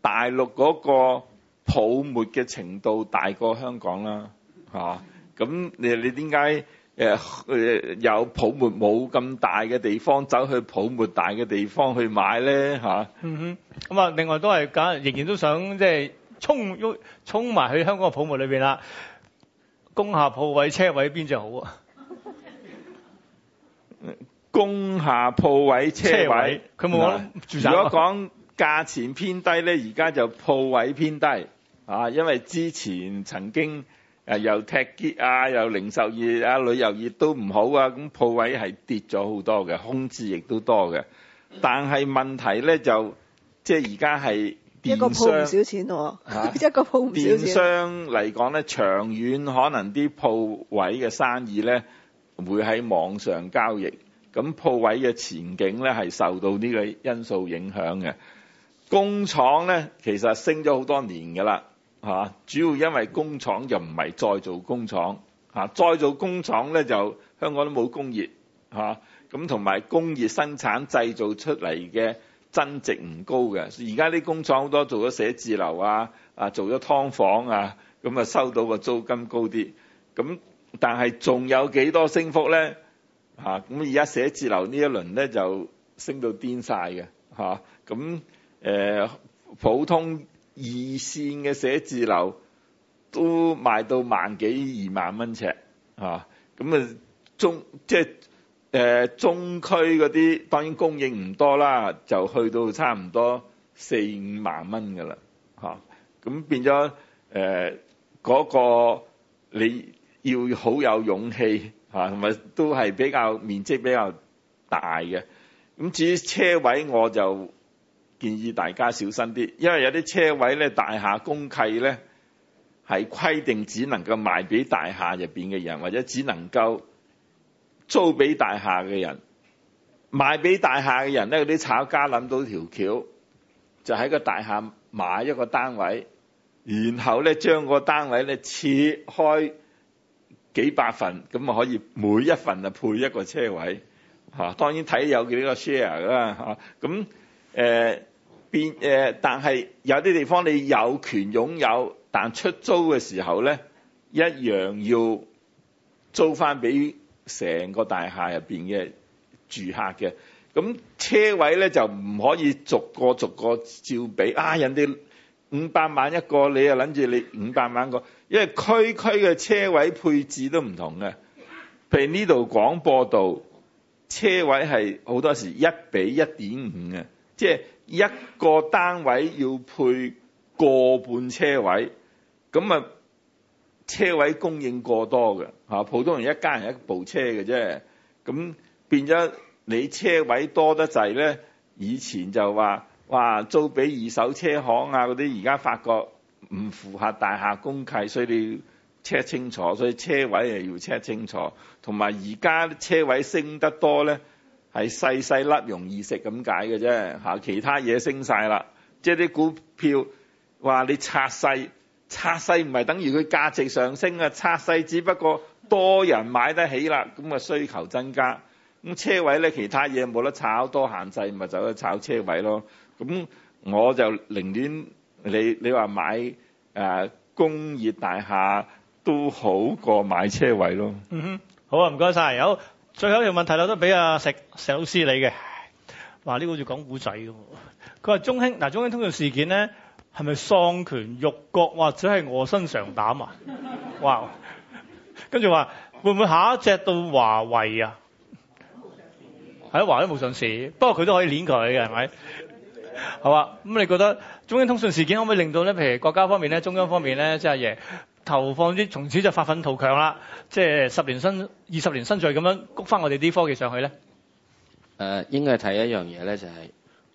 大陸嗰個泡沫嘅程度大過香港啦，啊咁你你點解誒誒有泡沫冇咁大嘅地方，走去泡沫大嘅地方去買咧吓？嗯哼，咁啊，另外都係緊，仍然都想即係充喐充埋去香港嘅泡沫裏邊啦。攻下鋪位車位邊就好啊？攻下鋪位車位，佢冇位、嗯、如果講價錢偏低咧，而家 就鋪位偏低啊，因為之前曾經。誒又踢結啊，又零售業啊、旅遊業都唔好啊，咁鋪位係跌咗好多嘅，空置亦都多嘅。但係問題咧就，即係而家係一個鋪唔少錢喎、啊，啊、一個鋪唔少錢。電商嚟講咧，長遠可能啲鋪位嘅生意咧會喺網上交易，咁鋪位嘅前景咧係受到呢個因素影響嘅。工廠咧其實升咗好多年㗎啦。主要因為工廠就唔係再做工廠，再做工廠咧就香港都冇工業，咁同埋工業生產製造出嚟嘅增值唔高嘅，而家啲工廠好多做咗寫字樓啊，啊，做咗劏房啊，咁啊收到個租金高啲，咁但係仲有幾多升幅咧？咁而家寫字樓呢一輪咧就升到癲曬嘅，咁、啊呃、普通。二線嘅寫字樓都賣到萬幾二萬蚊尺，嚇咁啊那中即係誒中區嗰啲當然供應唔多啦，就去到差唔多四五萬蚊㗎喇，嚇、啊、咁變咗誒嗰個你要好有勇氣嚇，同、啊、埋都係比較面積比較大嘅。咁至於車位我就～建議大家小心啲，因為有啲車位咧，大廈公契咧係規定只能夠賣俾大廈入邊嘅人，或者只能夠租俾大廈嘅人。賣俾大廈嘅人咧，嗰啲炒家諗到條橋，就喺個大廈買一個單位，然後咧將個單位咧切開幾百份，咁啊可以每一份啊配一個車位嚇、啊。當然睇有幾個 share 啦嚇。咁、啊、誒。變誒，但係有啲地方你有權擁有，但出租嘅時候咧，一樣要租翻俾成個大廈入邊嘅住客嘅。咁車位咧就唔可以逐個逐個照俾啊！人哋五百萬一個，你又諗住你五百萬一個，因為區區嘅車位配置都唔同嘅。譬如呢度廣播道車位係好多時一比一點五嘅，即係。一個單位要配個半車位，咁啊車位供應過多嘅嚇，普通人一家人一部車嘅啫，咁變咗你車位多得滯咧，以前就話哇租俾二手車行啊、嗰啲，而家發覺唔符合大廈公計，所以你要 check 清楚，所以車位係要 check 清楚，同埋而家車位升得多咧，係細細粒容易食咁解嘅啫嚇，其他嘢升晒啦，即係啲股票話你拆細，拆細唔係等於佢價值上升啊，拆細只不過多人買得起啦，咁啊需求增加，咁車位咧，其他嘢冇得炒，多限制咪走去炒車位咯，咁我就寧願你你話買誒、呃、工業大廈都好過買車位咯。嗯、哼，好啊，唔該晒。好。最後一條問題留得俾阿石石老師你嘅，話呢、呢個好似講古仔咁。佢話中興嗱中興通訊事件咧，係咪喪權辱國或者係臥薪嘗膽啊？話 跟住話會唔會下一隻到華為啊？係華為都冇上市，不過佢都可以攆佢嘅，係咪？係嘛？咁你覺得中興通訊事件可唔可以令到咧？譬如國家方面咧、中央方面咧，即係阿爺？投放啲，從此就發奮圖強啦，即係十年新、二十年新進咁樣，谷翻我哋啲科技上去咧。誒、呃，應該係睇一樣嘢咧，就係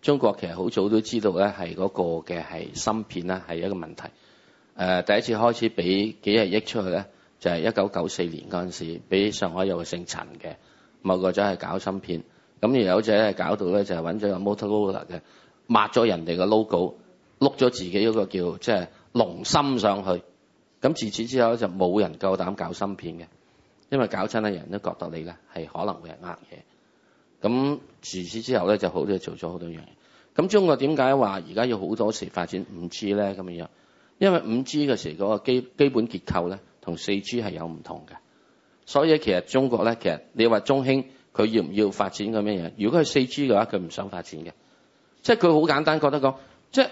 中國其實好早都知道咧，係嗰個嘅係芯片咧係一個問題。誒、呃，第一次開始俾幾十億出去咧，就係一九九四年嗰陣時，俾上海有個姓陳嘅某個仔係搞芯片，咁而有者咧搞到咧就係搵咗個 Motorola 嘅，抹咗人哋個 logo，碌咗自己嗰個叫即係、就是、龍芯上去。咁自此之後咧就冇人夠膽搞芯片嘅，因為搞親嘅人都覺得你咧係可能會係呃嘢。咁自此之後咧就好多做咗好多樣嘢。咁中國點解話而家要好多時發展五 G 咧咁樣？因為五 G 嘅時嗰個基基本結構咧同四 G 係有唔同嘅。所以其實中國咧，其實你話中興佢要唔要發展咁咩嘢？如果係四 G 嘅話，佢唔想發展嘅，即係佢好簡單覺得講，即係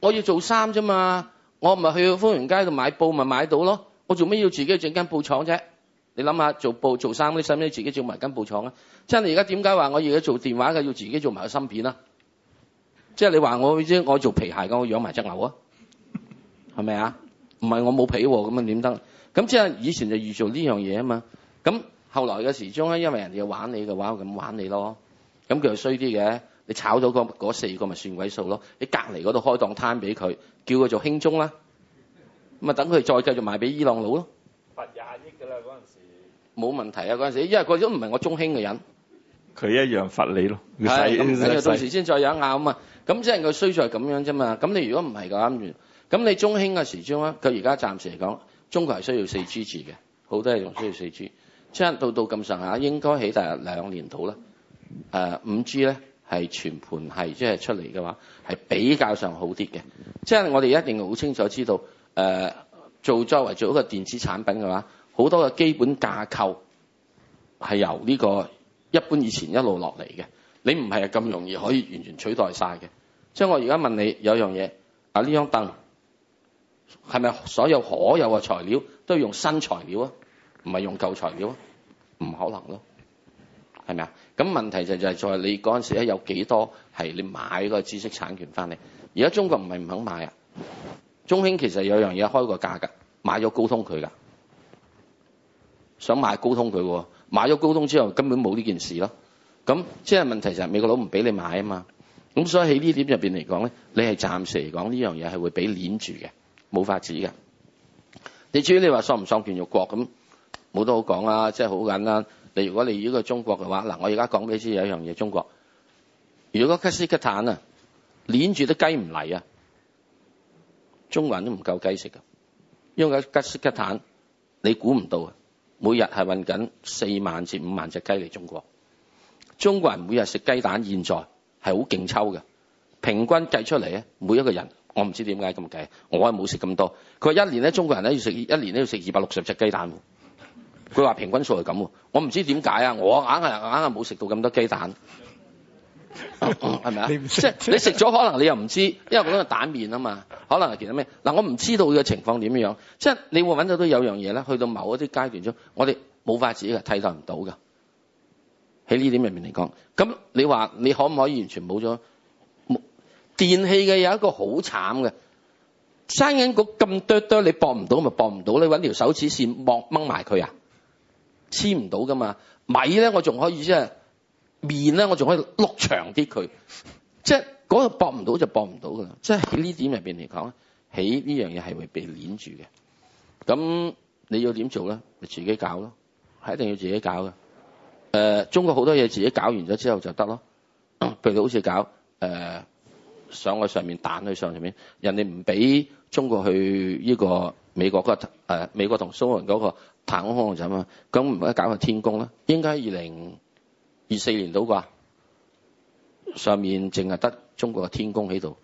我要做三啫嘛。我唔係去到豐原街度買布，咪買到囉。我做咩要自己整間布廠啫？你諗下，做布、做衫嗰啲，使唔使自己做埋間布廠啊？即係你而家點解話我而家做電話嘅要自己做埋、就是、個芯片啊？即、就、係、是、你話我知，我做皮鞋咁，我養埋隻牛是不是啊？係咪啊？唔係我冇皮喎，咁啊點得？咁即係以前就預做呢樣嘢啊嘛。咁後來嘅時鐘因為人哋玩你嘅話，我咁玩你囉。咁佢衰啲嘅。你炒到個嗰四個咪算鬼數咯！你隔離嗰度開檔攤俾佢，叫佢做興中啦。咁啊，等佢再繼續賣俾伊朗佬咯。罰廿億㗎啦！嗰陣時冇問題啊！嗰陣時，因為佢都唔係我中興嘅人。佢一樣罰你咯。係，咁啊，到時先再有啱啊嘛。咁即係佢衰在咁樣啫嘛。咁你如果唔係㗎，咁你中興嘅時鐘啊，佢而家暫時嚟講，中國係需要四 G 字嘅，好多嘢仲需要四 G。即係到到咁上下，應該起大兩年到啦。誒，五 G 咧？係全盤係即係出嚟嘅話，係比較上好啲嘅。即係我哋一定要好清楚知道，呃做作為做一個電子產品嘅話，好多嘅基本架構係由呢個一般以前一路落嚟嘅。你唔係咁容易可以完全取代晒嘅。即係我而家問你有樣嘢，啊呢張凳係咪所有所有嘅材料都要用新材料啊？唔係用舊材料啊？唔可能咯，係咪啊？咁問題就就係在你嗰陣時咧，有幾多係你買個知識產權返嚟？而家中國唔係唔肯買呀，中興其實有樣嘢開個價㗎，買咗高通佢㗎，想買高通佢喎，買咗高通之後根本冇呢件事囉。咁即係問題就係美國佬唔俾你買啊嘛。咁所以喺呢點入面嚟講呢，你係暫時嚟講呢樣嘢係會俾鏈住嘅，冇法子嘅。你至於你話喪唔喪權辱國咁，冇得好講啊！即係好簡單。你如果你依個中國嘅話，嗱，我而家講俾你知有一樣嘢，中國如果吉斯吉坦啊，連住啲雞唔嚟啊，中國人都唔夠雞食嘅。因為吉斯吉坦，你估唔到啊，每日係運緊四萬至五萬隻雞嚟中國。中國人每日食雞蛋，現在係好勁抽嘅。平均計出嚟，每一個人我唔知點解咁計，我係冇食咁多。佢話一年，中國人要食一年要食二百六十隻雞蛋。佢話平均數係咁，我唔知點解 啊！我硬係硬係冇食到咁多雞蛋，係咪啊？是是啊，你唔食即係 你食咗，可能你又唔知道，因為嗰個蛋麵啊嘛，可能係其他咩嗱、啊？我唔知道佢嘅情況點樣？即係你會揾到都有樣嘢咧。去到某一啲階段中，我哋冇法子嘅，承受唔到嘅。喺呢點入面嚟講，咁、嗯、你話你可唔可以完全冇咗電器嘅？有一個好慘嘅，生緊局咁多多，你搏唔到咪搏唔到你揾條手指線，莫掹埋佢啊！黐唔到噶嘛，米咧，我仲可以即係面咧，我仲可以碌長啲佢，即係嗰度搏唔到就搏唔到噶啦，即係喺呢點入邊嚟講，起呢樣嘢係會被攆住嘅。咁你要點做咧？咪自己搞咯，係一定要自己搞嘅。誒、呃，中國好多嘢自己搞完咗之後就得咯。譬如好似搞誒、呃、上去上面彈去上上面，人哋唔俾中國去呢個美國嗰、那個、呃、美國同蘇聯嗰個。太空就咁咁唔該搞個天宮啦。應該二零二四年到啩，上面淨係得中國嘅天宮喺度，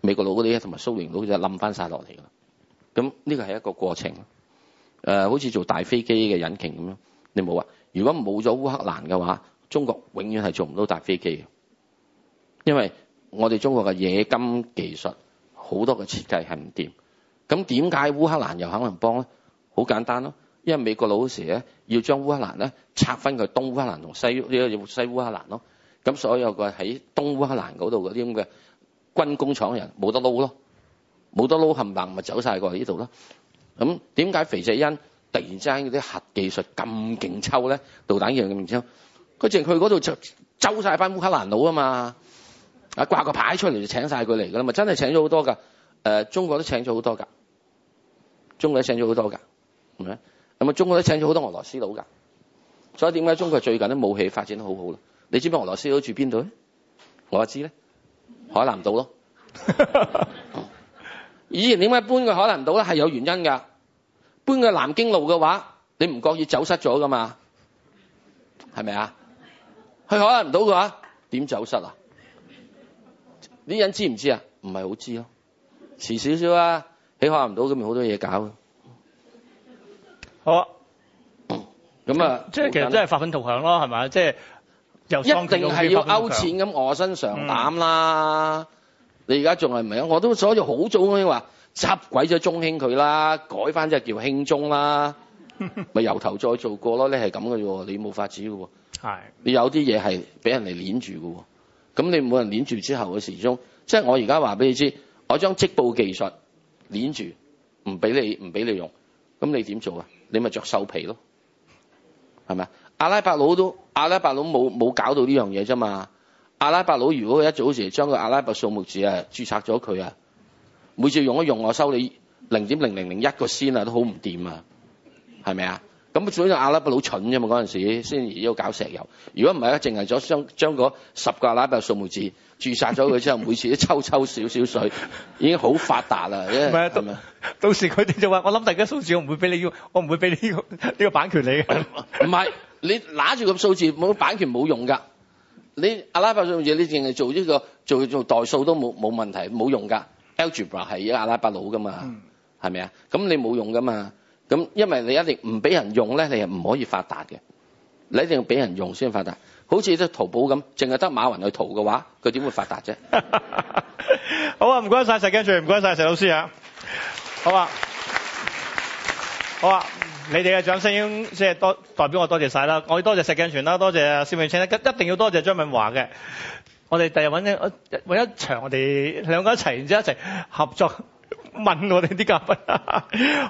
美國佬嗰啲同埋蘇聯佬就冧翻曬落嚟㗎啦。咁呢個係一個過程、呃、好似做大飛機嘅引擎咁咯。你冇啊？如果冇咗烏克蘭嘅話，中國永遠係做唔到大飛機嘅，因為我哋中國嘅冶金技術好多嘅設計係唔掂。咁點解烏克蘭又肯幫咧？好簡單咯、啊。因為美國佬嗰時咧，要將烏克蘭咧拆分佢東烏克蘭同西呢個西烏克蘭咯，咁、嗯、所有個喺東烏克蘭嗰度嗰啲咁嘅軍工廠人冇得撈咯，冇得撈冚唪唥咪走曬過去呢度咯。咁點解肥仔恩突然之間嗰啲核技術咁勁抽咧？導彈一樣咁，然之後佢淨係佢嗰度就周晒翻烏克蘭佬啊嘛，啊掛個牌出嚟就請晒佢嚟噶啦，咪真係請咗好多㗎。誒、呃，中國都請咗好多㗎，中國都請咗好多㗎，係咪？係咪中國都請咗好多俄羅斯佬㗎？所以點解中國最近啲武器發展得好好咧？你知唔知俄羅斯佬住邊度咧？我知咧，海南島囉！以前點解搬去海南島呢？係有原因㗎？搬去南京路嘅話，你唔覺意走失咗㗎嘛？係咪啊？去海南島嘅話，點走失啊？啲人知唔知啊？唔係好知咯，遲少少啊，起海南島咁咪好多嘢搞。好啊，咁啊，即係其實都係發奮圖強咯，係咪啊？即係一定係要勾錢咁，臥薪嘗膽啦。嗯、你而家仲係唔係？我都所以好早已經話執鬼咗中興佢啦，改翻即係叫興中啦，咪 由頭再做過咯。你係咁嘅啫喎，你冇法子嘅喎。是的你有啲嘢係俾人哋捏住嘅喎，咁你冇人捏住之後嘅時鐘，即係我而家話俾你知，我將織布技術捏住，唔俾你唔俾你用，咁你點做啊？你咪著獸皮咯，係咪啊？阿拉伯佬都阿拉伯佬冇冇搞到呢樣嘢啫嘛？阿拉伯佬如果一早時將個阿拉伯數目字啊註冊咗佢啊，每次用一用我收你零點零零零一個仙啊，都好唔掂啊，係咪啊？咁所以阿拉伯佬蠢啫嘛，嗰陣時先要搞石油。如果唔係啊，淨係咗將嗰十個阿拉伯數目字。注射咗佢之後，每次都抽一抽少少水，已經好發達啦。唔 係，到時佢哋就話：我諗大家用 你數字，我唔會俾你要，我唔會俾你呢個呢個版權你。唔係，你拿住個數字冇版權冇用㗎。你阿拉伯數字，你淨係做呢個做做代數都冇冇問題，冇用㗎。Algebra 係阿拉伯佬㗎嘛，係咪啊？咁你冇用㗎嘛。咁因為你一定唔俾人用咧，你係唔可以發達嘅。你一定要俾人用先發達。好似得淘寶咁，淨係得馬雲去淘嘅話，佢點會發達啫？ 好啊，唔該曬石鏡泉，唔該曬石老師啊，好啊，好啊，你哋嘅掌聲即係代表我多謝曬啦，我要多謝石鏡泉啦，多謝施永青啦，一一定要多謝張敏華嘅，我哋第日搵一搵一場，我哋兩個一齊，然之後一齊合作。問我哋啲嘉賓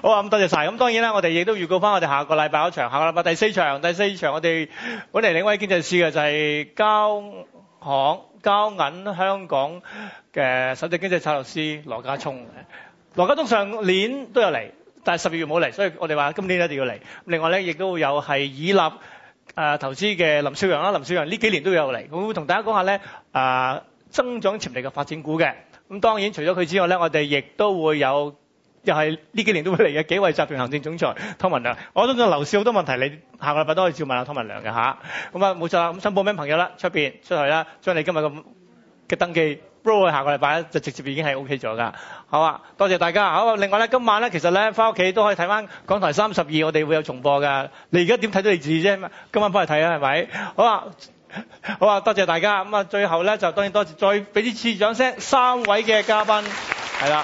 好啊，咁多謝晒。咁當然啦，我哋亦都預告返我哋下個禮拜嗰場，下個禮拜第四場。第四場我哋本嚟兩位經濟師嘅就係、是、交行、交銀香港嘅首席經濟策略師羅家聰。羅家聰上年都有嚟，但係十二月冇嚟，所以我哋話今年一定要嚟。另外咧，亦都會有係以立誒、呃、投資嘅林少陽啦。林少陽呢幾年都有嚟，佢會同大家講下咧誒、呃、增長潛力嘅發展股嘅。咁當然除咗佢之外呢，我哋亦都會有，又係呢幾年都會嚟嘅幾位集團行政總裁湯文良。我都想到樓市好多問題，你下個禮拜都可以照問阿湯文良嘅吓。咁啊冇錯啦，咁想報名朋友啦，出面出去啦，將你今日嘅嘅登記攞去下個禮拜就直接已經係 OK 咗㗎。好啊，多謝大家。好啊，另外呢，今晚呢，其實呢，返屋企都可以睇返港台三十二，我哋會有重播㗎。你而家點睇都係字啫嘛，今晚返嚟睇啊，係咪？好啊。好啊，多謝大家。咁啊，最後咧就當然多謝再俾啲掌聲，三位嘅嘉賓係啦。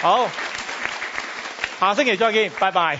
好，下星期再見，拜拜。